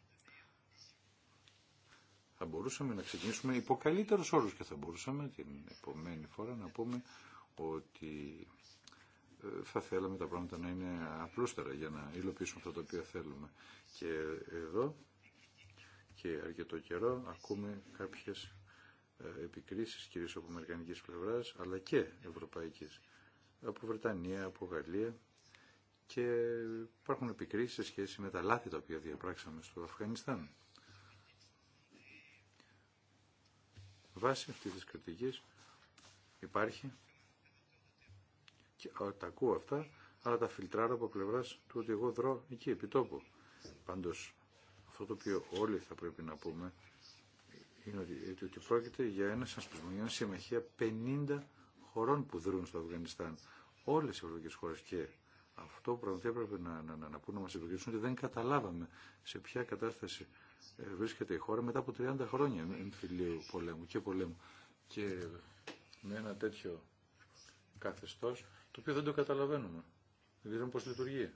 Θα μπορούσαμε να ξεκινήσουμε υπό καλύτερου όρου και θα μπορούσαμε την επόμενη φορά να πούμε ότι ε, θα θέλαμε τα πράγματα να είναι απλούστερα για να υλοποιήσουμε αυτό το οποία θέλουμε. Και εδώ και αρκετό καιρό ακούμε κάποιες ε, επικρίσεις κυρίως από αμερικανικής πλευράς αλλά και ευρωπαϊκής από Βρετανία, από Γαλλία και υπάρχουν επικρίσεις σε σχέση με τα λάθη τα οποία διαπράξαμε στο Αφγανιστάν. Βάσει αυτής της κριτικής υπάρχει τα ακούω αυτά, αλλά τα φιλτράρω από πλευρά του ότι εγώ δρώ εκεί, επί τόπου. Πάντω, αυτό το οποίο όλοι θα πρέπει να πούμε είναι ότι, ότι πρόκειται για ένα συνασπισμό, για μια συμμαχία 50 χωρών που δρούν στο Αφγανιστάν. Όλε οι ευρωπαϊκέ χώρε και αυτό που πραγματικά έπρεπε να, να, να, να πούνε να μα επικρίνουν ότι δεν καταλάβαμε σε ποια κατάσταση ε, βρίσκεται η χώρα μετά από 30 χρόνια εμφυλίου πολέμου και πολέμου. Και με ένα τέτοιο καθεστώς το οποίο δεν το καταλαβαίνουμε. Δεν ξέρουμε πώς λειτουργεί.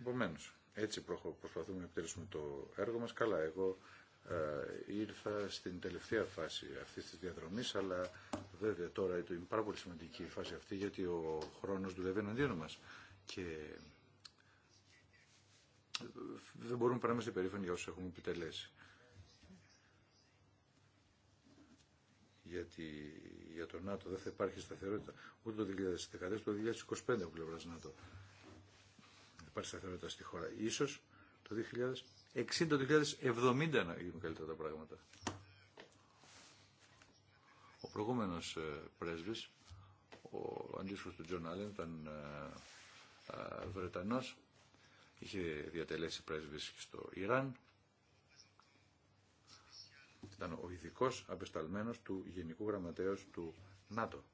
Επομένω, έτσι προσπαθούμε να επιτελέσουμε το έργο μας. Καλά, εγώ ε, ήρθα στην τελευταία φάση αυτής της διαδρομής, αλλά βέβαια τώρα είναι πάρα πολύ σημαντική η φάση αυτή, γιατί ο χρόνος δουλεύει εναντίον μας. Και δεν μπορούμε παρά να είμαστε περήφανοι για όσους έχουμε επιτελέσει. Γιατί για το ΝΑΤΟ δεν θα υπάρχει σταθερότητα ούτε το 2014, ούτε το 2025 από πλευρά ΝΑΤΟ. Δεν υπάρχει σταθερότητα στη χώρα. Ίσως το 2060, το 2070 να γίνουν καλύτερα τα πράγματα. Ο προηγούμενος ε, πρέσβης, ο αντίστοιχος του Τζον Άλεν, ήταν ε, ε, Βρετανός, είχε διατελέσει πρέσβης στο Ιράν. Ήταν ο ειδικό απεσταλμένος του Γενικού Γραμματέως του ΝΑΤΟ.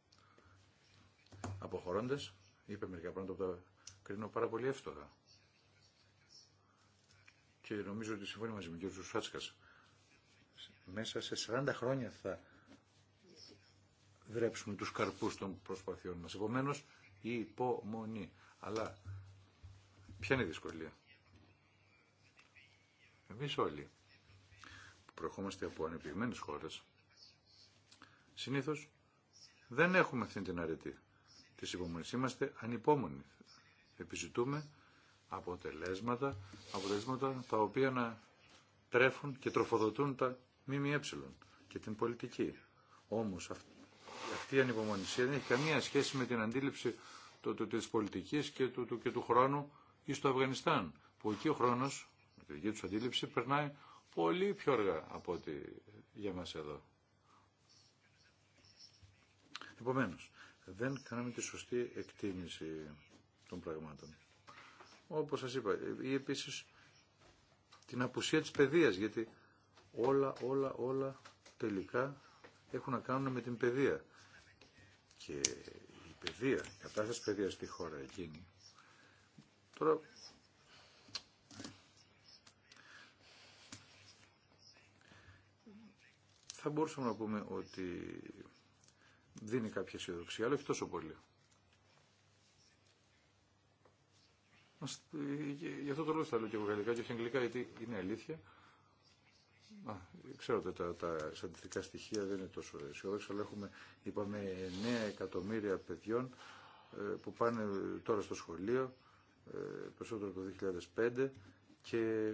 Αποχωρώντας, είπε μερικά πράγματα που τα κρίνω πάρα πολύ εύστοχα. Και νομίζω ότι συμφωνεί μαζί με τον κ. Μέσα σε 40 χρόνια θα δρέψουμε τους καρπούς των προσπαθειών μας. Επομένως, υπομονή. Αλλά Ποια είναι η δυσκολία. Εμείς όλοι που προχώμαστε από ανεπιγμένες χώρες, συνήθως δεν έχουμε αυτή την αρετή της υπομονής. Είμαστε ανυπόμονοι. Επιζητούμε αποτελέσματα, αποτελέσματα τα οποία να τρέφουν και τροφοδοτούν τα ΜΜΕ και την πολιτική. Όμως αυτή η ανυπομονησία δεν έχει καμία σχέση με την αντίληψη της πολιτικής του, του, και του χρόνου ή στο Αφγανιστάν, που εκεί ο χρόνος, με τη δική του αντίληψη, περνάει πολύ πιο αργά από ό,τι για μας εδώ. Επομένως, δεν κάναμε τη σωστή εκτίμηση των πραγμάτων. Όπως σας είπα, ή επίσης την απουσία της παιδεία, γιατί όλα, όλα, όλα τελικά έχουν να κάνουν με την παιδεία. Και η παιδεία, η κατάσταση παιδείας στη χώρα εκείνη, Τώρα... Θα μπορούσαμε να πούμε ότι δίνει κάποια αισιοδοξία, αλλά όχι τόσο πολύ. Γι' αυτό το λόγο θα λέω και εγώ γαλλικά και όχι αγγλικά, γιατί είναι αλήθεια. ξέρω ότι τα, τα στοιχεία δεν είναι τόσο αισιόδοξα, αλλά έχουμε, είπαμε, 9 εκατομμύρια παιδιών ε, που πάνε τώρα στο σχολείο ε, περισσότερο από το 2005 και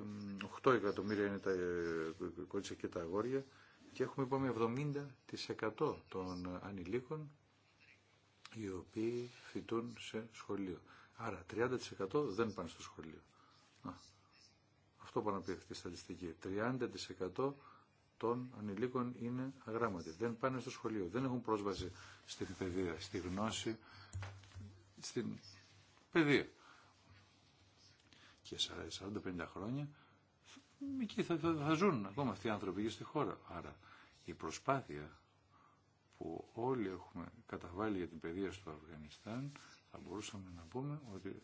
8 εκατομμύρια είναι τα ε, κορίτσια και τα αγόρια και έχουμε είπαμε 70% των ανηλίκων οι οποίοι φοιτούν σε σχολείο. Άρα 30% δεν πάνε στο σχολείο. αυτό που να πει αυτή στατιστική. 30% των ανηλίκων είναι αγράμματοι. Δεν πάνε στο σχολείο. Δεν έχουν πρόσβαση στην παιδεία, στη γνώση, στην παιδεία και 40-50 χρόνια εκεί θα, θα, ζουν ακόμα αυτοί οι άνθρωποι και στη χώρα. Άρα η προσπάθεια που όλοι έχουμε καταβάλει για την παιδεία στο Αφγανιστάν θα μπορούσαμε να πούμε ότι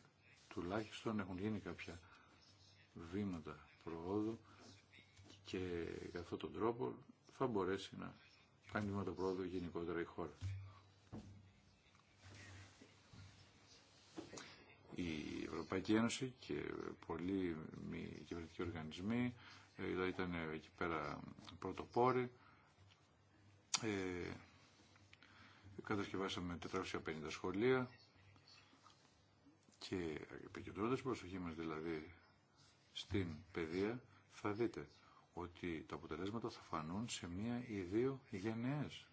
τουλάχιστον έχουν γίνει κάποια βήματα προόδου και για αυτόν τον τρόπο θα μπορέσει να κάνει βήματα προόδου γενικότερα η χώρα. Ευρωπαϊκή Ένωση και πολλοί μη κυβερνητικοί οργανισμοί, ε, δηλαδή ήταν εκεί πέρα πρωτοπόροι. Ε, κατασκευάσαμε 450 σχολεία και επικεντρώντας προσοχή μας δηλαδή στην παιδεία θα δείτε ότι τα αποτελέσματα θα φανούν σε μία ή δύο γενναίες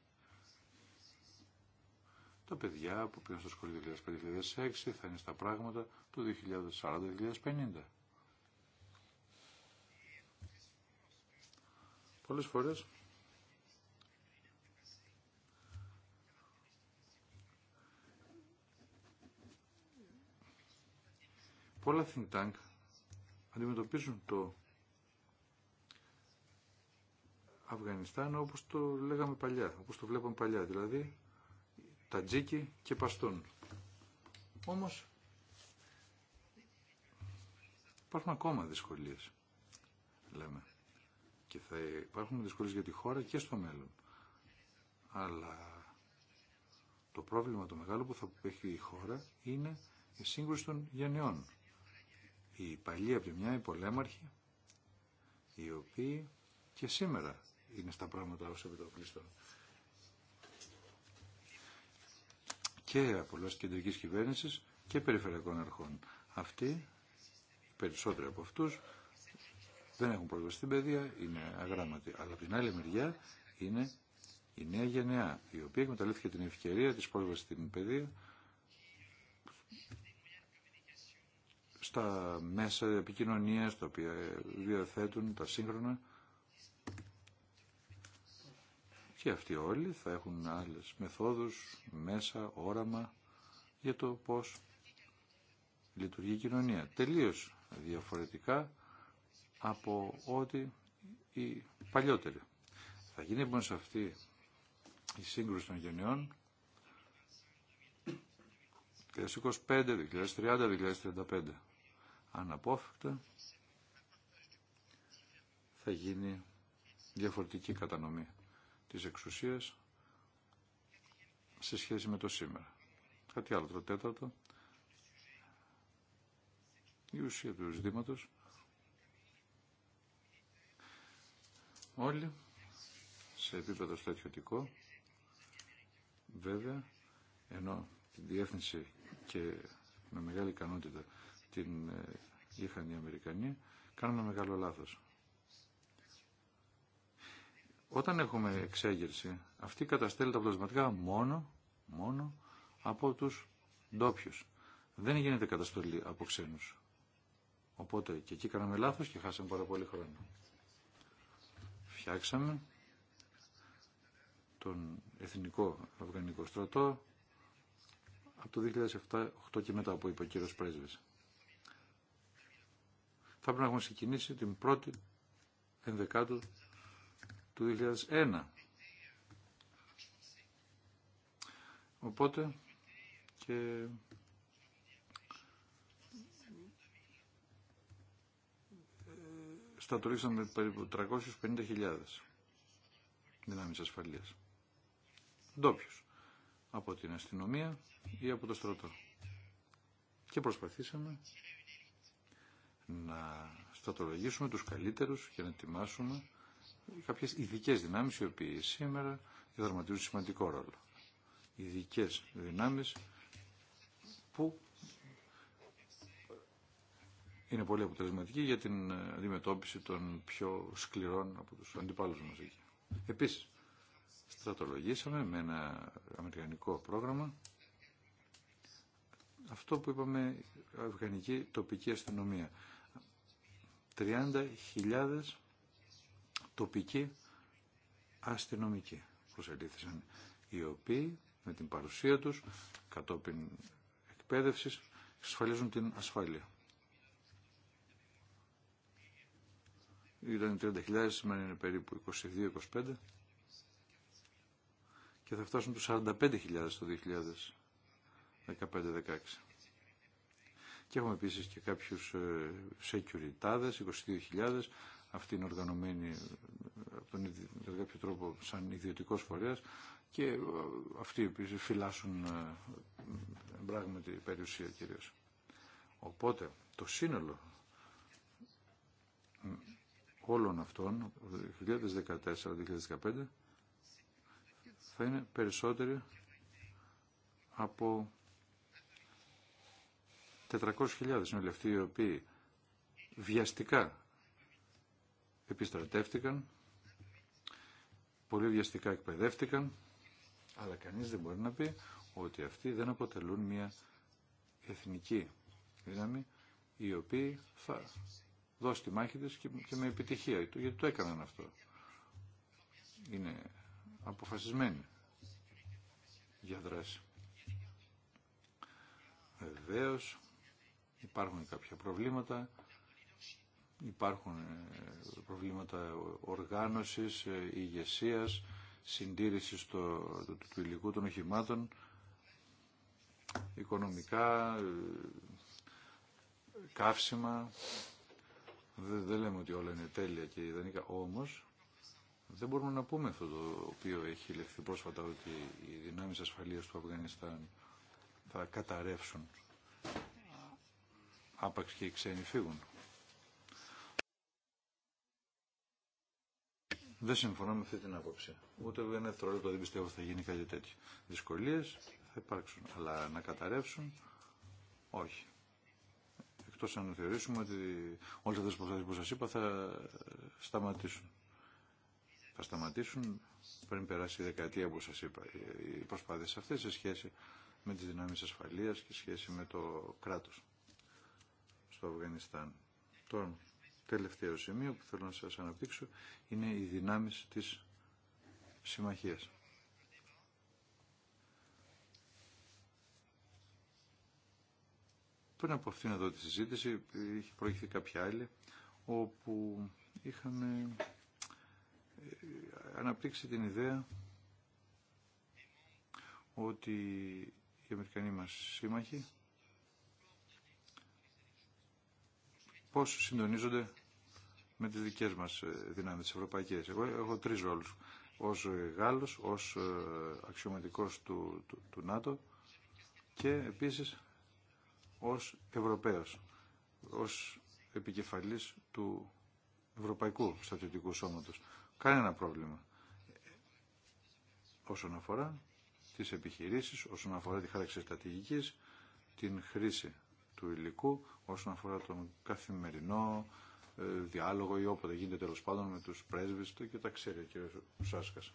τα παιδιά που πήγαν στο σχολείο 2005-2006 θα είναι στα πράγματα του 2040-2050. Πολλές φορές πολλά think tank αντιμετωπίζουν το Αφγανιστάν όπως το λέγαμε παλιά, όπως το βλέπαμε παλιά, δηλαδή Τατζίκι και Παστούν. Όμως υπάρχουν ακόμα δυσκολίες, λέμε. Και θα υπάρχουν δυσκολίες για τη χώρα και στο μέλλον. Αλλά το πρόβλημα το μεγάλο που θα έχει η χώρα είναι η σύγκρουση των γενεών. Οι παλιοί από τη μια, οι πολέμαρχοι, οι οποίοι και σήμερα είναι στα πράγματα ως επιτοπλίστων. και από λάς κεντρικής κυβέρνησης και περιφερειακών αρχών. Αυτοί, περισσότεροι από αυτούς, δεν έχουν πρόσβαση στην παιδεία, είναι αγράμματοι. Αλλά από την άλλη μεριά είναι η νέα γενεά, η οποία εκμεταλλεύτηκε την ευκαιρία της πρόσβασης στην παιδεία στα μέσα επικοινωνίας, τα οποία διαθέτουν τα σύγχρονα, και αυτοί όλοι θα έχουν άλλες μεθόδους, μέσα, όραμα για το πώς λειτουργεί η κοινωνία. Τελείως διαφορετικά από ό,τι οι παλιότεροι. Θα γίνει λοιπόν σε αυτή η σύγκρουση των γενιών 2025, 2030, 2035. Αναπόφευκτα θα γίνει διαφορετική κατανομή της εξουσίας σε σχέση με το σήμερα. Κάτι άλλο, το τέταρτο, η ουσία του ζητήματος. Όλοι σε επίπεδο στρατιωτικό, βέβαια, ενώ την διεύθυνση και με μεγάλη ικανότητα την ε, είχαν οι Αμερικανοί, κάνουν μεγάλο λάθος. Όταν έχουμε εξέγερση, αυτή τα πλασματικά μόνο, μόνο από τους ντόπιου. Δεν γίνεται καταστολή από ξένους. Οπότε και εκεί κάναμε λάθος και χάσαμε πάρα πολύ χρόνο. Φτιάξαμε τον Εθνικό Αφγανικό Στρατό από το 2007-2008 και μετά από είπε ο κύριο Πρέσβη. Θα πρέπει να έχουμε ξεκινήσει την πρώτη ενδεκάτου του 2001. Οπότε και στατορίσαμε περίπου 350.000 δυνάμεις ασφαλείας. Ντόπιου από την αστυνομία ή από το στρατό. Και προσπαθήσαμε να στατολογήσουμε τους καλύτερους και να ετοιμάσουμε κάποιες ειδικέ δυνάμεις οι οποίες σήμερα δραματίζουν σημαντικό ρόλο. Ειδικέ δυνάμεις που είναι πολύ αποτελεσματικοί για την ε, αντιμετώπιση των πιο σκληρών από τους αντιπάλους μας εκεί. Επίσης, στρατολογήσαμε με ένα αμερικανικό πρόγραμμα αυτό που είπαμε αφγανική τοπική αστυνομία. 30.000 τοπικοί αστυνομικοί προσελήφθησαν οι οποίοι με την παρουσία τους κατόπιν εκπαίδευσης εξασφαλίζουν την ασφάλεια. Ήταν 30.000, σήμερα είναι περίπου 22-25 και θα φτάσουν τους 45.000 το 2015-16. Και έχουμε επίσης και κάποιους σεκιουριτάδες, 22.000 αυτή είναι οργανωμένη από τον, κάποιο τρόπο σαν ιδιωτικό φορέα και ε, αυτοί οι φυλάσσουν ε, πράγματι περιουσία κυρίω. Οπότε το σύνολο όλων αυτών 2014-2015 θα είναι περισσότερο από 400.000 είναι όλοι οι οποίοι βιαστικά επιστρατεύτηκαν, πολύ βιαστικά εκπαιδεύτηκαν, αλλά κανείς δεν μπορεί να πει ότι αυτοί δεν αποτελούν μια εθνική δύναμη η οποία θα δώσει τη μάχη της και με επιτυχία, γιατί το έκαναν αυτό. Είναι αποφασισμένοι για δράση. Βεβαίω υπάρχουν κάποια προβλήματα, Υπάρχουν ε, προβλήματα οργάνωσης, ε, ηγεσία, συντήρησης του υλικού των οχημάτων, οικονομικά, ε, καύσιμα. Δεν, λέμε ότι όλα είναι τέλεια και ιδανικά. Όμως, δεν μπορούμε να πούμε αυτό το οποίο έχει λεχθεί πρόσφατα ότι οι δυνάμεις ασφαλείας του Αφγανιστάν θα καταρρεύσουν άπαξ και οι ξένοι φύγουν. Δεν συμφωνώ με αυτή την άποψη. Ούτε ένα το δεν πιστεύω θα γίνει κάτι τέτοιο. Δυσκολίε θα υπάρξουν, αλλά να καταρρεύσουν, όχι. Εκτό αν θεωρήσουμε ότι όλε αυτέ τι προσπάθειε που σα είπα θα ε, σταματήσουν. Θα σταματήσουν πριν περάσει η δεκαετία που σα είπα. Οι προσπάθειε αυτέ σε σχέση με τι δυνάμει ασφαλεία και σχέση με το κράτο στο Αφγανιστάν. Τώρα, τελευταίο σημείο που θέλω να σας αναπτύξω είναι οι δυνάμεις της συμμαχίας. Πριν από αυτήν εδώ τη συζήτηση είχε προηγηθεί κάποια άλλη όπου είχαμε ε, αναπτύξει την ιδέα ότι οι Αμερικανοί μας σύμμαχοι πώς συντονίζονται με τις δικές μας ε, δυνάμεις τις ευρωπαϊκές. Εγώ έχω τρεις ρόλους. Ως ε, Γάλλος, ως ε, αξιωματικός του, του, ΝΑΤΟ και επίσης ως Ευρωπαίος, ως επικεφαλής του Ευρωπαϊκού Στατιωτικού Σώματος. Κανένα πρόβλημα όσον αφορά τις επιχειρήσεις, όσον αφορά τη χάραξη στρατηγικής, την χρήση του υλικού, όσον αφορά τον καθημερινό ε, διάλογο ή όποτε γίνεται τέλο πάντων με τους πρέσβεις του και τα ξέρει ο κύριος Σάσκας.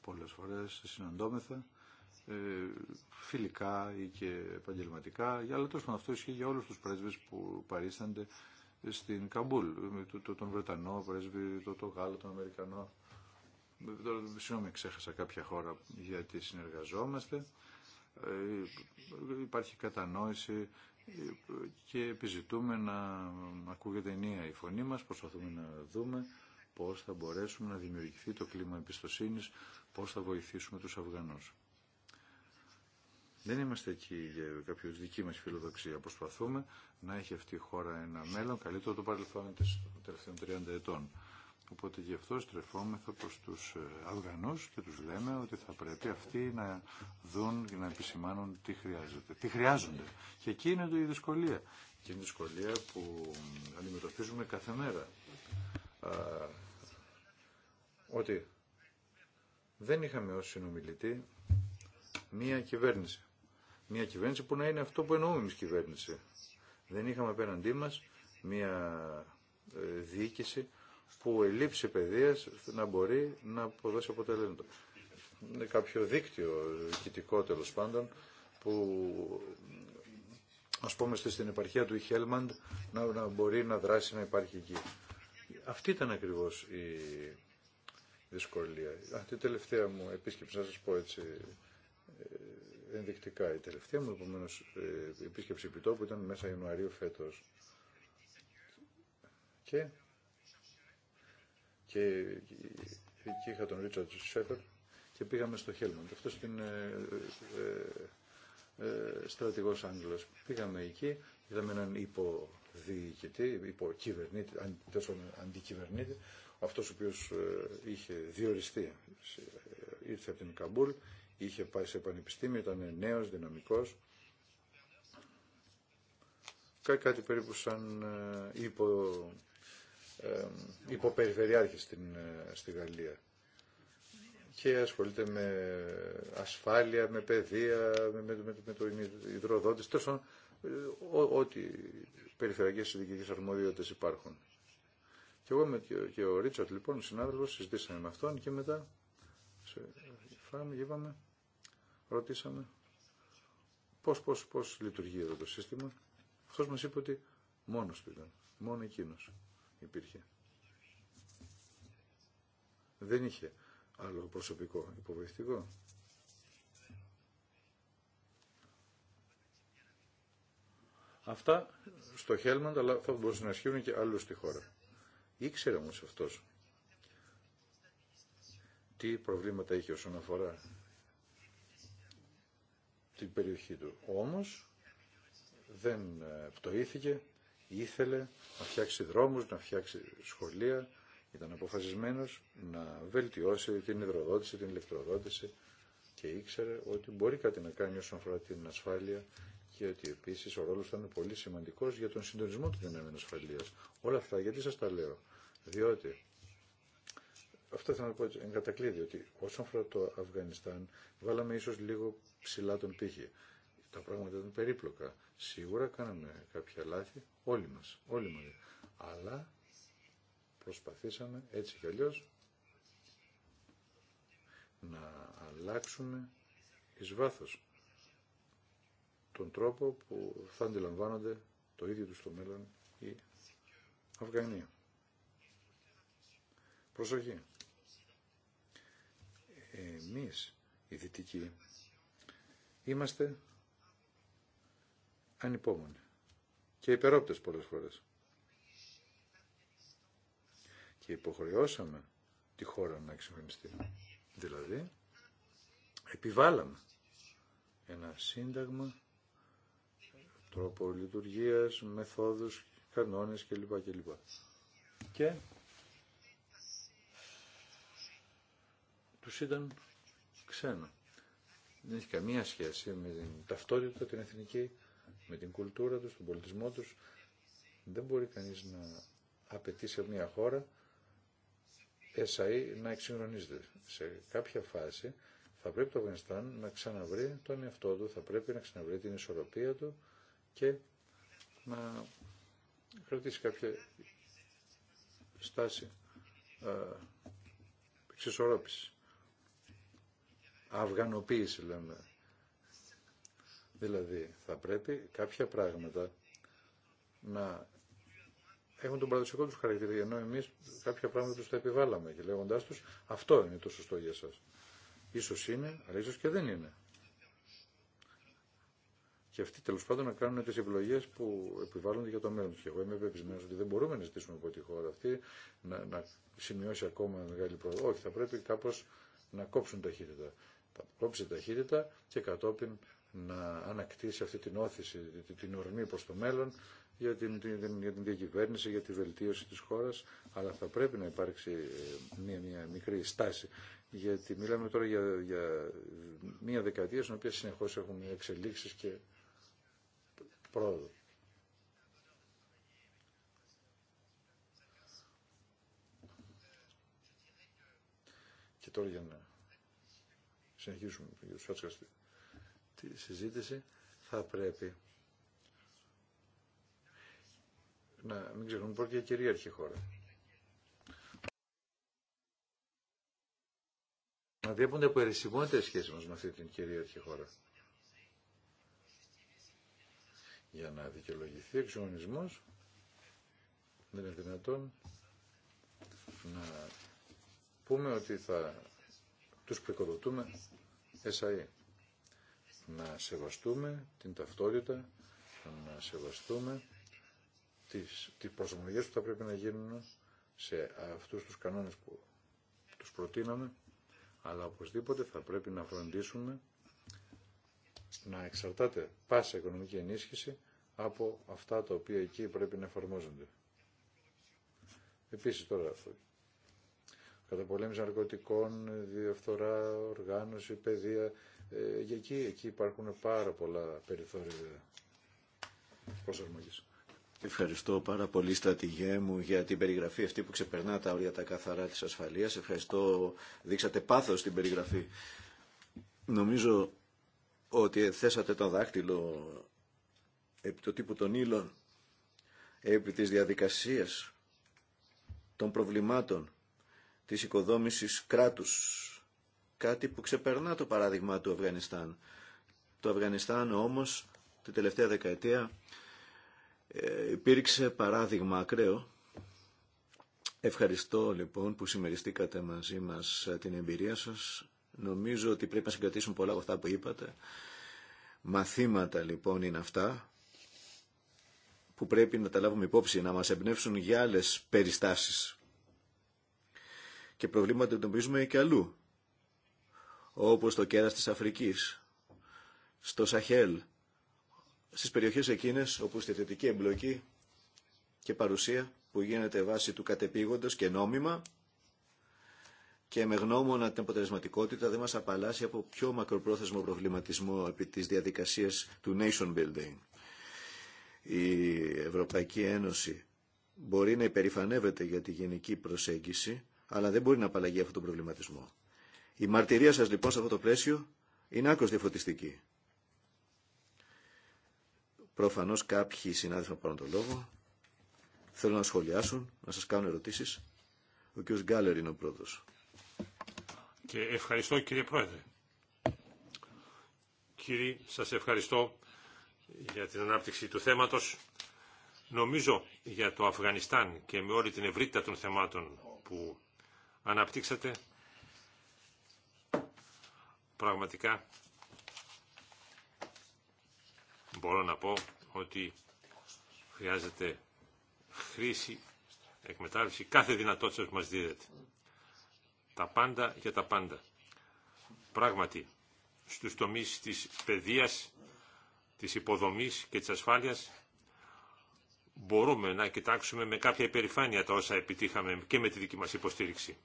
Πολλές φορές συναντώμεθα ε, φιλικά ή και επαγγελματικά, αλλά τόσο αυτό ισχύει για όλους τους πρέσβεις που παρίστανται στην Καμπούλ, το, τον Βρετανό πρέσβη, το, το Γάλλο, τον Αμερικανό. Συγγνώμη, ξέχασα κάποια χώρα γιατί συνεργαζόμαστε. Ε, υπάρχει κατανόηση και επιζητούμε να ακούγεται ενία η φωνή μας, προσπαθούμε να δούμε πώς θα μπορέσουμε να δημιουργηθεί το κλίμα εμπιστοσύνης, πώς θα βοηθήσουμε τους Αφγανούς. Δεν είμαστε εκεί για κάποιο δική μας φιλοδοξία. Προσπαθούμε να έχει αυτή η χώρα ένα μέλλον καλύτερο το παρελθόν των τελευταίων 30 ετών. Οπότε γι' αυτό στρεφόμεθα προς τους ε, Αφγανούς και τους λέμε ότι θα πρέπει αυτοί να δουν και να επισημάνουν τι χρειάζεται, τι χρειάζονται. Και εκεί είναι η δυσκολία. Και είναι δυσκολία που αντιμετωπίζουμε κάθε μέρα. ότι δεν είχαμε ως συνομιλητή μία κυβέρνηση. Μία κυβέρνηση που να είναι αυτό που εννοούμε εμείς κυβέρνηση. Δεν είχαμε απέναντί μας μία ε, διοίκηση που η λήψη να μπορεί να αποδώσει αποτελέσματα. Είναι κάποιο δίκτυο κοιτικό τέλο πάντων που ας πούμε στην επαρχία του Χέλμαντ να, να μπορεί να δράσει να υπάρχει εκεί. Αυτή ήταν ακριβώς η δυσκολία. Αυτή η τελευταία μου επίσκεψη, να σας πω έτσι ε, ενδεικτικά, η τελευταία μου επομένως ε, επίσκεψη επιτόπου ήταν μέσα Ιανουαρίου φέτος. Και και εκεί είχα τον Ρίτσαρτ Σέφερ και πήγαμε στο Χέλμοντ. Αυτό είναι ε, ε, ε, στρατηγός Άγγλος. Πήγαμε εκεί, είδαμε έναν υποδιοικητή, υποκυβερνήτη, αν, αντικυβερνήτη, αυτός ο οποίος ε, είχε διοριστεί, ε, ήρθε από την Καμπούλ, είχε πάει σε πανεπιστήμιο, ήταν νέο δυναμικό. Κά, κάτι περίπου σαν υπο υποπεριφερειάρχη στην, ε, στη Γαλλία και ασχολείται με ασφάλεια, με παιδεία, με, με, με, το υδροδότης, τόσο ε, ό,τι περιφερειακές ειδικέ αρμοδιότητες υπάρχουν. Και εγώ με, και, ο Ρίτσαρτ λοιπόν, ο συνάδελφος, συζητήσαμε με αυτόν και μετά φάμε, είπαμε, ρωτήσαμε πώς, πώς, πώς λειτουργεί εδώ το σύστημα. Αυτός μας είπε ότι μόνος του ήταν, μόνο εκείνος υπήρχε. Δεν είχε άλλο προσωπικό υποβοηθητικό. Αυτά στο Χέλμαντ, αλλά θα μπορούσαν να ισχύουν και άλλου στη χώρα. Ήξερε όμω αυτό τι προβλήματα είχε όσον αφορά την περιοχή του. Όμως δεν πτωήθηκε ήθελε να φτιάξει δρόμους, να φτιάξει σχολεία, ήταν αποφασισμένος να βελτιώσει την υδροδότηση, την ηλεκτροδότηση και ήξερε ότι μπορεί κάτι να κάνει όσον αφορά την ασφάλεια και ότι επίσης ο ρόλος ήταν πολύ σημαντικό για τον συντονισμό του δυνάμεων ασφαλείας. Όλα αυτά γιατί σας τα λέω. Διότι αυτό θα να πω εγκατακλείδη, ότι όσον αφορά το Αφγανιστάν, βάλαμε ίσω λίγο ψηλά τον πύχη τα πράγματα ήταν περίπλοκα. Σίγουρα κάναμε κάποια λάθη, όλοι μας, όλοι μας. Αλλά προσπαθήσαμε έτσι κι αλλιώς να αλλάξουμε εις βάθος τον τρόπο που θα αντιλαμβάνονται το ίδιο του στο μέλλον οι Αφγανία. Προσοχή. Εμείς οι Δυτικοί είμαστε ανυπόμονη και υπερόπτες πολλές φορές. Και υποχρεώσαμε τη χώρα να εξυγχρονιστεί. Δηλαδή, επιβάλαμε ένα σύνταγμα τρόπο λειτουργίας, μεθόδους, κανόνες κλπ. κλπ. Και τους ήταν ξένο. Δεν έχει καμία σχέση με την ταυτότητα την εθνική με την κουλτούρα τους, τον πολιτισμό τους. Δεν μπορεί κανείς να απαιτήσει από μια χώρα εσαΐ να εξυγχρονίζεται. Σε κάποια φάση θα πρέπει το Αφγανιστάν να ξαναβρει τον εαυτό του, θα πρέπει να ξαναβρει την ισορροπία του και να κρατήσει κάποια στάση ε, εξισορρόπησης. εξισορρόπηση. λέμε Δηλαδή θα πρέπει κάποια πράγματα να έχουν τον παραδοσιακό του χαρακτήρα, ενώ εμεί κάποια πράγματα του τα επιβάλαμε και λέγοντά του αυτό είναι το σωστό για σας. Ίσως είναι, αλλά ίσω και δεν είναι. Και αυτοί τέλο πάντων να κάνουν τι επιλογέ που επιβάλλονται για το μέλλον του. Και εγώ είμαι πεπισμένο ότι δεν μπορούμε να ζητήσουμε από τη χώρα αυτή να, να σημειώσει ακόμα μεγάλη πρόοδο. Όχι, θα πρέπει κάπω να κόψουν ταχύτητα. Θα κόψει ταχύτητα και κατόπιν να ανακτήσει αυτή την όθηση, την ορμή προς το μέλλον για την, την, για την διακυβέρνηση, για τη βελτίωση της χώρας, αλλά θα πρέπει να υπάρξει ε, μια, μια μικρή στάση. Γιατί μιλάμε τώρα για, για μια δεκαετία στην οποία συνεχώς έχουμε εξελίξεις και πρόοδο. Και τώρα για να συνεχίσουμε, για τους τη συζήτηση θα πρέπει να μην ξεχνούμε πρόκειται για κυρίαρχη χώρα. Να διέπονται από ερεσιμότητα οι σχέσεις μας με αυτή την κυρίαρχη χώρα. Για να δικαιολογηθεί ο εξομονισμός δεν είναι δυνατόν να πούμε ότι θα τους προκοδοτούμε εσαΐ να σεβαστούμε την ταυτότητα, να σεβαστούμε τις, τις προσαρμογές που θα πρέπει να γίνουν σε αυτούς τους κανόνες που τους προτείναμε, αλλά οπωσδήποτε θα πρέπει να φροντίσουμε να εξαρτάται πάσα οικονομική ενίσχυση από αυτά τα οποία εκεί πρέπει να εφαρμόζονται. Επίσης τώρα, καταπολέμηση ναρκωτικών, διαφθορά, οργάνωση, παιδεία, ε, εκεί, εκεί υπάρχουν πάρα πολλά περιθώρια προσαρμογής. Ευχαριστώ πάρα πολύ στρατηγέ μου για την περιγραφή αυτή που ξεπερνά τα όρια τα καθαρά της ασφαλείας. Ευχαριστώ, δείξατε πάθος στην περιγραφή. Νομίζω ότι θέσατε το δάχτυλο επί το τύπου των ύλων, επί της διαδικασίας των προβλημάτων της οικοδόμησης κράτους κάτι που ξεπερνά το παράδειγμα του Αφγανιστάν. Το Αφγανιστάν όμως την τελευταία δεκαετία ε, υπήρξε παράδειγμα ακραίο. Ευχαριστώ λοιπόν που συμμεριστήκατε μαζί μας ε, την εμπειρία σας. Νομίζω ότι πρέπει να συγκρατήσουμε πολλά από αυτά που είπατε. Μαθήματα λοιπόν είναι αυτά που πρέπει να τα λάβουμε υπόψη, να μας εμπνεύσουν για άλλες περιστάσεις και προβλήματα που εντοπίζουμε και αλλού όπως το κέρας της Αφρικής, στο Σαχέλ, στις περιοχές εκείνες όπου στη θετική εμπλοκή και παρουσία που γίνεται βάση του κατεπήγοντος και νόμιμα και με γνώμονα την αποτελεσματικότητα δεν μας απαλλάσσει από πιο μακροπρόθεσμο προβληματισμό επί της διαδικασίας του nation building. Η Ευρωπαϊκή Ένωση μπορεί να υπερηφανεύεται για τη γενική προσέγγιση, αλλά δεν μπορεί να απαλλαγεί αυτόν τον προβληματισμό. Η μαρτυρία σας λοιπόν σε αυτό το πλαίσιο είναι άκρως διαφωτιστική. Προφανώς κάποιοι συνάδελφοι να πάρουν το λόγο. Θέλουν να σχολιάσουν, να σας κάνουν ερωτήσεις. Ο κ. Γκάλερ είναι ο πρώτος. Και ευχαριστώ κύριε Πρόεδρε. Κύριοι, σας ευχαριστώ για την ανάπτυξη του θέματος. Νομίζω για το Αφγανιστάν και με όλη την ευρύτητα των θεμάτων που αναπτύξατε πραγματικά μπορώ να πω ότι χρειάζεται χρήση, εκμετάλλευση κάθε δυνατότητα που μας δίδεται. Τα πάντα για τα πάντα. Πράγματι, στους τομείς της παιδείας, της υποδομής και της ασφάλειας μπορούμε να κοιτάξουμε με κάποια υπερηφάνεια τα όσα επιτύχαμε και με τη δική μας υποστήριξη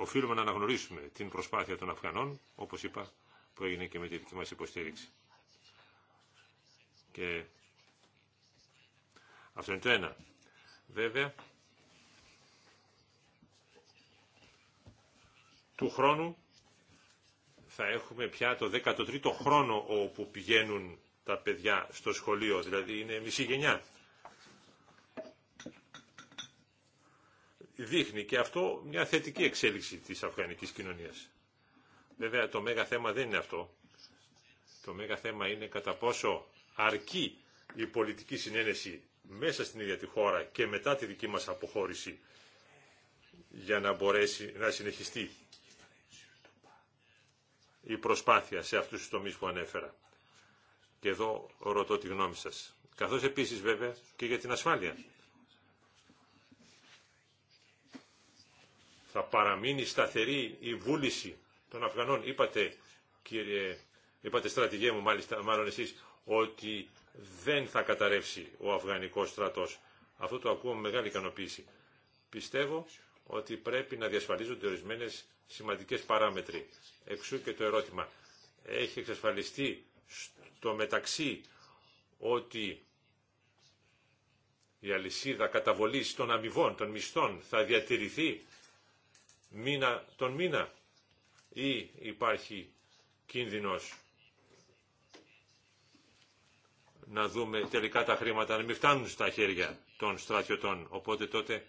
οφείλουμε να αναγνωρίσουμε την προσπάθεια των Αφγανών, όπως είπα, που έγινε και με τη δική μας υποστήριξη. Και αυτό είναι το ένα. Βέβαια, του χρόνου θα έχουμε πια το 13ο χρόνο όπου πηγαίνουν τα παιδιά στο σχολείο, δηλαδή είναι μισή γενιά. δείχνει και αυτό μια θετική εξέλιξη της αφγανικής κοινωνίας. Βέβαια το μέγα θέμα δεν είναι αυτό. Το μέγα θέμα είναι κατά πόσο αρκεί η πολιτική συνένεση μέσα στην ίδια τη χώρα και μετά τη δική μας αποχώρηση για να μπορέσει να συνεχιστεί η προσπάθεια σε αυτούς τους τομείς που ανέφερα. Και εδώ ρωτώ τη γνώμη σας. Καθώς επίσης βέβαια και για την ασφάλεια. θα παραμείνει σταθερή η βούληση των Αφγανών. Είπατε, κύριε, είπατε στρατηγέ μου μάλιστα, μάλλον εσείς, ότι δεν θα καταρρεύσει ο Αφγανικός στρατός. Αυτό το ακούω με μεγάλη ικανοποίηση. Πιστεύω ότι πρέπει να διασφαλίζονται ορισμένε σημαντικές παράμετροι. Εξού και το ερώτημα. Έχει εξασφαλιστεί στο μεταξύ ότι η αλυσίδα καταβολής των αμοιβών, των μισθών θα διατηρηθεί μήνα τον μήνα ή υπάρχει κίνδυνος να δούμε τελικά τα χρήματα να μην φτάνουν στα χέρια των στρατιωτών. Οπότε τότε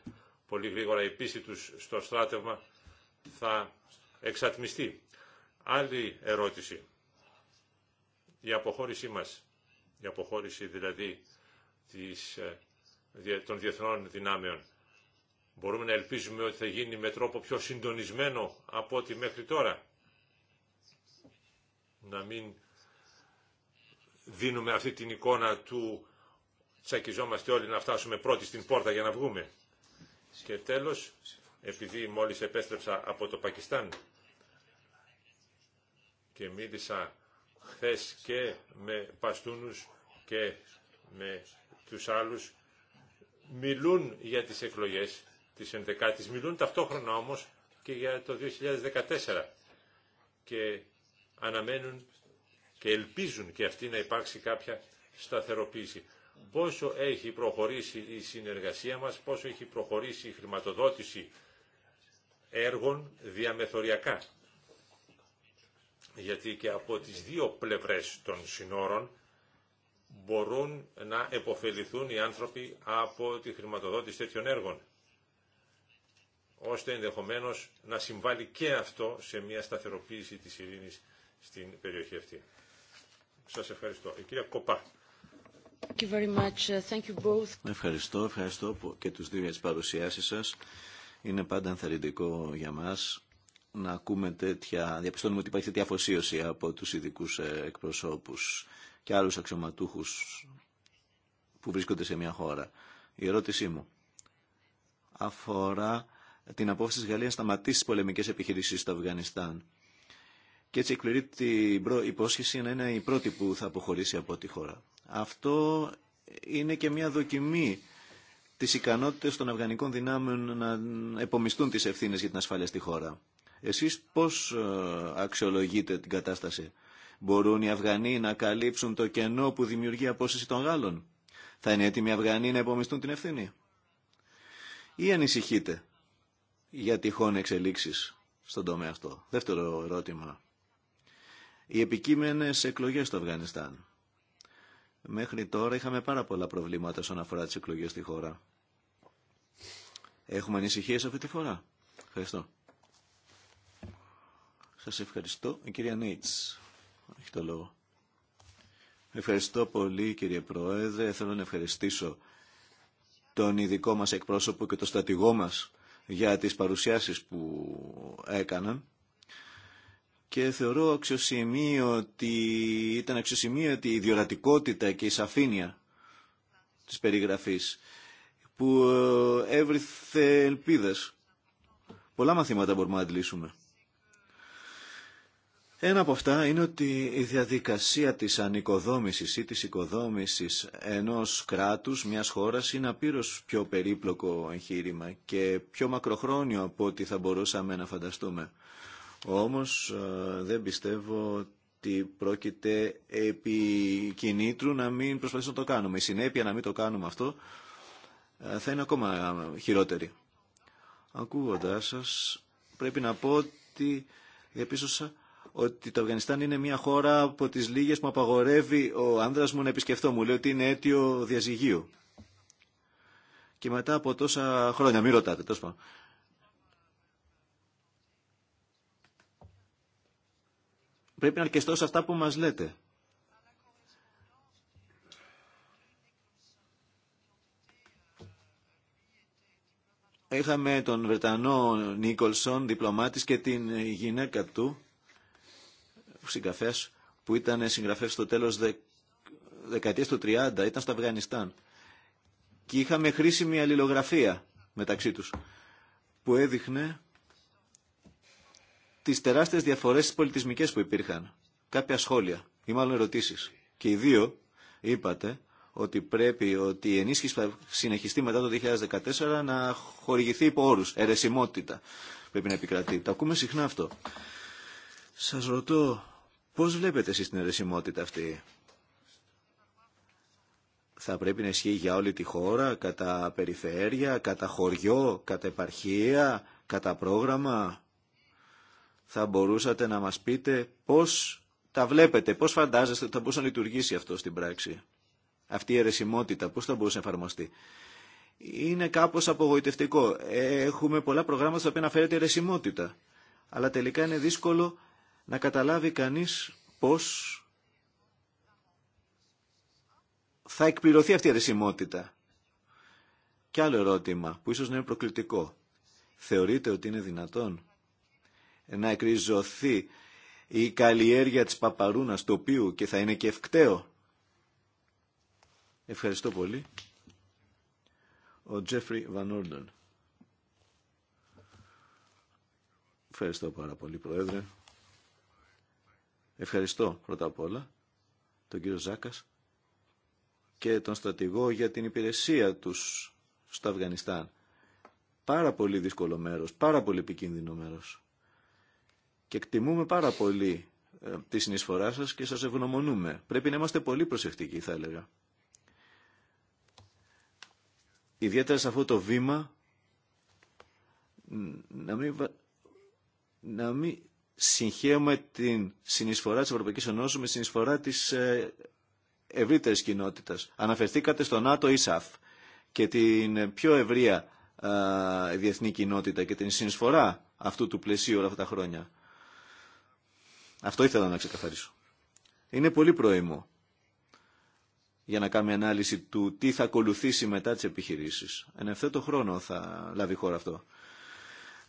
πολύ γρήγορα η πίστη τους στο στράτευμα θα εξατμιστεί. Άλλη ερώτηση. Η αποχώρησή μας, η αποχώρηση δηλαδή ε, των διεθνών δυνάμεων Μπορούμε να ελπίζουμε ότι θα γίνει με τρόπο πιο συντονισμένο από ό,τι μέχρι τώρα. Να μην δίνουμε αυτή την εικόνα του τσακιζόμαστε όλοι να φτάσουμε πρώτοι στην πόρτα για να βγούμε. Και τέλος, επειδή μόλις επέστρεψα από το Πακιστάν και μίλησα χθε και με Παστούνους και με τους άλλους, μιλούν για τις εκλογές της 11 μιλούν ταυτόχρονα όμως και για το 2014 και αναμένουν και ελπίζουν και αυτοί να υπάρξει κάποια σταθεροποίηση. Πόσο έχει προχωρήσει η συνεργασία μας, πόσο έχει προχωρήσει η χρηματοδότηση έργων διαμεθοριακά. Γιατί και από τις δύο πλευρές των συνόρων μπορούν να επωφεληθούν οι άνθρωποι από τη χρηματοδότηση τέτοιων έργων ώστε ενδεχομένως να συμβάλλει και αυτό σε μια σταθεροποίηση της ειρήνης στην περιοχή αυτή. Σας ευχαριστώ. Η κυρία Κοπά. Uh, ευχαριστώ, ευχαριστώ και τους δύο για τις παρουσιάσεις σας. Είναι πάντα ενθαρρυντικό για μας να ακούμε τέτοια, διαπιστώνουμε ότι υπάρχει τέτοια αφοσίωση από τους ειδικού ε, εκπροσώπους και άλλους αξιωματούχους που βρίσκονται σε μια χώρα. Η ερώτησή μου αφορά την απόφαση της Γαλλίας σταματήσει τις πολεμικές επιχειρήσεις στο Αφγανιστάν. Και έτσι εκπληρεί την υπόσχεση να είναι η πρώτη που θα αποχωρήσει από τη χώρα. Αυτό είναι και μια δοκιμή τη ικανότητα των αφγανικών δυνάμεων να επομιστούν τι ευθύνε για την ασφάλεια στη χώρα. Εσεί πώ ε, αξιολογείτε την κατάσταση, Μπορούν οι Αφγανοί να καλύψουν το κενό που δημιουργεί η απόσυση των Γάλλων, Θα είναι έτοιμοι οι Αφγανοί να επομιστούν την ευθύνη, ή ανησυχείτε για τυχόν εξελίξεις στον τομέα αυτό. Δεύτερο ερώτημα. Οι επικείμενες εκλογές στο Αφγανιστάν. Μέχρι τώρα είχαμε πάρα πολλά προβλήματα όσον αφορά τις εκλογές στη χώρα. Έχουμε ανησυχίες αυτή τη φορά. Ευχαριστώ. Σας ευχαριστώ. Η κυρία Νίτς έχει το λόγο. Ευχαριστώ πολύ κύριε Πρόεδρε. Θέλω να ευχαριστήσω τον ειδικό μας εκπρόσωπο και τον στρατηγό μας για τις παρουσιάσεις που έκαναν και θεωρώ ότι ήταν αξιοσημείωτη η διορατικότητα και η σαφήνεια της περιγραφής που ε, έβριθε ελπίδες. Πολλά μαθήματα μπορούμε να αντλήσουμε. Ένα από αυτά είναι ότι η διαδικασία της ανοικοδόμησης ή της οικοδόμησης ενός κράτους, μιας χώρας, είναι απείρως πιο περίπλοκο εγχείρημα και πιο μακροχρόνιο από ό,τι θα μπορούσαμε να φανταστούμε. Όμως ε, δεν πιστεύω ότι πρόκειται επί κινήτρου να μην προσπαθήσουμε να το κάνουμε. Η συνέπεια να μην το κάνουμε αυτό ε, θα είναι ακόμα χειρότερη. Ακούγοντάς σας πρέπει να πω ότι διαπίστωσα ότι το Αφγανιστάν είναι μια χώρα από τις λίγες που απαγορεύει ο άνδρας μου να επισκεφθώ. Μου λέει ότι είναι αίτιο διαζυγίου. Και μετά από τόσα χρόνια, μη ρωτάτε, τόσο πάνω. Πρέπει να αρκεστώ σε αυτά που μας λέτε. Είχαμε τον Βρετανό Νίκολσον, διπλωμάτης και την γυναίκα του, συγγραφές που ήταν συγγραφές στο τέλος δε, του 30, ήταν στο Αφγανιστάν. Και είχαμε χρήσιμη αλληλογραφία μεταξύ τους, που έδειχνε τις τεράστιες διαφορές πολιτισμικές που υπήρχαν. Κάποια σχόλια ή μάλλον ερωτήσεις. Και οι δύο είπατε ότι πρέπει ότι η ενίσχυση θα συνεχιστεί μετά το 2014 να χορηγηθεί υπό όρου. ερεσιμότητα πρέπει να επικρατεί. Το ακούμε συχνά αυτό. Σας ρωτώ Πώς βλέπετε εσείς την αιρεσιμότητα αυτή. Θα πρέπει να ισχύει για όλη τη χώρα, κατά περιφέρεια, κατά χωριό, κατά επαρχία, κατά πρόγραμμα. Θα μπορούσατε να μας πείτε πώς τα βλέπετε, πώς φαντάζεστε ότι θα μπορούσε να λειτουργήσει αυτό στην πράξη. Αυτή η αιρεσιμότητα, πώς θα μπορούσε να εφαρμοστεί. Είναι κάπως απογοητευτικό. Έχουμε πολλά προγράμματα στα οποία αναφέρεται αιρεσιμότητα. Αλλά τελικά είναι δύσκολο να καταλάβει κανείς πώς θα εκπληρωθεί αυτή η αδεσιμότητα. Και άλλο ερώτημα που ίσως να είναι προκλητικό. Θεωρείτε ότι είναι δυνατόν να εκριζωθεί η καλλιέργεια της παπαρούνας του οποίου και θα είναι και ευκταίο. Ευχαριστώ πολύ. Ο Τζέφρι Βαν Ευχαριστώ πάρα πολύ, Πρόεδρε. Ευχαριστώ πρώτα απ' όλα τον κύριο Ζάκας και τον στρατηγό για την υπηρεσία τους στο Αφγανιστάν. Πάρα πολύ δύσκολο μέρος, πάρα πολύ επικίνδυνο μέρος. Και εκτιμούμε πάρα πολύ ε, τη συνεισφορά σας και σας ευγνωμονούμε. Πρέπει να είμαστε πολύ προσεκτικοί θα έλεγα. Ιδιαίτερα σε αυτό το βήμα να μην, να μην συγχαίουμε την συνεισφορά της Ευρωπαϊκής Ενώσης με συνεισφορά της ε, ευρύτερης κοινότητας. Αναφερθήκατε στο ΝΑΤΟ ΙΣΑΦ και την ε, πιο ευρία ε, διεθνή κοινότητα και την συνεισφορά αυτού του πλαισίου όλα αυτά τα χρόνια. Αυτό ήθελα να ξεκαθαρίσω. Είναι πολύ πρόημο για να κάνουμε ανάλυση του τι θα ακολουθήσει μετά τις επιχειρήσεις. Εν ευθέτω χρόνο θα λάβει χώρα αυτό.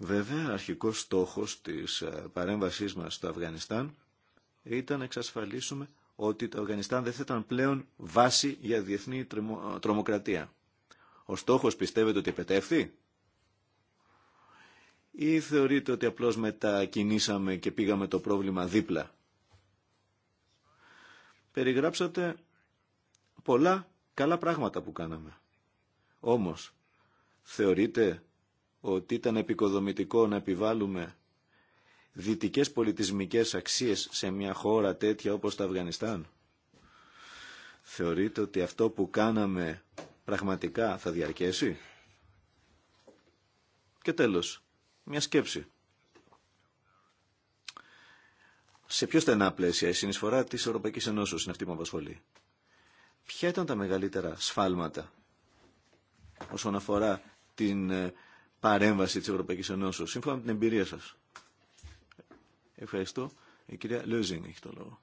Βέβαια, αρχικός στόχος της ε, παρέμβασής μας στο Αφγανιστάν ήταν να εξασφαλίσουμε ότι το Αφγανιστάν δεν θα ήταν πλέον βάση για διεθνή τρομοκρατία. Ο στόχος πιστεύετε ότι επετεύχθη ή θεωρείτε ότι απλώς μετακινήσαμε και πήγαμε το πρόβλημα δίπλα. Περιγράψατε πολλά καλά πράγματα που κάναμε. Όμως, θεωρείτε ότι ήταν επικοδομητικό να επιβάλλουμε δυτικές πολιτισμικές αξίες σε μια χώρα τέτοια όπως τα Αφγανιστάν. Θεωρείτε ότι αυτό που κάναμε πραγματικά θα διαρκέσει. Και τέλος, μια σκέψη. Σε ποιο στενά πλαίσια η συνεισφορά της Ευρωπαϊκής Ένωσης είναι αυτή που απασχολεί. Ποια ήταν τα μεγαλύτερα σφάλματα όσον αφορά την ε, παρέμβαση της Ευρωπαϊκής Ενώσεως, σύμφωνα με την εμπειρία σας. Ευχαριστώ. Η κυρία Λέζιν έχει το λόγο.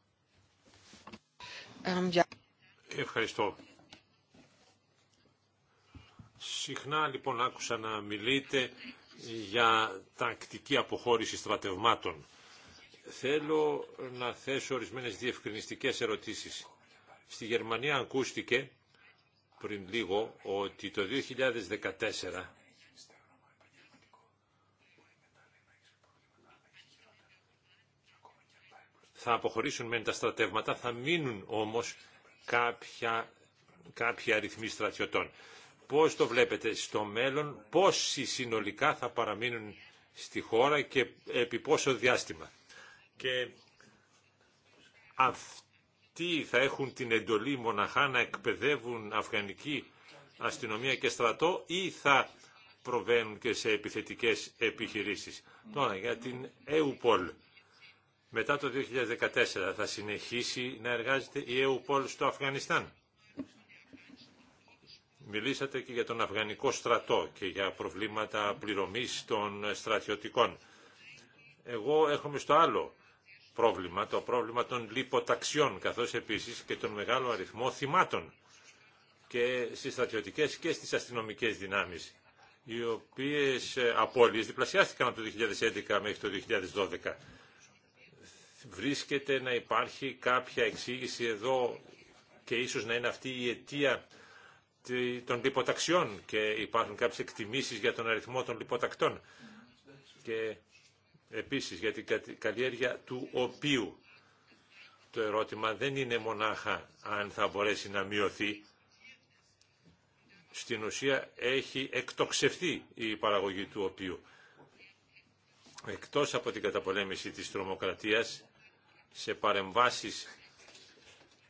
Ευχαριστώ. Συχνά λοιπόν άκουσα να μιλείτε για τακτική αποχώρηση στρατευμάτων. Θέλω να θέσω ορισμένες διευκρινιστικές ερωτήσεις. Στη Γερμανία ακούστηκε πριν λίγο ότι το 2014 θα αποχωρήσουν μεν τα στρατεύματα, θα μείνουν όμως κάποια, κάποια αριθμοί στρατιωτών. Πώς το βλέπετε στο μέλλον, πόσοι συνολικά θα παραμείνουν στη χώρα και επί πόσο διάστημα. Και αυτοί θα έχουν την εντολή μοναχά να εκπαιδεύουν αφγανική αστυνομία και στρατό ή θα προβαίνουν και σε επιθετικές επιχειρήσεις. Τώρα για την EUPOL μετά το 2014 θα συνεχίσει να εργάζεται η ΕΟΠΟΛ στο Αφγανιστάν. Μιλήσατε και για τον Αφγανικό στρατό και για προβλήματα πληρωμής των στρατιωτικών. Εγώ έρχομαι στο άλλο πρόβλημα, το πρόβλημα των λιποταξιών, καθώς επίσης και τον μεγάλο αριθμό θυμάτων και στις στρατιωτικές και στις αστυνομικές δυνάμεις, οι οποίες ε, απώλειες διπλασιάστηκαν από το 2011 μέχρι το 2012 βρίσκεται να υπάρχει κάποια εξήγηση εδώ και ίσως να είναι αυτή η αιτία των λιποταξιών και υπάρχουν κάποιες εκτιμήσεις για τον αριθμό των λιποτακτών και επίσης για την καλλιέργεια του οποίου το ερώτημα δεν είναι μονάχα αν θα μπορέσει να μειωθεί στην ουσία έχει εκτοξευθεί η παραγωγή του οποίου εκτός από την καταπολέμηση της τρομοκρατίας σε παρεμβάσεις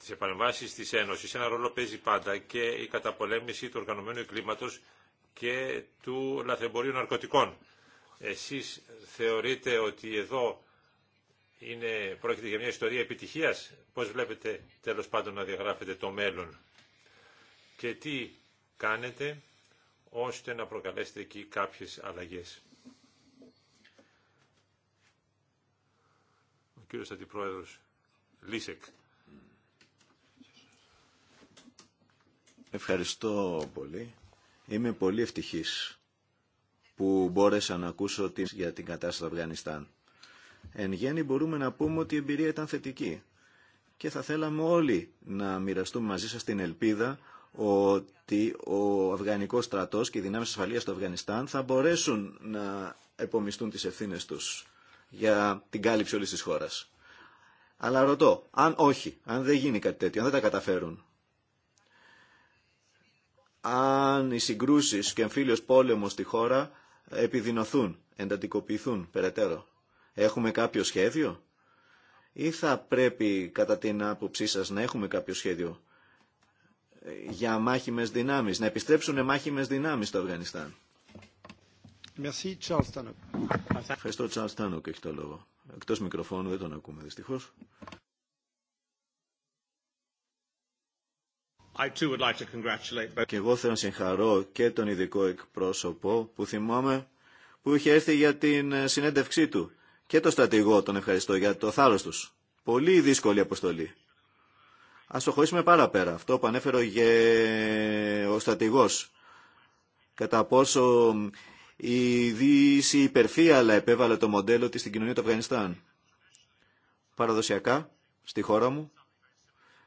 σε παρεμβάσεις της Ένωσης ένα ρόλο παίζει πάντα και η καταπολέμηση του οργανωμένου εγκλήματος και του λαθεμπορίου ναρκωτικών. Εσείς θεωρείτε ότι εδώ είναι, πρόκειται για μια ιστορία επιτυχίας. Πώς βλέπετε τέλος πάντων να διαγράφετε το μέλλον και τι κάνετε ώστε να προκαλέσετε εκεί κάποιες αλλαγές. κύριος Αντιπρόεδρος Λίσεκ. Ευχαριστώ πολύ. Είμαι πολύ ευτυχής που μπόρεσα να ακούσω τις για την κατάσταση του Αφγανιστάν. Εν γέννη μπορούμε να πούμε ότι η εμπειρία ήταν θετική και θα θέλαμε όλοι να μοιραστούμε μαζί σας την ελπίδα ότι ο Αφγανικός στρατός και οι δυνάμεις ασφαλείας του Αφγανιστάν θα μπορέσουν να επομιστούν τις ευθύνες τους για την κάλυψη όλη της χώρας. Αλλά ρωτώ, αν όχι, αν δεν γίνει κάτι τέτοιο, αν δεν τα καταφέρουν, αν οι συγκρούσει και εμφύλιος πόλεμος στη χώρα επιδεινωθούν, εντατικοποιηθούν περαιτέρω, έχουμε κάποιο σχέδιο ή θα πρέπει κατά την άποψή σα να έχουμε κάποιο σχέδιο για μάχημες δυνάμεις, να επιστρέψουν μάχημες δυνάμεις στο Αφγανιστάν. Merci, Charles Tannock. Ευχαριστώ, Charles Tannock έχει το λόγο. Εκτός μικροφώνου δεν τον ακούμε δυστυχώς. I too would like to congratulate... Και εγώ θέλω να συγχαρώ και τον ειδικό εκπρόσωπο που θυμάμαι που είχε έρθει για την ε, συνέντευξή του και τον στρατηγό τον ευχαριστώ για το θάρρος τους. Πολύ δύσκολη αποστολή. Ας το χωρίσουμε πάρα πέρα. Αυτό που ανέφερε ο στρατηγός. Κατά πόσο η Δύση υπερφύαλα επέβαλε το μοντέλο της στην κοινωνία του Αφγανιστάν. Παραδοσιακά, στη χώρα μου,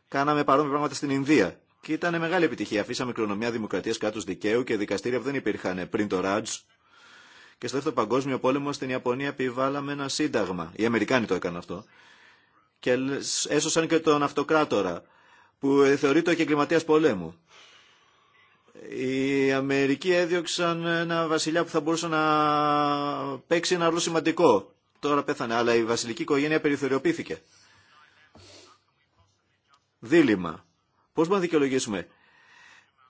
κάναμε παρόμοια πράγματα στην Ινδία. Και ήταν μεγάλη επιτυχία. Αφήσαμε κληρονομιά δημοκρατία, κάτω δικαίου και δικαστήρια που δεν υπήρχαν πριν το Ράτζ. Και στο δεύτερο παγκόσμιο πόλεμο στην Ιαπωνία επιβάλαμε ένα σύνταγμα. Οι Αμερικάνοι το έκαναν αυτό. Και έσωσαν και τον αυτοκράτορα, που θεωρείται ο εγκληματία πολέμου οι Αμερικοί έδιωξαν ένα βασιλιά που θα μπορούσε να παίξει ένα ρόλο σημαντικό. Τώρα πέθανε, αλλά η βασιλική οικογένεια περιθωριοποιήθηκε. Δίλημα. Πώς μπορούμε να δικαιολογήσουμε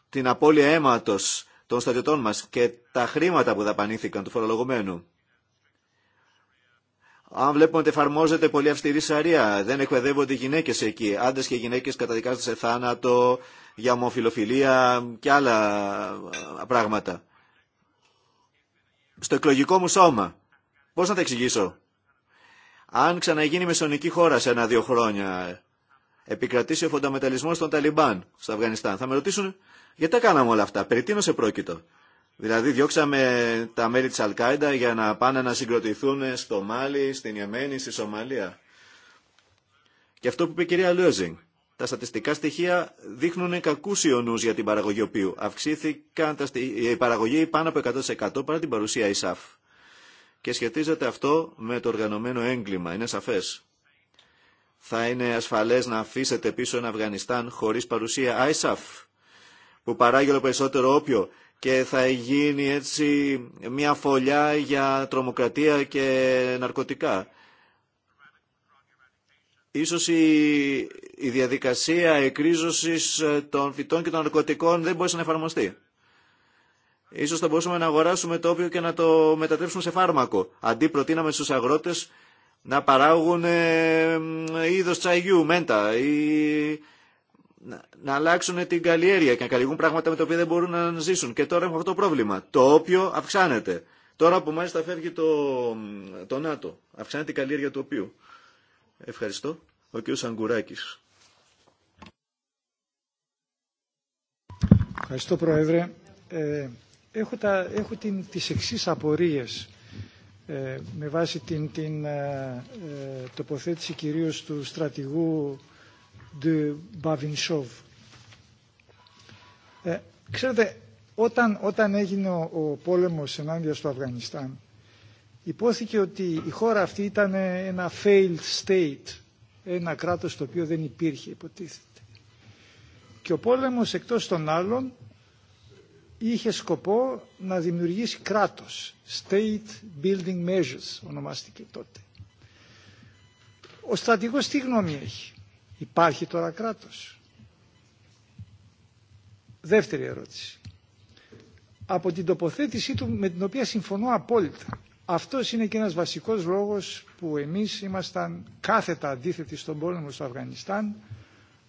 την απώλεια αίματος των στατιωτών μας και τα χρήματα που δαπανήθηκαν του φορολογουμένου. Αν βλέπουμε ότι εφαρμόζεται πολύ αυστηρή σαρία, δεν εκπαιδεύονται γυναίκες εκεί. Αντε και γυναίκες καταδικάζονται σε θάνατο, για ομοφιλοφιλία και άλλα ε, πράγματα. Στο εκλογικό μου σώμα. Πώς να τα εξηγήσω. Αν ξαναγίνει μεσονική χώρα σε ένα-δύο χρόνια, επικρατήσει ο φονταμεταλισμό των Ταλιμπάν στο Αφγανιστάν, θα με ρωτήσουν γιατί τα κάναμε όλα αυτά, περί σε επρόκειτο. Δηλαδή διώξαμε τα μέλη της Αλκάιντα για να πάνε να συγκροτηθούν στο Μάλι, στην Ιεμένη, στη Σομαλία. Και αυτό που είπε η κυρία Λουέζινγκ. Τα στατιστικά στοιχεία δείχνουν κακού ιονού για την παραγωγή οποίου αυξήθηκαν τα η παραγωγή πάνω από 100% παρά την παρουσία ΙΣΑΦ. Και σχετίζεται αυτό με το οργανωμένο έγκλημα, είναι σαφέ. Θα είναι ασφαλέ να αφήσετε πίσω ένα Αφγανιστάν χωρί παρουσία ΙΣΑΦ, που παράγει όλο περισσότερο όπιο και θα γίνει έτσι μια φωλιά για τρομοκρατία και ναρκωτικά. Ίσως η, διαδικασία εκρίζωσης των φυτών και των ναρκωτικών δεν μπορεί να εφαρμοστεί. Ίσως θα μπορούσαμε να αγοράσουμε το όπιο και να το μετατρέψουμε σε φάρμακο. Αντί προτείναμε στους αγρότες να παράγουν ε, είδος τσαγιού, μέντα ή να αλλάξουν την καλλιέργεια και να καλλιεργούν πράγματα με τα οποία δεν μπορούν να ζήσουν. Και τώρα έχουμε αυτό το πρόβλημα. Το όπιο αυξάνεται. Τώρα που μάλιστα φεύγει το, το ΝΑΤΟ. Αυξάνεται η καλλιέργεια του οποίου. Ευχαριστώ. Ο κ. Σαγκουράκης. Ευχαριστώ Πρόεδρε. Ε, έχω τα, έχω την, τις εξής απορίες ε, με βάση την, την ε, ε, τοποθέτηση κυρίως του στρατηγού de ε, ξέρετε, όταν, όταν έγινε ο, ο πόλεμος ενάντια στο Αφγανιστάν, υπόθηκε ότι η χώρα αυτή ήταν ένα failed state, ένα κράτος το οποίο δεν υπήρχε υποτίθεται. Και ο πόλεμος εκτός των άλλων είχε σκοπό να δημιουργήσει κράτος. State building measures ονομάστηκε τότε. Ο στρατηγός τι γνώμη έχει. Υπάρχει τώρα κράτος. Δεύτερη ερώτηση. Από την τοποθέτησή του με την οποία συμφωνώ απόλυτα. Αυτός είναι και ένας βασικός λόγος που εμείς ήμασταν κάθετα αντίθετοι στον πόλεμο στο Αφγανιστάν,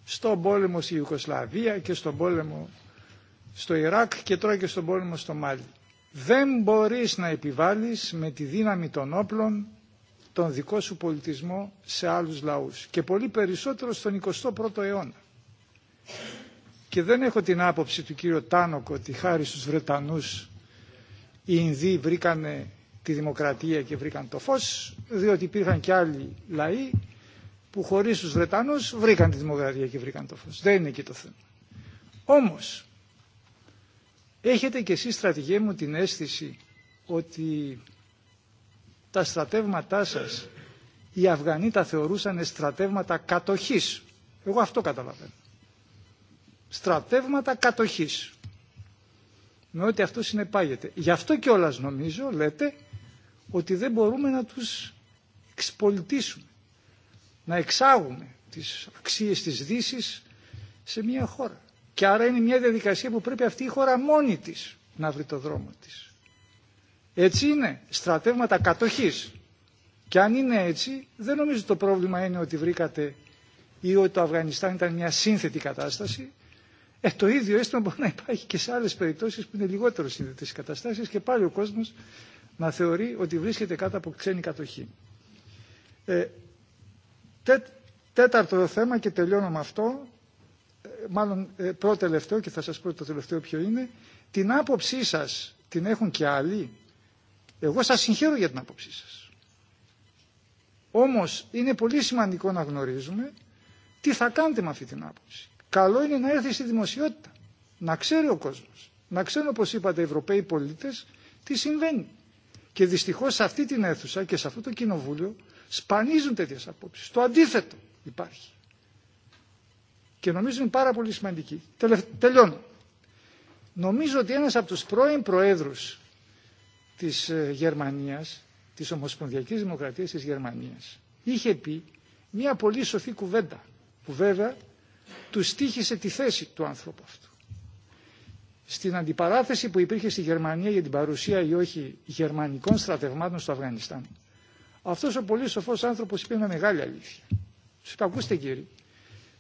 στον πόλεμο στη Ιουκοσλαβία και στον πόλεμο στο Ιράκ και τώρα και στον πόλεμο στο Μάλι. Δεν μπορείς να επιβάλλεις με τη δύναμη των όπλων τον δικό σου πολιτισμό σε άλλους λαούς και πολύ περισσότερο στον 21ο αιώνα. Και δεν έχω την άποψη του κύριου Τάνοκ ότι χάρη στους Βρετανούς οι Ινδοί βρήκανε τη δημοκρατία και βρήκαν το φως, διότι υπήρχαν και άλλοι λαοί που χωρίς τους Βρετανούς βρήκαν τη δημοκρατία και βρήκαν το φως. Δεν είναι εκεί το θέμα. Όμως, έχετε κι εσείς στρατηγέ μου την αίσθηση ότι τα στρατεύματά σας οι Αφγανοί τα θεωρούσαν στρατεύματα κατοχής. Εγώ αυτό καταλαβαίνω. Στρατεύματα κατοχής. Με ό,τι αυτό συνεπάγεται. Γι' αυτό κιόλας νομίζω, λέτε, ότι δεν μπορούμε να τους εξπολιτήσουμε. Να εξάγουμε τις αξίες της δύση σε μια χώρα. Και άρα είναι μια διαδικασία που πρέπει αυτή η χώρα μόνη της να βρει το δρόμο της. Έτσι είναι. Στρατεύματα κατοχής. Και αν είναι έτσι, δεν νομίζω το πρόβλημα είναι ότι βρήκατε ή ότι το Αφγανιστάν ήταν μια σύνθετη κατάσταση. Ε, το ίδιο αίσθημα μπορεί να υπάρχει και σε άλλε περιπτώσει που είναι λιγότερο σύνθετες οι καταστάσεις και πάλι ο κόσμο να θεωρεί ότι βρίσκεται κάτω από ξένη κατοχή. Ε, τέ, τέταρτο θέμα και τελειώνω με αυτό, ε, μάλλον ε, πρώτο τελευταίο και θα σας πω το τελευταίο ποιο είναι, την άποψή σας την έχουν και άλλοι εγώ σας συγχαίρω για την άποψή σας. Όμως είναι πολύ σημαντικό να γνωρίζουμε τι θα κάνετε με αυτή την άποψη. Καλό είναι να έρθει στη δημοσιότητα. Να ξέρει ο κόσμος. Να ξέρουν, όπως είπατε, οι Ευρωπαίοι πολίτες τι συμβαίνει. Και δυστυχώς σε αυτή την αίθουσα και σε αυτό το κοινοβούλιο σπανίζουν τέτοιες απόψεις. Το αντίθετο υπάρχει. Και νομίζω είναι πάρα πολύ σημαντική. Τελειώνω. Νομίζω ότι ένας από τους πρώην προέδρους της ε, Γερμανίας, της Ομοσπονδιακής Δημοκρατίας της Γερμανίας. Είχε πει μια πολύ σοφή κουβέντα που βέβαια του στήχησε τη θέση του άνθρωπου αυτού. Στην αντιπαράθεση που υπήρχε στη Γερμανία για την παρουσία ή όχι γερμανικών στρατευμάτων στο Αφγανιστάν, αυτός ο πολύ σοφός άνθρωπος είπε μια μεγάλη αλήθεια. Του είπα, ακούστε κύριοι,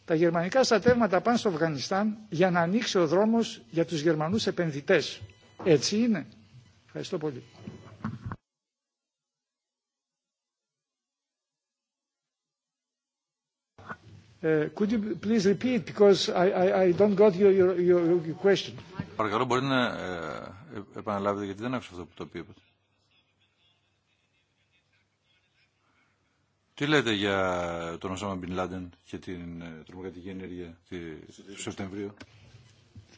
τα γερμανικά στρατεύματα πάνε στο Αφγανιστάν για να ανοίξει ο δρόμος για τους Γερμανούς επενδυτές. Έτσι είναι. Ευχαριστώ πολύ. Uh, could you please repeat because I, don't got your, question. Παρακαλώ μπορείτε να ε, ε, επαναλάβετε γιατί δεν άκουσα αυτό που το είπατε. Τι λέτε για τον Οσάμα Μπιν Λάντεν και την ε, τρομοκρατική ενέργεια του Σεπτεμβρίου.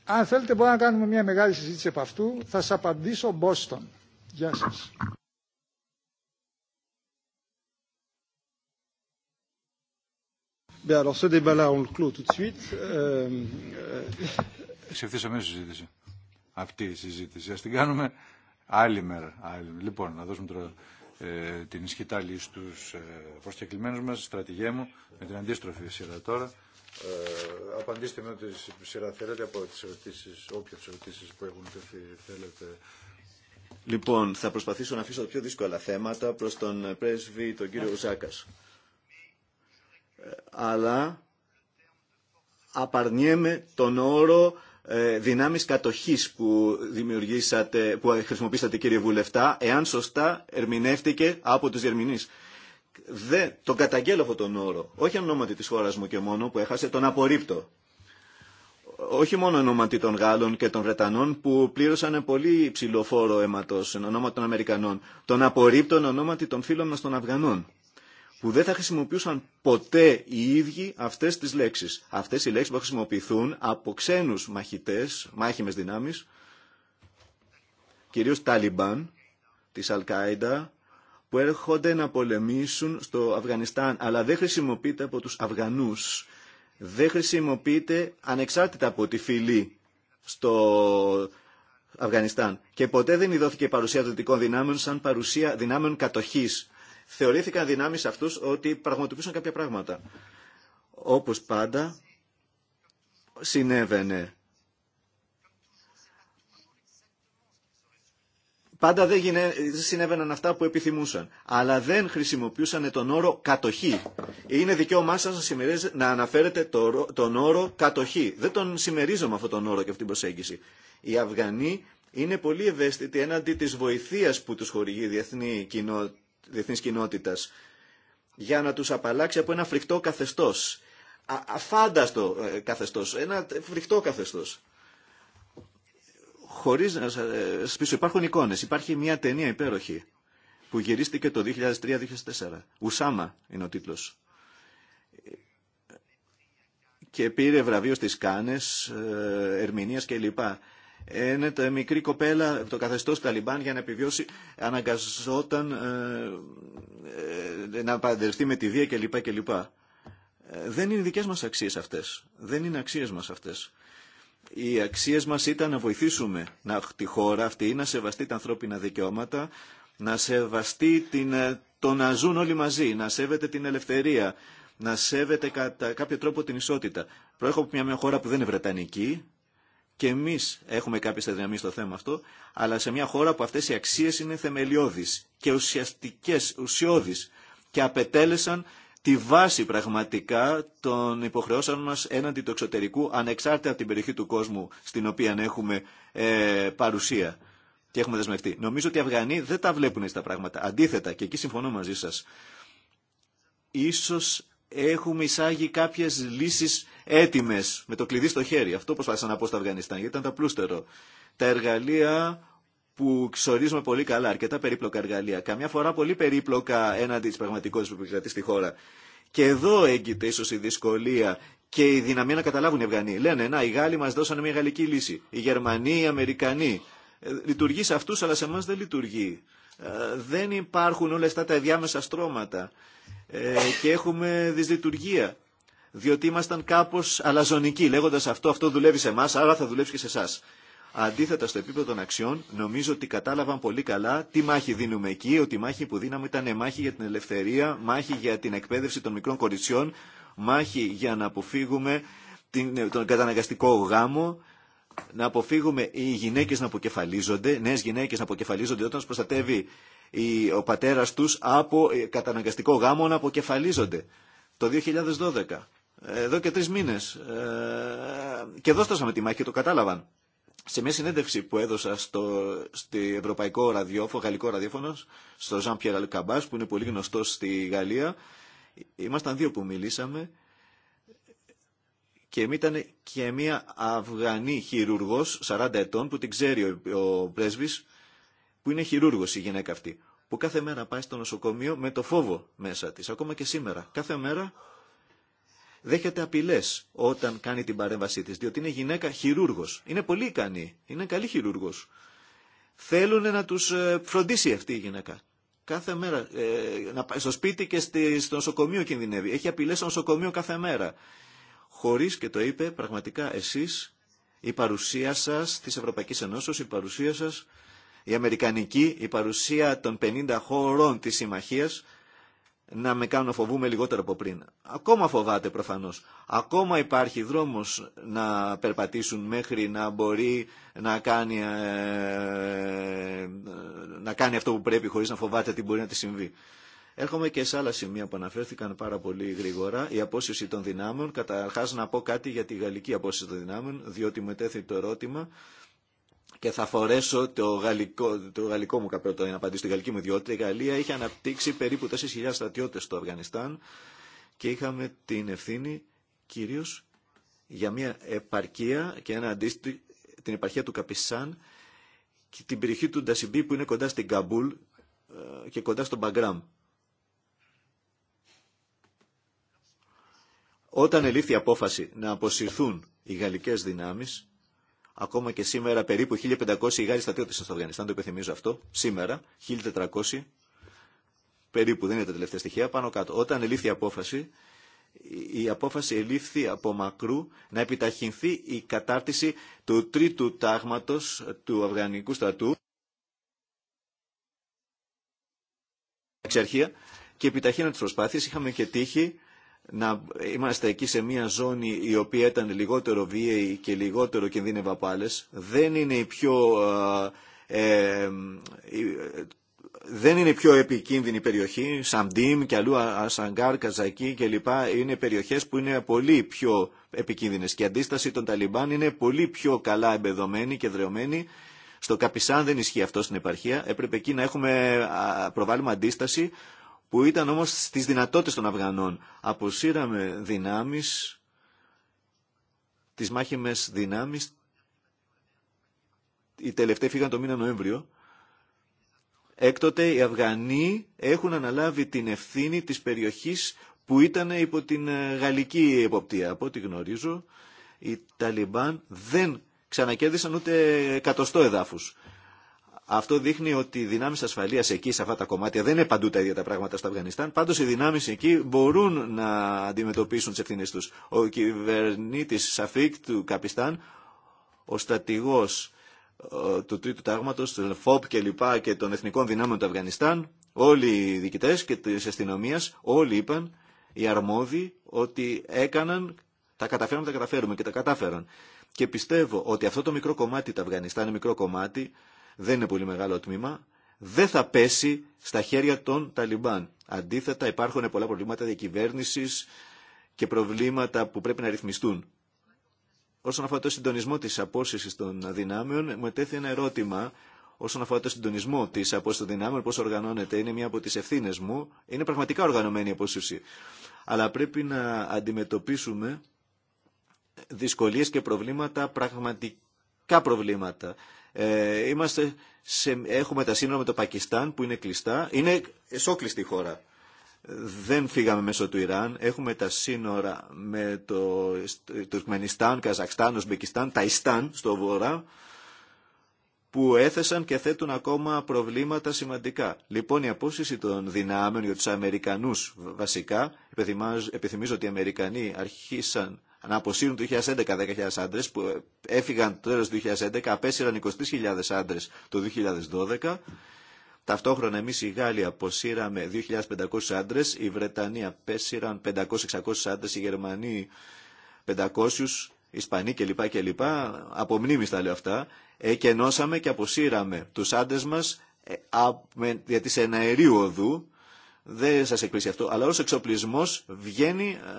Αν θέλετε μπορούμε να κάνουμε μια μεγάλη συζήτηση από αυτού. Θα σας απαντήσω Μπόστον. Γεια σας. Bien, αυτή αμέσως συζήτηση. Αυτή η συζήτηση. Ας την κάνουμε άλλη μέρα. Άλλη. Λοιπόν, να δώσουμε τώρα ε, την ισχυτάλη στους ε, προσκεκλημένους μας, στρατηγέ μου, με την αντίστροφη σειρά τώρα. Ε, απαντήστε με ό,τι σειρά θέλετε από τις ερωτήσεις, όποιες ερωτήσεις που έχουν τεθεί θέλετε. Λοιπόν, θα προσπαθήσω να αφήσω τα πιο δύσκολα θέματα προς τον πρέσβη, τον κύριο Ζάκας αλλά απαρνιέμαι τον όρο ε, δυνάμεις κατοχής που, δημιουργήσατε, που χρησιμοποίησατε κύριε Βουλευτά, εάν σωστά ερμηνεύτηκε από τους διερμηνείς. δε τον καταγγέλω αυτόν τον όρο, όχι ονόματι της χώρας μου και μόνο που έχασε, τον απορρίπτω. Όχι μόνο ονόματι των Γάλλων και των Βρετανών που πλήρωσαν πολύ υψηλό φόρο αίματος εν των Αμερικανών. Τον απορρίπτω ονόματι των φίλων μας των Αφγανών που δεν θα χρησιμοποιούσαν ποτέ οι ίδιοι αυτέ τι λέξει. Αυτέ οι λέξει που θα χρησιμοποιηθούν από ξένου μαχητέ, μάχημε δυνάμει, κυρίω Ταλιμπάν, της Αλ-Κάιντα, που έρχονται να πολεμήσουν στο Αφγανιστάν, αλλά δεν χρησιμοποιείται από του Αφγανούς. Δεν χρησιμοποιείται ανεξάρτητα από τη φυλή στο Αφγανιστάν. Και ποτέ δεν η παρουσία δυτικών δυνάμεων σαν παρουσία δυνάμεων κατοχής θεωρήθηκαν δυνάμεις αυτούς ότι πραγματοποιούσαν κάποια πράγματα. Όπως πάντα συνέβαινε. Πάντα δεν συνέβαιναν αυτά που επιθυμούσαν. Αλλά δεν χρησιμοποιούσαν τον όρο κατοχή. Είναι δικαίωμά σα να αναφέρετε τον όρο κατοχή. Δεν τον συμμερίζομαι αυτόν τον όρο και αυτήν την προσέγγιση. Οι Αυγανοί είναι πολύ ευαίσθητοι έναντι τη βοηθεία που του χορηγεί η διεθνή κοινότητα διεθνής κοινότητας για να τους απαλλάξει από ένα φρικτό καθεστώς. Α, αφάνταστο ε, καθεστώς, ένα φρικτό καθεστώς. Χωρίς να σας ε, υπάρχουν εικόνες. Υπάρχει μια ταινία υπέροχη που γυρίστηκε το 2003-2004. Ουσάμα είναι ο τίτλος. Και πήρε βραβείο στις Κάνες, ε, ερμηνείας κλπ είναι τα μικρή κοπέλα, το καθεστώς Ταλιμπάν για να επιβιώσει αναγκαζόταν ε, ε να παντρευτεί με τη βία κλπ. Ε, δεν είναι δικές μας αξίες αυτές. Δεν είναι αξίες μας αυτές. Οι αξίες μας ήταν να βοηθήσουμε να, τη χώρα αυτή, να σεβαστεί τα ανθρώπινα δικαιώματα, να σεβαστεί την, ε, το να ζουν όλοι μαζί, να σέβεται την ελευθερία, να σέβεται κατά κάποιο τρόπο την ισότητα. Προέχω από μια χώρα που δεν είναι Βρετανική, και εμεί έχουμε κάποιες αδυναμίε στο θέμα αυτό, αλλά σε μια χώρα που αυτές οι αξίες είναι θεμελιώδεις και ουσιαστικές, ουσιώδεις και απετέλεσαν τη βάση πραγματικά των υποχρεώσεων μας έναντι του εξωτερικού ανεξάρτητα από την περιοχή του κόσμου στην οποία έχουμε ε, παρουσία και έχουμε δεσμευτεί. Νομίζω ότι οι Αυγανοί δεν τα βλέπουν έτσι τα πράγματα. Αντίθετα, και εκεί συμφωνώ μαζί σας, ίσως έχουμε εισάγει κάποιε λύσει έτοιμε με το κλειδί στο χέρι. Αυτό προσπάθησα να πω στο Αφγανιστάν γιατί ήταν τα πλούστερο. Τα εργαλεία που ξορίζουμε πολύ καλά, αρκετά περίπλοκα εργαλεία, καμιά φορά πολύ περίπλοκα έναντι της πραγματικότητα που επικρατεί στη χώρα. Και εδώ έγκυται ίσω η δυσκολία και η δυναμία να καταλάβουν οι Αυγανοί. Λένε, να, οι Γάλλοι μας δώσανε μια γαλλική λύση. Οι Γερμανοί, οι Αμερικανοί. Ε, λειτουργεί σε αυτού, αλλά σε εμά δεν λειτουργεί. Ε, δεν υπάρχουν όλα αυτά τα διάμεσα στρώματα. Ε, και έχουμε δυσλειτουργία. Διότι ήμασταν κάπω αλαζονικοί, λέγοντα αυτό, αυτό δουλεύει σε εμά, άρα θα δουλέψει και σε εσά. Αντίθετα, στο επίπεδο των αξιών, νομίζω ότι κατάλαβαν πολύ καλά τι μάχη δίνουμε εκεί, ότι η μάχη που δίναμε ήταν μάχη για την ελευθερία, μάχη για την εκπαίδευση των μικρών κοριτσιών, μάχη για να αποφύγουμε τον καταναγκαστικό γάμο, να αποφύγουμε οι γυναίκε να αποκεφαλίζονται, νέε γυναίκε να αποκεφαλίζονται όταν προστατεύει ο πατέρας τους από ε, καταναγκαστικό γάμο να αποκεφαλίζονται. Το 2012, ε, εδώ και τρεις μήνες, ε, και εδώ στάσαμε τη μάχη, το κατάλαβαν. Σε μια συνέντευξη που έδωσα στο, ευρωπαϊκό ραδιόφωνο, γαλλικό ραδιόφωνο, στο Ζαν Πιέρα που είναι πολύ γνωστός στη Γαλλία, ήμασταν δύο που μιλήσαμε και ήταν και μια Αυγανή χειρουργός 40 ετών που την ξέρει ο, ο πρέσβης που είναι χειρούργος η γυναίκα αυτή, που κάθε μέρα πάει στο νοσοκομείο με το φόβο μέσα της, ακόμα και σήμερα. Κάθε μέρα δέχεται απειλέ όταν κάνει την παρέμβασή της, διότι είναι γυναίκα χειρούργος. Είναι πολύ ικανή, είναι καλή χειρούργος. Θέλουν να τους ε, φροντίσει αυτή η γυναίκα. Κάθε μέρα, ε, στο σπίτι και στο νοσοκομείο κινδυνεύει. Έχει απειλέ στο νοσοκομείο κάθε μέρα. Χωρί και το είπε, πραγματικά εσεί η παρουσία σα τη Ευρωπαϊκή Ενώσεω, η παρουσία σα η αμερικανική, η παρουσία των 50 χωρών της συμμαχίας να με κάνουν φοβούμε λιγότερο από πριν. Ακόμα φοβάται προφανώς. Ακόμα υπάρχει δρόμος να περπατήσουν μέχρι να μπορεί να κάνει, ε, να κάνει αυτό που πρέπει χωρίς να φοβάται τι μπορεί να τη συμβεί. Έρχομαι και σε άλλα σημεία που αναφέρθηκαν πάρα πολύ γρήγορα. Η απόσυρση των δυνάμεων. Καταρχά να πω κάτι για τη γαλλική απόσυρση των δυνάμεων, διότι μετέθη το ερώτημα και θα φορέσω το γαλλικό, το γαλλικό μου καπέλο τώρα να απαντήσω στη γαλλική μου ιδιότητα. Η Γαλλία είχε αναπτύξει περίπου 4.000 στρατιώτες στο Αφγανιστάν και είχαμε την ευθύνη κυρίως για μια επαρκία και ένα την επαρχία του Καπισάν και την περιοχή του Ντασιμπή που είναι κοντά στην Καμπούλ ε, και κοντά στον Μπαγκράμ. Όταν ελήφθη η απόφαση να αποσυρθούν οι γαλλικές δυνάμεις Ακόμα και σήμερα περίπου 1.500 Γάλλοι στρατιώτες στο Αφγανιστάν, το υπενθυμίζω αυτό, σήμερα 1.400 περίπου, δεν είναι τα τελευταία στοιχεία, πάνω κάτω. Όταν ελήφθη η απόφαση, η απόφαση ελήφθη από μακρού να επιταχυνθεί η κατάρτιση του τρίτου τάγματος του Αφγανικού στρατού. Εξαρχία και επιταχύνω τις προσπάθειες είχαμε και τύχη να είμαστε εκεί σε μια ζώνη η οποία ήταν λιγότερο βίαιη και λιγότερο κινδύνευα από άλλες. Δεν είναι η πιο... Ε, ε, ε, δεν είναι πιο επικίνδυνη περιοχή, Σαμντίμ και αλλού, Ασανγκάρ, Καζακή κλπ. Είναι περιοχές που είναι πολύ πιο επικίνδυνες και η αντίσταση των Ταλιμπάν είναι πολύ πιο καλά εμπεδωμένη και δρεωμένη. Στο Καπισάν δεν ισχύει αυτό στην επαρχία. Έπρεπε εκεί να έχουμε προβάλλουμε αντίσταση που ήταν όμως στις δυνατότητες των Αφγανών. Αποσύραμε δυνάμεις, τις μάχημες δυνάμεις, οι τελευταίοι φύγαν το μήνα Νοέμβριο, Έκτοτε οι Αυγανοί έχουν αναλάβει την ευθύνη της περιοχής που ήταν υπό την ε, γαλλική εποπτεία. Από ό,τι γνωρίζω, οι Ταλιμπάν δεν ξανακέρδισαν ούτε εκατοστό εδάφους. Αυτό δείχνει ότι οι δυνάμει ασφαλεία εκεί, σε αυτά τα κομμάτια, δεν είναι παντού τα ίδια τα πράγματα στο Αφγανιστάν. Πάντω οι δυνάμει εκεί μπορούν να αντιμετωπίσουν τι ευθύνε του. Ο κυβερνήτη Σαφίκ του Καπιστάν, ο στρατηγό ε, του Τρίτου Τάγματο, του ΦΟΠ και λοιπά και των Εθνικών Δυνάμεων του Αφγανιστάν, όλοι οι διοικητέ και τη αστυνομία, όλοι είπαν οι αρμόδιοι ότι έκαναν, τα καταφέρουμε, τα καταφέρουμε και τα κατάφεραν. Και πιστεύω ότι αυτό το μικρό κομμάτι του Αφγανιστάν, μικρό κομμάτι, δεν είναι πολύ μεγάλο τμήμα, δεν θα πέσει στα χέρια των Ταλιμπάν. Αντίθετα υπάρχουν πολλά προβλήματα διακυβέρνησης και προβλήματα που πρέπει να ρυθμιστούν. Όσον αφορά το συντονισμό της απόσυρσης των δυνάμεων, μου ετέθη ένα ερώτημα όσον αφορά το συντονισμό τη απόσυρση των δυνάμεων, πώ οργανώνεται, είναι μία από τι ευθύνε μου. Είναι πραγματικά οργανωμένη η απόσυρση. Αλλά πρέπει να αντιμετωπίσουμε δυσκολίε και προβλήματα, πραγματικά προβλήματα. Ε, είμαστε έχουμε τα σύνορα με το Πακιστάν που είναι κλειστά. Είναι εσόκλειστη η χώρα. Δεν φύγαμε μέσω του Ιράν. Έχουμε τα σύνορα με το Τουρκμενιστάν, Καζακστάν, τα Ταϊστάν στο βορρά που έθεσαν και θέτουν ακόμα προβλήματα σημαντικά. Λοιπόν, η απόσυση των δυνάμεων για τους Αμερικανούς βασικά, επιθυμίζω ότι οι Αμερικανοί αρχίσαν να αποσύρουν το 2011 10.000 άντρε που ε, έφυγαν το τέλο του 2011, απέσυραν 23.000 άντρε το 2012. Ταυτόχρονα εμείς οι Γάλλοι αποσύραμε 2.500 άντρε, οι Βρετανοί απέσυραν 500-600 άντρες, οι Γερμανοί 500, 600 αντρε οι γερμανοι 500 οι ισπανοι κλπ. κλπ. Από μνήμη τα λέω αυτά. Εκενώσαμε και αποσύραμε τους άντρε μας για ε, τις εναερίου οδού δεν σας εκπλήσει αυτό. Αλλά ο εξοπλισμός βγαίνει ε,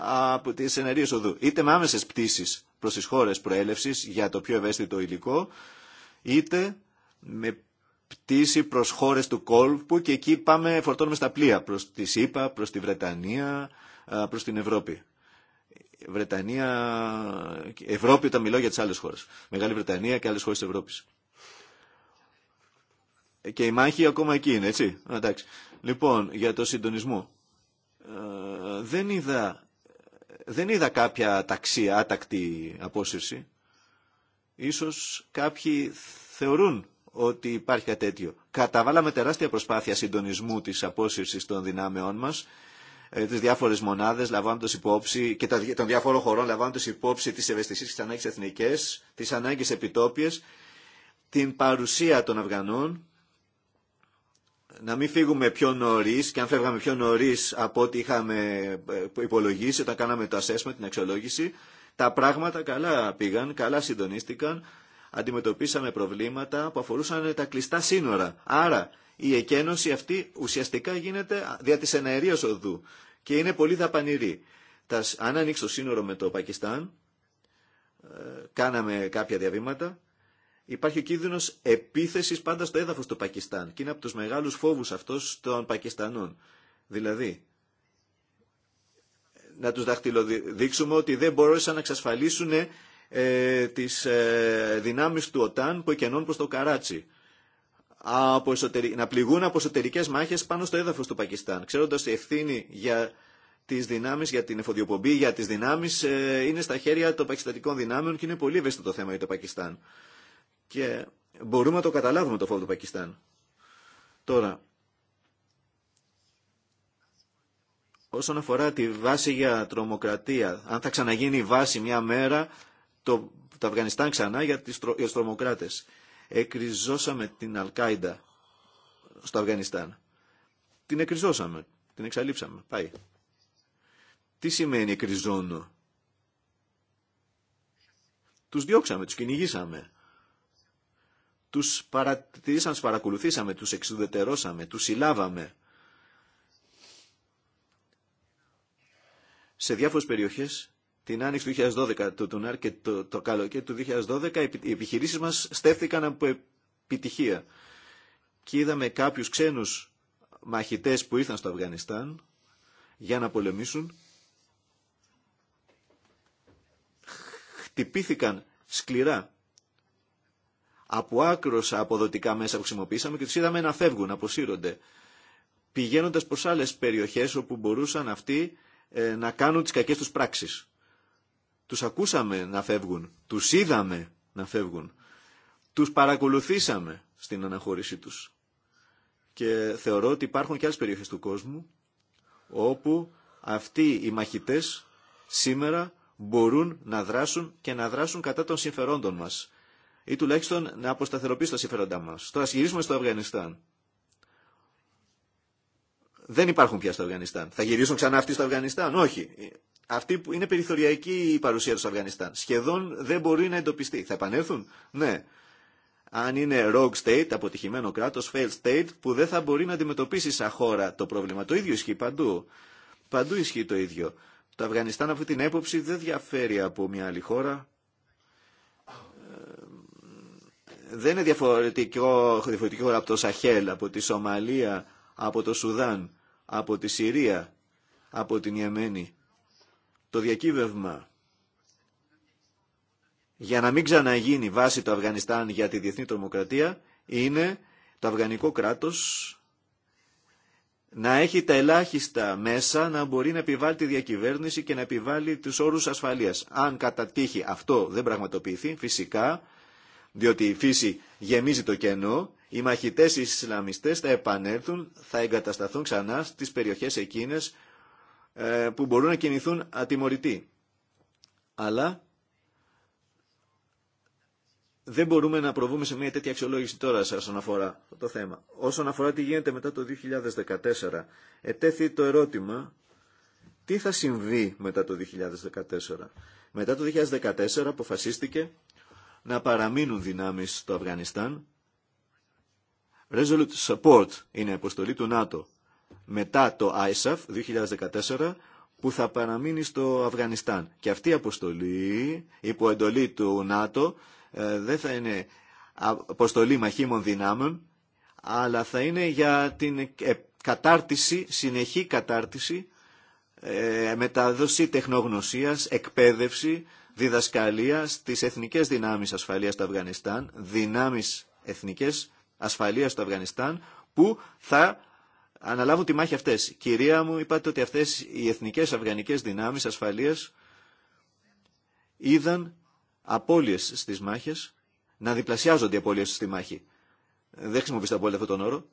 από τις ενεργείες οδού. Είτε με άμεσες πτήσεις προς τις χώρες προέλευσης για το πιο ευαίσθητο υλικό, είτε με πτήση προς χώρες του κόλπου και εκεί πάμε φορτώνουμε στα πλοία προς τη ΣΥΠΑ, προς τη Βρετανία, ε, προς την Ευρώπη. Βρετανία, Ευρώπη όταν μιλώ για τις άλλες χώρες. Μεγάλη Βρετανία και άλλες χώρες της Ευρώπης. Και η μάχη ακόμα εκεί είναι, έτσι. Εντάξει. Λοιπόν, για το συντονισμό. Ε, δεν, είδα, δεν είδα κάποια ταξία, άτακτη απόσυρση. Ίσως κάποιοι θεωρούν ότι υπάρχει κάτι τέτοιο. Καταβάλαμε τεράστια προσπάθεια συντονισμού της απόσυρσης των δυνάμεών μας ε, τι διάφορε μονάδε, λαμβάνοντα υπόψη και των διάφορων χωρών, λαμβάνοντα υπόψη τις ευαισθησίε και τι ανάγκε εθνικέ, τι ανάγκε επιτόπιε, την παρουσία των Αφγανών να μην φύγουμε πιο νωρί και αν φεύγαμε πιο νωρί από ό,τι είχαμε ε, υπολογίσει όταν κάναμε το assessment, την αξιολόγηση, τα πράγματα καλά πήγαν, καλά συντονίστηκαν, αντιμετωπίσαμε προβλήματα που αφορούσαν τα κλειστά σύνορα. Άρα η εκένωση αυτή ουσιαστικά γίνεται δια της εναερίας οδού και είναι πολύ δαπανηρή. Αν ανοίξει σύνορο με το Πακιστάν, ε, κάναμε κάποια διαβήματα, Υπάρχει ο κίνδυνος επίθεσης πάντα στο έδαφος του Πακιστάν και είναι από τους μεγάλους φόβους αυτό των Πακιστανών. Δηλαδή, να τους δαχτυλοδείξουμε ότι δεν μπορούσαν να εξασφαλίσουν ε, τις ε, δυνάμεις του ΟΤΑΝ που εκενώνουν προς το Καράτσι. Από Να πληγούν από εσωτερικέ μάχε πάνω στο έδαφο του Πακιστάν, Ξέροντα ότι η ευθύνη για τι δυνάμει, για την εφοδιοπομπή, για τι δυνάμει, ε, είναι στα χέρια των πακιστατικών δυνάμεων και είναι πολύ ευαίσθητο το θέμα για το Πακιστάν. Και μπορούμε να το καταλάβουμε το φόβο του Πακιστάν. Τώρα, όσον αφορά τη βάση για τρομοκρατία, αν θα ξαναγίνει η βάση μια μέρα, το, το Αφγανιστάν ξανά για, τις, για τους τρομοκράτες. Εκριζώσαμε την Αλκάιντα στο Αφγανιστάν. Την εκριζώσαμε, την εξαλείψαμε. Πάει. Τι σημαίνει εκριζώνω. Τους διώξαμε, τους κυνηγήσαμε. Τους παρατηρήσαμε, παρακολουθήσαμε, τους εξουδετερώσαμε, τους συλλάβαμε. Σε διάφορες περιοχές, την άνοιξη του 2012, το Τουνάρ και το, το καλοκαίρι του 2012, οι επιχειρήσεις μας στέφθηκαν από επιτυχία. Και είδαμε κάποιους ξένους μαχητές που ήρθαν στο Αφγανιστάν για να πολεμήσουν. Χτυπήθηκαν σκληρά από άκρο αποδοτικά μέσα που χρησιμοποίησαμε και του είδαμε να φεύγουν, να αποσύρονται. Πηγαίνοντα προ άλλε περιοχέ όπου μπορούσαν αυτοί ε, να κάνουν τι κακέ του πράξει. Του ακούσαμε να φεύγουν, του είδαμε να φεύγουν, του παρακολουθήσαμε στην αναχώρησή του. Και θεωρώ ότι υπάρχουν και άλλε περιοχέ του κόσμου όπου αυτοί οι μαχητές σήμερα μπορούν να δράσουν και να δράσουν κατά των συμφερόντων μας ή τουλάχιστον να αποσταθεροποιήσει τα συμφέροντά μα. Τώρα γυρίσουμε στο Αφγανιστάν. Δεν υπάρχουν πια στο Αφγανιστάν. Θα γυρίσουν ξανά αυτοί στο Αφγανιστάν. Όχι. Αυτή που είναι περιθωριακή η παρουσία του στο Αφγανιστάν. Σχεδόν δεν μπορεί να εντοπιστεί. Θα επανέλθουν. Ναι. Αν είναι rogue state, αποτυχημένο κράτο, failed state, που δεν θα μπορεί να αντιμετωπίσει σαν χώρα το πρόβλημα. Το ίδιο ισχύει παντού. Παντού ισχύει το ίδιο. Το Αφγανιστάν από αυτή την έποψη δεν διαφέρει από μια άλλη χώρα δεν είναι διαφορετικό, διαφορετική από το Σαχέλ, από τη Σομαλία, από το Σουδάν, από τη Συρία, από την Ιεμένη. Το διακύβευμα για να μην ξαναγίνει βάση το Αφγανιστάν για τη διεθνή τρομοκρατία είναι το αφγανικό κράτος να έχει τα ελάχιστα μέσα να μπορεί να επιβάλλει τη διακυβέρνηση και να επιβάλλει τους όρους ασφαλείας. Αν κατατύχει αυτό δεν πραγματοποιηθεί, φυσικά διότι η φύση γεμίζει το κενό, οι μαχητές οι Ισλαμιστές θα επανέλθουν, θα εγκατασταθούν ξανά στις περιοχές εκείνες ε, που μπορούν να κινηθούν ατιμωρητοί. Αλλά δεν μπορούμε να προβούμε σε μια τέτοια αξιολόγηση τώρα όσον αφορά το θέμα. Όσον αφορά τι γίνεται μετά το 2014, ετέθη το ερώτημα τι θα συμβεί μετά το 2014. Μετά το 2014 αποφασίστηκε να παραμείνουν δυνάμεις στο Αφγανιστάν. Resolute Support είναι η αποστολή του ΝΑΤΟ μετά το ISAF 2014 που θα παραμείνει στο Αφγανιστάν. Και αυτή η αποστολή υπό εντολή του ΝΑΤΟ ε, δεν θα είναι αποστολή μαχήμων δυνάμεων αλλά θα είναι για την ε, κατάρτιση, συνεχή κατάρτιση ε, μεταδόση τεχνογνωσίας, εκπαίδευση διδασκαλία στις εθνικές δυνάμεις ασφαλείας του Αφγανιστάν, δυνάμεις εθνικές ασφαλείας του Αφγανιστάν, που θα αναλάβουν τη μάχη αυτές. Κυρία μου, είπατε ότι αυτές οι εθνικές αφγανικές δυνάμεις ασφαλείας είδαν απώλειες στις μάχες, να διπλασιάζονται οι απώλειες στη μάχη. Δεν χρησιμοποιήσατε απόλυτα αυτόν τον όρο.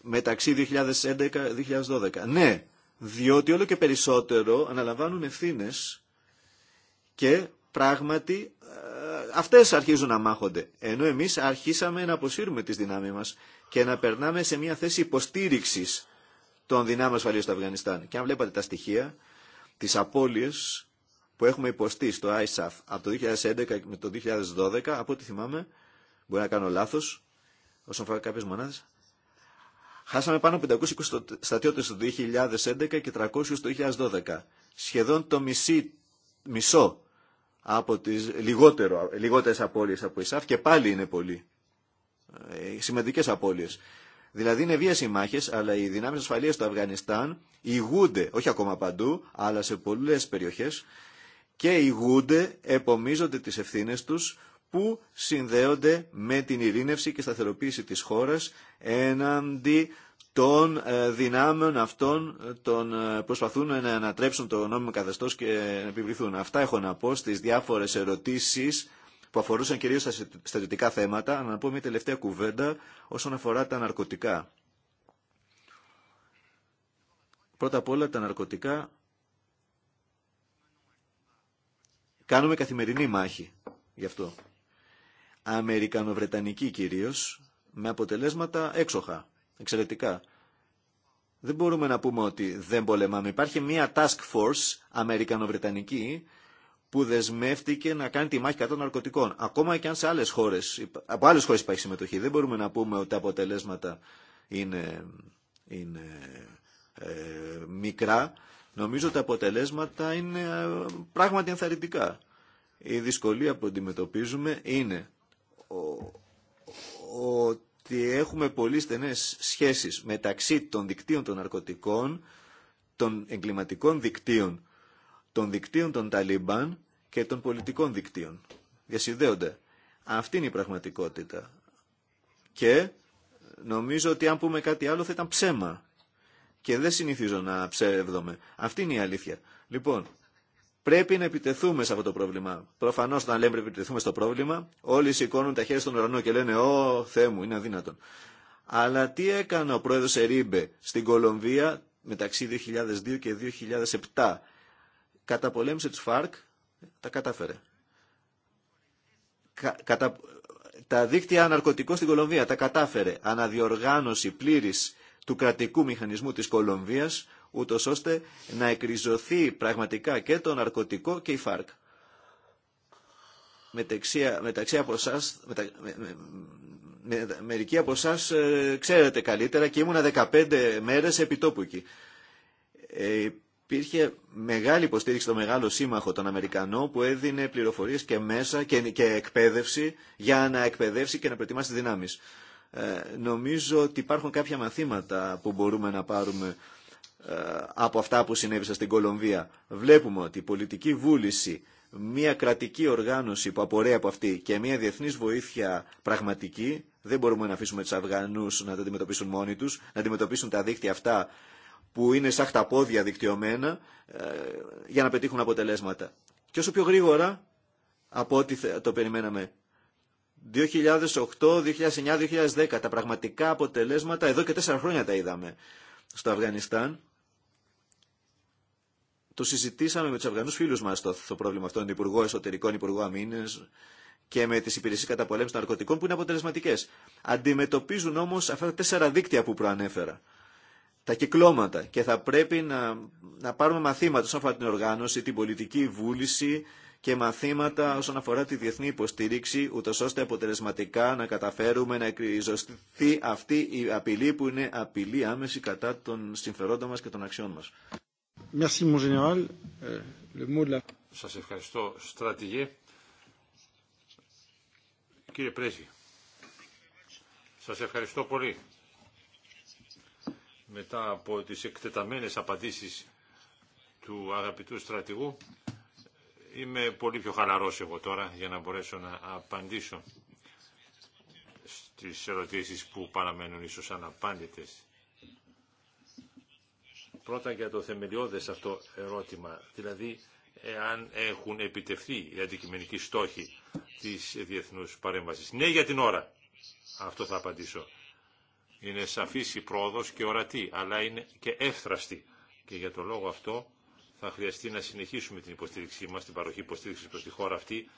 Μεταξύ 2011-2012. Ναι, διότι όλο και περισσότερο αναλαμβάνουν ευθύνες και πράγματι ε, αυτές αρχίζουν να μάχονται. Ενώ εμείς αρχίσαμε να αποσύρουμε τις δυνάμεις μας και να περνάμε σε μια θέση υποστήριξης των δυνάμεων ασφαλείας στο Αφγανιστάν. Και αν βλέπατε τα στοιχεία, τις απώλειες που έχουμε υποστεί στο ISAF από το 2011 με το 2012, από ό,τι θυμάμαι, μπορεί να κάνω λάθος, όσον αφορά κάποιες μονάδες, χάσαμε πάνω από 520 στρατιώτες το 2011 και 300 το 2012. Σχεδόν το μισή, μισό από τις λιγότερο, λιγότερες απώλειες από ΙΣΑΦ και πάλι είναι πολύ. Ε, σημαντικές απώλειες. Δηλαδή είναι βία οι μάχες, αλλά οι δυνάμεις ασφαλείας του Αφγανιστάν ηγούνται, όχι ακόμα παντού, αλλά σε πολλές περιοχές και ηγούνται, επομίζονται τις ευθύνες τους που συνδέονται με την ειρήνευση και σταθεροποίηση της χώρας έναντι των ε, δυνάμεων αυτών ε, των ε, προσπαθούν να ανατρέψουν το νόμιμο καθεστώ και να επιβληθούν. Αυτά έχω να πω στι διάφορες ερωτήσεις που αφορούσαν κυρίως στα στρατιωτικά θέματα, να πω μια τελευταία κουβέντα όσον αφορά τα ναρκωτικά. Πρώτα απ' όλα τα ναρκωτικά κάνουμε καθημερινή μάχη γι' αυτό. Αμερικανοβρετανική κυρίως, με αποτελέσματα έξοχα εξαιρετικά. Δεν μπορούμε να πούμε ότι δεν πολεμάμε. Υπάρχει μια task force αμερικανοβρετανική που δεσμεύτηκε να κάνει τη μάχη κατά των ναρκωτικών. Ακόμα και αν σε άλλες χώρες, από άλλες χώρες υπάρχει συμμετοχή. Δεν μπορούμε να πούμε ότι τα αποτελέσματα είναι, είναι ε, μικρά. Νομίζω τα αποτελέσματα είναι ε, πράγματι ενθαρρυντικά. Η δυσκολία που αντιμετωπίζουμε είναι ότι ότι έχουμε πολύ στενές σχέσεις μεταξύ των δικτύων των ναρκωτικών, των εγκληματικών δικτύων, των δικτύων των Ταλίμπαν και των πολιτικών δικτύων. Διασυνδέονται. Αυτή είναι η πραγματικότητα. Και νομίζω ότι αν πούμε κάτι άλλο θα ήταν ψέμα. Και δεν συνηθίζω να ψεύδομαι. Αυτή είναι η αλήθεια. Λοιπόν, Πρέπει να επιτεθούμε σε αυτό το πρόβλημα. Προφανώ, όταν λέμε πρέπει να επιτεθούμε στο πρόβλημα, όλοι σηκώνουν τα χέρια στον ουρανό και λένε Ω Θεέ μου, είναι αδύνατον. Αλλά τι έκανε ο πρόεδρο Ερίμπε στην Κολομβία μεταξύ 2002 και 2007. Καταπολέμησε του ΦΑΡΚ, τα κατάφερε. κατα... Τα δίκτυα ναρκωτικών στην Κολομβία τα κατάφερε. Αναδιοργάνωση πλήρης του κρατικού μηχανισμού της Κολομβίας ούτω ώστε να εκριζωθεί πραγματικά και το ναρκωτικό και η ΦΑΡΚ. Μεταξύ, μεταξύ από εσά, μετα, με, με, μερικοί από εσά ε, ξέρετε καλύτερα και ήμουνα 15 μέρες τόπου εκεί. Ε, υπήρχε μεγάλη υποστήριξη στο μεγάλο σύμμαχο των Αμερικανών που έδινε πληροφορίες και μέσα και, και εκπαίδευση για να εκπαιδεύσει και να προετοιμάσει δυνάμεις. Ε, νομίζω ότι υπάρχουν κάποια μαθήματα που μπορούμε να πάρουμε ε, από αυτά που συνέβησαν στην Κολομβία. Βλέπουμε ότι η πολιτική βούληση, μια κρατική οργάνωση που απορρέει από αυτή και μια διεθνής βοήθεια πραγματική, δεν μπορούμε να αφήσουμε τους Αφγανούς να τα αντιμετωπίσουν μόνοι τους, να αντιμετωπίσουν τα δίκτυα αυτά που είναι σαν τα πόδια δικτυωμένα ε, για να πετύχουν αποτελέσματα. Και όσο πιο γρήγορα από ό,τι το περιμέναμε. 2008, 2009, 2010 τα πραγματικά αποτελέσματα εδώ και τέσσερα χρόνια τα είδαμε στο Αφγανιστάν το συζητήσαμε με του Αφγανού φίλου μα το, το πρόβλημα αυτό, τον Υπουργό Εσωτερικών, Υπουργό Αμήνε και με τι υπηρεσίε καταπολέμηση των ναρκωτικών που είναι αποτελεσματικέ. Αντιμετωπίζουν όμω αυτά τα τέσσερα δίκτυα που προανέφερα. Τα κυκλώματα και θα πρέπει να, να πάρουμε μαθήματα όσον αφορά την οργάνωση, την πολιτική βούληση και μαθήματα όσον αφορά τη διεθνή υποστήριξη, ούτω ώστε αποτελεσματικά να καταφέρουμε να εκριζωστεί αυτή η απειλή που είναι απειλή άμεση κατά των συμφερόντων μα και των αξιών μα. Σα euh, Σας ευχαριστώ, στρατηγέ. Κύριε Πρέσβη, σας ευχαριστώ πολύ. Μετά από τις εκτεταμένες απαντήσεις του αγαπητού στρατηγού, είμαι πολύ πιο χαλαρός εγώ τώρα για να μπορέσω να απαντήσω στις ερωτήσεις που παραμένουν ίσως αναπάντητες. Πρώτα για το θεμελιώδες αυτό ερώτημα, δηλαδή εάν έχουν επιτευχθεί οι αντικειμενικοί στόχοι της διεθνούς παρέμβασης. Ναι για την ώρα. Αυτό θα απαντήσω. Είναι σαφής η πρόοδος και ορατή, αλλά είναι και εύθραστη. Και για τον λόγο αυτό θα χρειαστεί να συνεχίσουμε την υποστήριξή μας, την παροχή υποστήριξης προς τη χώρα αυτή,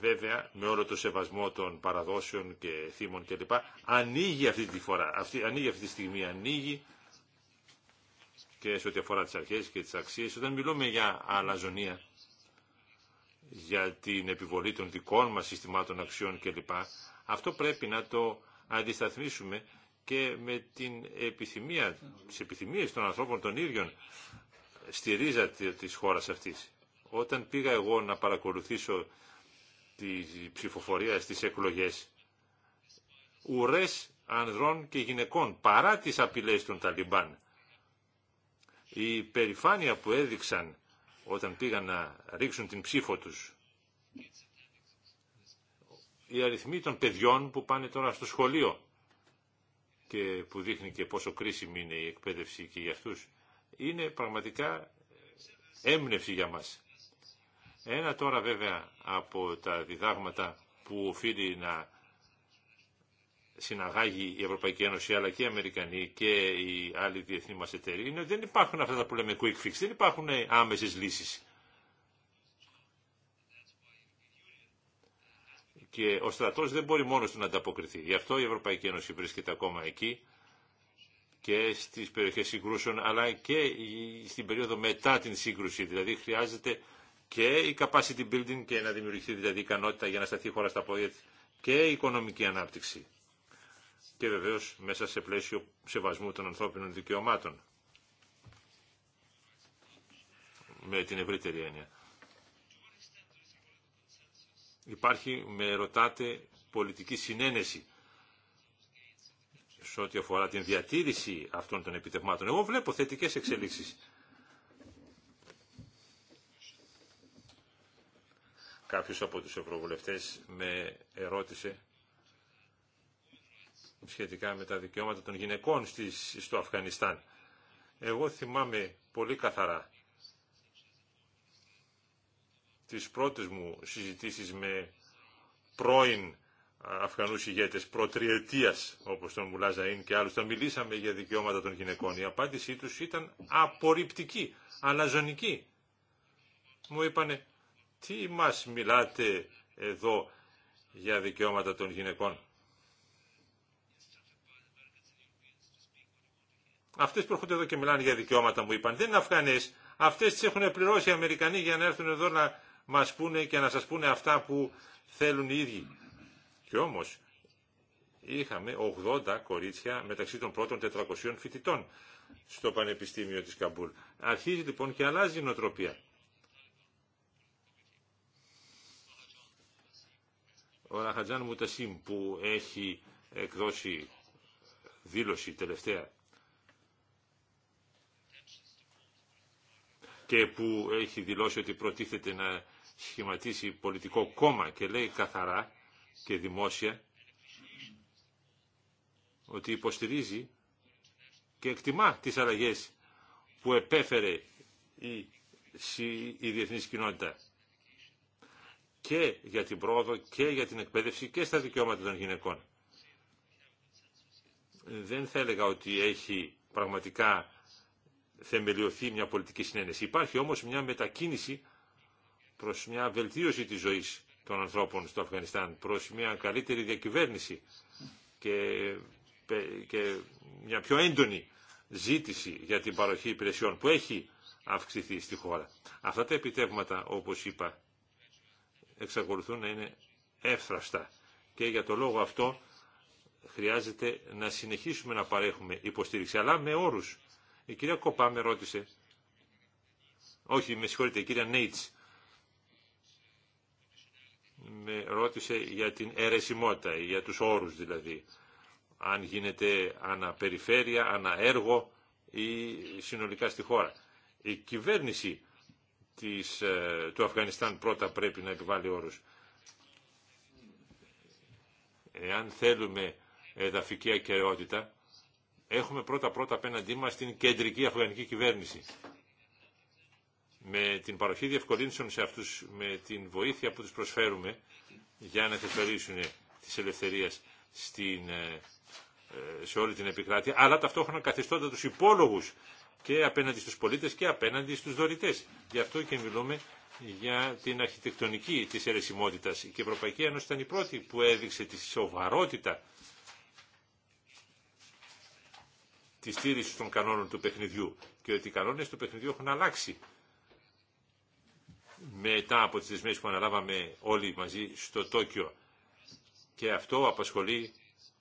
βέβαια με όλο το σεβασμό των παραδόσεων και θύμων κλπ. Ανοίγει αυτή τη φορά, αυτή, ανοίγει αυτή τη στιγμή, ανοίγει και σε ό,τι αφορά τις αρχές και τις αξίες. Όταν μιλούμε για αλαζονία, για την επιβολή των δικών μας συστημάτων αξιών κλπ. Αυτό πρέπει να το αντισταθμίσουμε και με την επιθυμία, τις επιθυμίες των ανθρώπων των ίδιων στη ρίζα της χώρας αυτής. Όταν πήγα εγώ να παρακολουθήσω τη ψηφοφορία στις εκλογές ουρές ανδρών και γυναικών παρά τις απειλές των Ταλιμπάν. Η περηφάνεια που έδειξαν όταν πήγαν να ρίξουν την ψήφο τους. Οι αριθμοί των παιδιών που πάνε τώρα στο σχολείο και που δείχνει και πόσο κρίσιμη είναι η εκπαίδευση και για αυτούς είναι πραγματικά έμπνευση για μας. Ένα τώρα βέβαια από τα διδάγματα που οφείλει να συναγάγει η Ευρωπαϊκή Ένωση αλλά και οι Αμερικανοί και οι άλλοι διεθνεί μας εταιρείοι είναι ότι δεν υπάρχουν αυτά που λέμε quick fix, δεν υπάρχουν άμεσες λύσεις. Και ο στρατός δεν μπορεί μόνος του να ανταποκριθεί. Γι' αυτό η Ευρωπαϊκή Ένωση βρίσκεται ακόμα εκεί και στις περιοχές συγκρούσεων αλλά και στην περίοδο μετά την σύγκρουση. Δηλαδή χρειάζεται και η capacity building και να δημιουργηθεί δηλαδή ικανότητα για να σταθεί η χώρα στα πόδια της και η οικονομική ανάπτυξη. Και βεβαίως μέσα σε πλαίσιο σεβασμού των ανθρώπινων δικαιωμάτων. Με την ευρύτερη έννοια. Υπάρχει, με ρωτάτε, πολιτική συνένεση σε ό,τι αφορά την διατήρηση αυτών των επιτευμάτων. Εγώ βλέπω θετικές εξελίξεις. κάποιος από τους ευρωβουλευτές με ερώτησε σχετικά με τα δικαιώματα των γυναικών στις, στο Αφγανιστάν. Εγώ θυμάμαι πολύ καθαρά τις πρώτες μου συζητήσεις με πρώην Αφγανούς ηγέτες προτριετίας όπως τον Μουλάζα είναι και άλλους Τα μιλήσαμε για δικαιώματα των γυναικών η απάντησή τους ήταν απορριπτική, αλαζονική μου είπανε τι μας μιλάτε εδώ για δικαιώματα των γυναικών. Αυτές που έρχονται εδώ και μιλάνε για δικαιώματα μου είπαν. Δεν είναι Αφγανές. Αυτές τις έχουν πληρώσει οι Αμερικανοί για να έρθουν εδώ να μας πούνε και να σας πούνε αυτά που θέλουν οι ίδιοι. Και όμως είχαμε 80 κορίτσια μεταξύ των πρώτων 400 φοιτητών στο Πανεπιστήμιο της Καμπούλ. Αρχίζει λοιπόν και αλλάζει η νοοτροπία. ο Ραχατζάν Μουτασίμ που έχει εκδώσει δήλωση τελευταία και που έχει δηλώσει ότι προτίθεται να σχηματίσει πολιτικό κόμμα και λέει καθαρά και δημόσια ότι υποστηρίζει και εκτιμά τις αλλαγές που επέφερε η, η διεθνής κοινότητα και για την πρόοδο και για την εκπαίδευση και στα δικαιώματα των γυναικών. Δεν θα έλεγα ότι έχει πραγματικά θεμελιωθεί μια πολιτική συνένεση. Υπάρχει όμως μια μετακίνηση προς μια βελτίωση της ζωής των ανθρώπων στο Αφγανιστάν, προς μια καλύτερη διακυβέρνηση και, και μια πιο έντονη ζήτηση για την παροχή υπηρεσιών που έχει αυξηθεί στη χώρα. Αυτά τα επιτεύγματα, όπως είπα, εξακολουθούν να είναι εύθραστα. Και για το λόγο αυτό χρειάζεται να συνεχίσουμε να παρέχουμε υποστήριξη, αλλά με όρους. Η κυρία Κοπά με ρώτησε, όχι με συγχωρείτε, η κυρία Νέιτς, με ρώτησε για την αιρεσιμότητα, για τους όρους δηλαδή. Αν γίνεται αναπεριφέρεια, αναέργο ή συνολικά στη χώρα. Η κυβέρνηση ε, του Αφγανιστάν πρώτα πρέπει να επιβάλλει όρους. Εάν θέλουμε εδαφική ακαιρεότητα, έχουμε πρώτα-πρώτα απέναντί μας την κεντρική αφγανική κυβέρνηση. Με την παροχή διευκολύνσεων σε αυτούς, με την βοήθεια που τους προσφέρουμε για να θεσπερίσουν τις ελευθερίες στην, ε, ε, σε όλη την επικράτεια, αλλά ταυτόχρονα καθιστώντα τους υπόλογους και απέναντι στους πολίτες και απέναντι στους δωρητές. Γι' αυτό και μιλούμε για την αρχιτεκτονική της αιρεσιμότητας. Και η Ευρωπαϊκή Ένωση ήταν η πρώτη που έδειξε τη σοβαρότητα τη στήριξη των κανόνων του παιχνιδιού και ότι οι κανόνες του παιχνιδιού έχουν αλλάξει μετά από τις δεσμεύσεις που αναλάβαμε όλοι μαζί στο Τόκιο. Και αυτό απασχολεί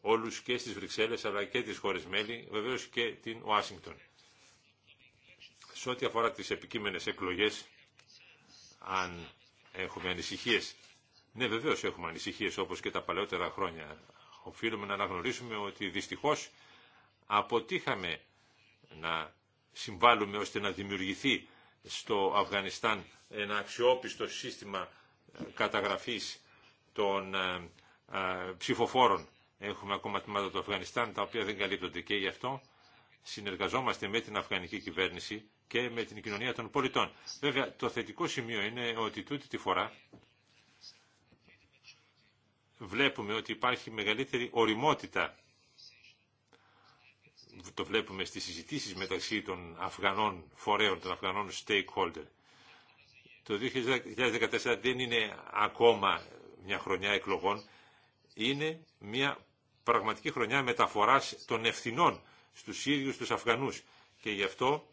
όλους και στις Βρυξέλλες αλλά και τις χώρες μέλη, βεβαίως και την Ουάσιγκτον. Σε ό,τι αφορά τις επικείμενες εκλογές, αν έχουμε ανησυχίες. Ναι, βεβαίως έχουμε ανησυχίες όπως και τα παλαιότερα χρόνια. Οφείλουμε να αναγνωρίσουμε ότι δυστυχώς αποτύχαμε να συμβάλλουμε ώστε να δημιουργηθεί στο Αφγανιστάν ένα αξιόπιστο σύστημα ε, καταγραφής των ε, ε, ψηφοφόρων. Έχουμε ακόμα τμήματα του Αφγανιστάν τα οποία δεν καλύπτονται και γι' αυτό συνεργαζόμαστε με την Αφγανική κυβέρνηση και με την κοινωνία των πολιτών. Βέβαια, το θετικό σημείο είναι ότι τούτη τη φορά βλέπουμε ότι υπάρχει μεγαλύτερη οριμότητα. Το βλέπουμε στις συζητήσεις μεταξύ των Αφγανών φορέων, των Αφγανών stakeholder. Το 2014 δεν είναι ακόμα μια χρονιά εκλογών, είναι μια πραγματική χρονιά μεταφοράς των ευθυνών στους ίδιους τους Αφγανούς. Και γι' αυτό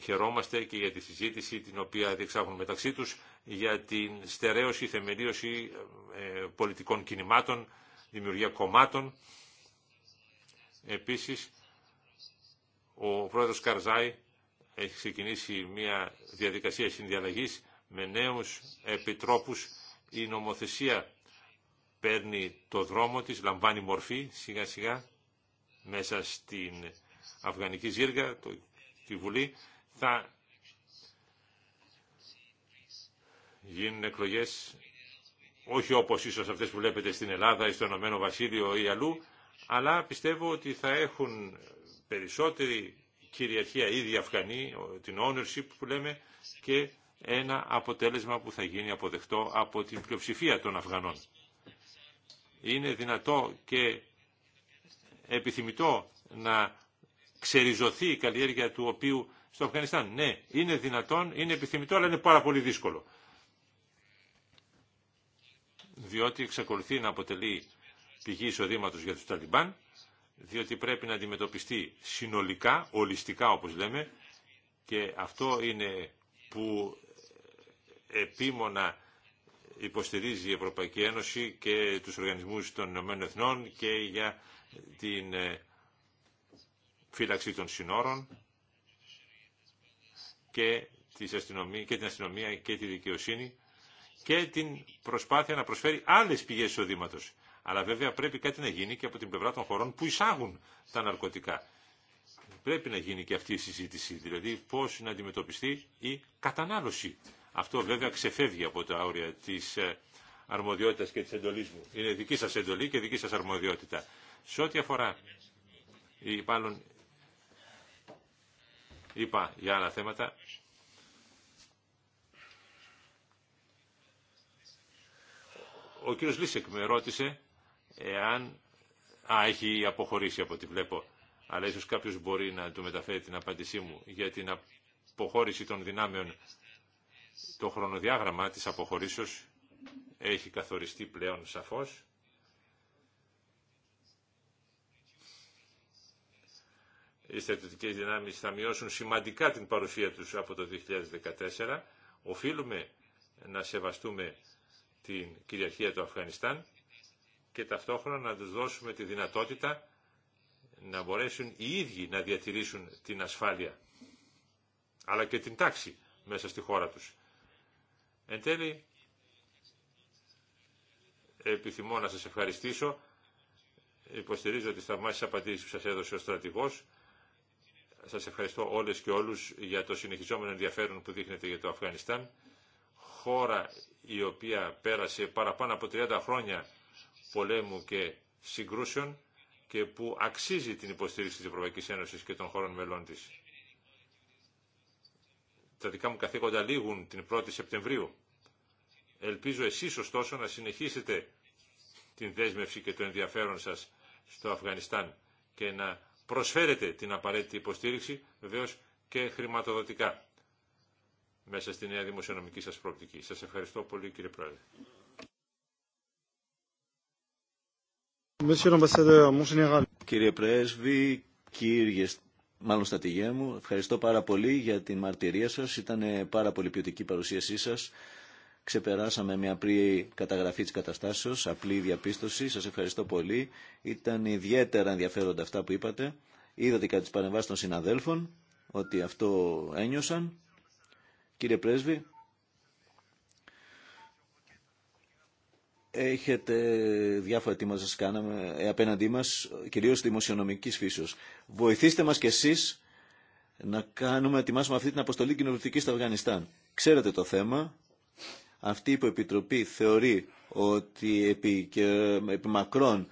χαιρόμαστε και για τη συζήτηση την οποία διεξάγουν μεταξύ τους για την στερέωση, θεμελίωση ε, πολιτικών κινημάτων, δημιουργία κομμάτων. Επίσης, ο πρόεδρος Καρζάη έχει ξεκινήσει μια διαδικασία συνδιαλλαγής με νέους επιτρόπους. Η νομοθεσία παίρνει το δρόμο της, λαμβάνει μορφή σιγά σιγά μέσα στην Αφγανική Ζήργα, το, τη Βουλή θα γίνουν εκλογές όχι όπως ίσως αυτές που βλέπετε στην Ελλάδα ή στο Ηνωμένο Βασίλειο ή αλλού, αλλά πιστεύω ότι θα έχουν περισσότερη κυριαρχία ήδη Αφγανοί, την ownership που λέμε, και ένα αποτέλεσμα που θα γίνει αποδεκτό από την πλειοψηφία των Αφγανών. Είναι δυνατό και επιθυμητό να ξεριζωθεί η καλλιέργεια του οποίου στο Αφγανιστάν. Ναι, είναι δυνατόν, είναι επιθυμητό, αλλά είναι πάρα πολύ δύσκολο. Διότι εξακολουθεί να αποτελεί πηγή εισοδήματος για τους Ταλιμπάν, διότι πρέπει να αντιμετωπιστεί συνολικά, ολιστικά όπως λέμε, και αυτό είναι που επίμονα υποστηρίζει η Ευρωπαϊκή Ένωση και τους οργανισμούς των Ηνωμένων Εθνών και για την ε, φύλαξη των συνόρων και, και την αστυνομία και τη δικαιοσύνη και την προσπάθεια να προσφέρει άλλες πηγές εισοδήματο. Αλλά βέβαια πρέπει κάτι να γίνει και από την πλευρά των χωρών που εισάγουν τα ναρκωτικά. Πρέπει να γίνει και αυτή η συζήτηση, δηλαδή πώς να αντιμετωπιστεί η κατανάλωση. Αυτό βέβαια ξεφεύγει από τα όρια της ε, αρμοδιότητας και της εντολής μου. Είναι δική σας εντολή και δική σας αρμοδιότητα. Σε ό,τι αφορά είπα για άλλα θέματα. Ο κύριος Λίσεκ με ρώτησε εάν... Α, έχει αποχωρήσει από ό,τι βλέπω. Αλλά ίσως κάποιος μπορεί να του μεταφέρει την απάντησή μου για την αποχώρηση των δυνάμεων. Το χρονοδιάγραμμα της αποχωρήσεως έχει καθοριστεί πλέον σαφώς. οι στρατιωτικές δυνάμεις θα μειώσουν σημαντικά την παρουσία τους από το 2014. Οφείλουμε να σεβαστούμε την κυριαρχία του Αφγανιστάν και ταυτόχρονα να τους δώσουμε τη δυνατότητα να μπορέσουν οι ίδιοι να διατηρήσουν την ασφάλεια αλλά και την τάξη μέσα στη χώρα τους. Εν τέλει, επιθυμώ να σας ευχαριστήσω. Υποστηρίζω τις θαυμάσεις απαντήσεις που σας έδωσε ο στρατηγός σας ευχαριστώ όλες και όλους για το συνεχιζόμενο ενδιαφέρον που δείχνετε για το Αφγανιστάν. Χώρα η οποία πέρασε παραπάνω από 30 χρόνια πολέμου και συγκρούσεων και που αξίζει την υποστήριξη της Ευρωπαϊκής Ένωσης και των χώρων μελών της. Τα δικά μου καθήκοντα λήγουν την 1η Σεπτεμβρίου. Ελπίζω εσείς ωστόσο να συνεχίσετε την δέσμευση και το ενδιαφέρον σας στο Αφγανιστάν και να προσφέρετε την απαραίτητη υποστήριξη, βεβαίω και χρηματοδοτικά, μέσα στη νέα δημοσιονομική σας προοπτική. Σας ευχαριστώ πολύ κύριε Πρόεδρε. Κύριε Πρέσβη, κύριε μάλλον στατηγέ μου, ευχαριστώ πάρα πολύ για την μαρτυρία σας. Ήταν πάρα πολύ ποιοτική η παρουσίασή σας. Ξεπεράσαμε μια απλή καταγραφή της καταστάσεως, απλή διαπίστωση. Σας ευχαριστώ πολύ. Ήταν ιδιαίτερα ενδιαφέροντα αυτά που είπατε. Είδατε κατά τις παρεμβάσεις των συναδέλφων ότι αυτό ένιωσαν. Κύριε Πρέσβη, έχετε διάφορα αιτήματα σας κάναμε ε, απέναντί μας, κυρίως δημοσιονομικής φύσεως. Βοηθήστε μας κι εσείς να κάνουμε, ετοιμάσουμε αυτή την αποστολή κοινοβουλευτική στο Αφγανιστάν. Ξέρετε το θέμα, αυτή η υποεπιτροπή θεωρεί ότι επί, μακρόν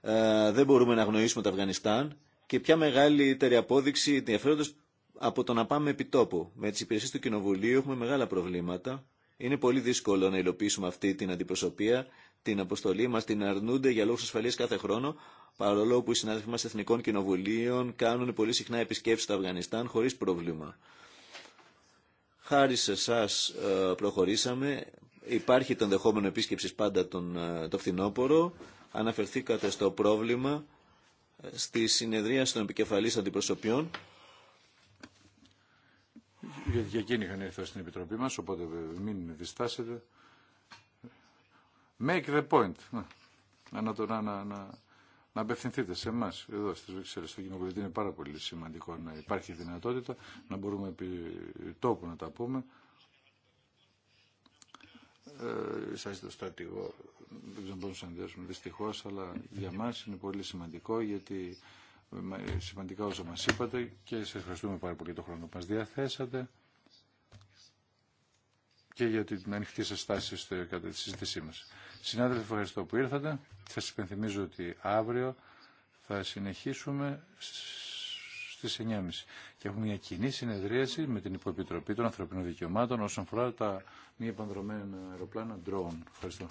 ε, δεν μπορούμε να γνωρίσουμε το Αφγανιστάν και ποια μεγαλύτερη απόδειξη ενδιαφέροντος από το να πάμε επί τόπου. Με τις υπηρεσίες του Κοινοβουλίου έχουμε μεγάλα προβλήματα. Είναι πολύ δύσκολο να υλοποιήσουμε αυτή την αντιπροσωπεία, την αποστολή μας, την αρνούνται για λόγους ασφαλείας κάθε χρόνο, παρόλο που οι συνάδελφοι μας εθνικών κοινοβουλίων κάνουν πολύ συχνά επισκέψεις στο Αφγανιστάν χωρίς πρόβλημα. Χάρη σε εσά ε, προχωρήσαμε. Υπάρχει το ενδεχόμενο επίσκεψη πάντα τον, ε, το φθινόπωρο. Αναφερθήκατε στο πρόβλημα ε, στη συνεδρία των επικεφαλής αντιπροσωπιών. Για και εκείνοι είχαν έρθει στην Επιτροπή μας, οπότε μην διστάσετε. Make the point. Να, να, να απευθυνθείτε σε εμά εδώ στι Βρυξέλλε, στο Κοινοβούλιο. Είναι πάρα πολύ σημαντικό να υπάρχει δυνατότητα να μπορούμε επί τόπου να τα πούμε. Ε, Σα το στρατηγό, δεν ξέρω να συνδέσουμε δυστυχώ, αλλά για μας είναι πολύ σημαντικό γιατί ε, σημαντικά όσα μας είπατε και σε ευχαριστούμε πάρα πολύ το χρόνο που μας διαθέσατε και για την ανοιχτή σας στάση κατά τη συζήτησή μας. Συνάδελφοι, ευχαριστώ που ήρθατε. Θα σας υπενθυμίζω ότι αύριο θα συνεχίσουμε στις 9.30 και έχουμε μια κοινή συνεδρίαση με την Υποεπιτροπή των Ανθρωπίνων Δικαιωμάτων όσον αφορά τα μη επανδρομένα αεροπλάνα drone. Ευχαριστώ.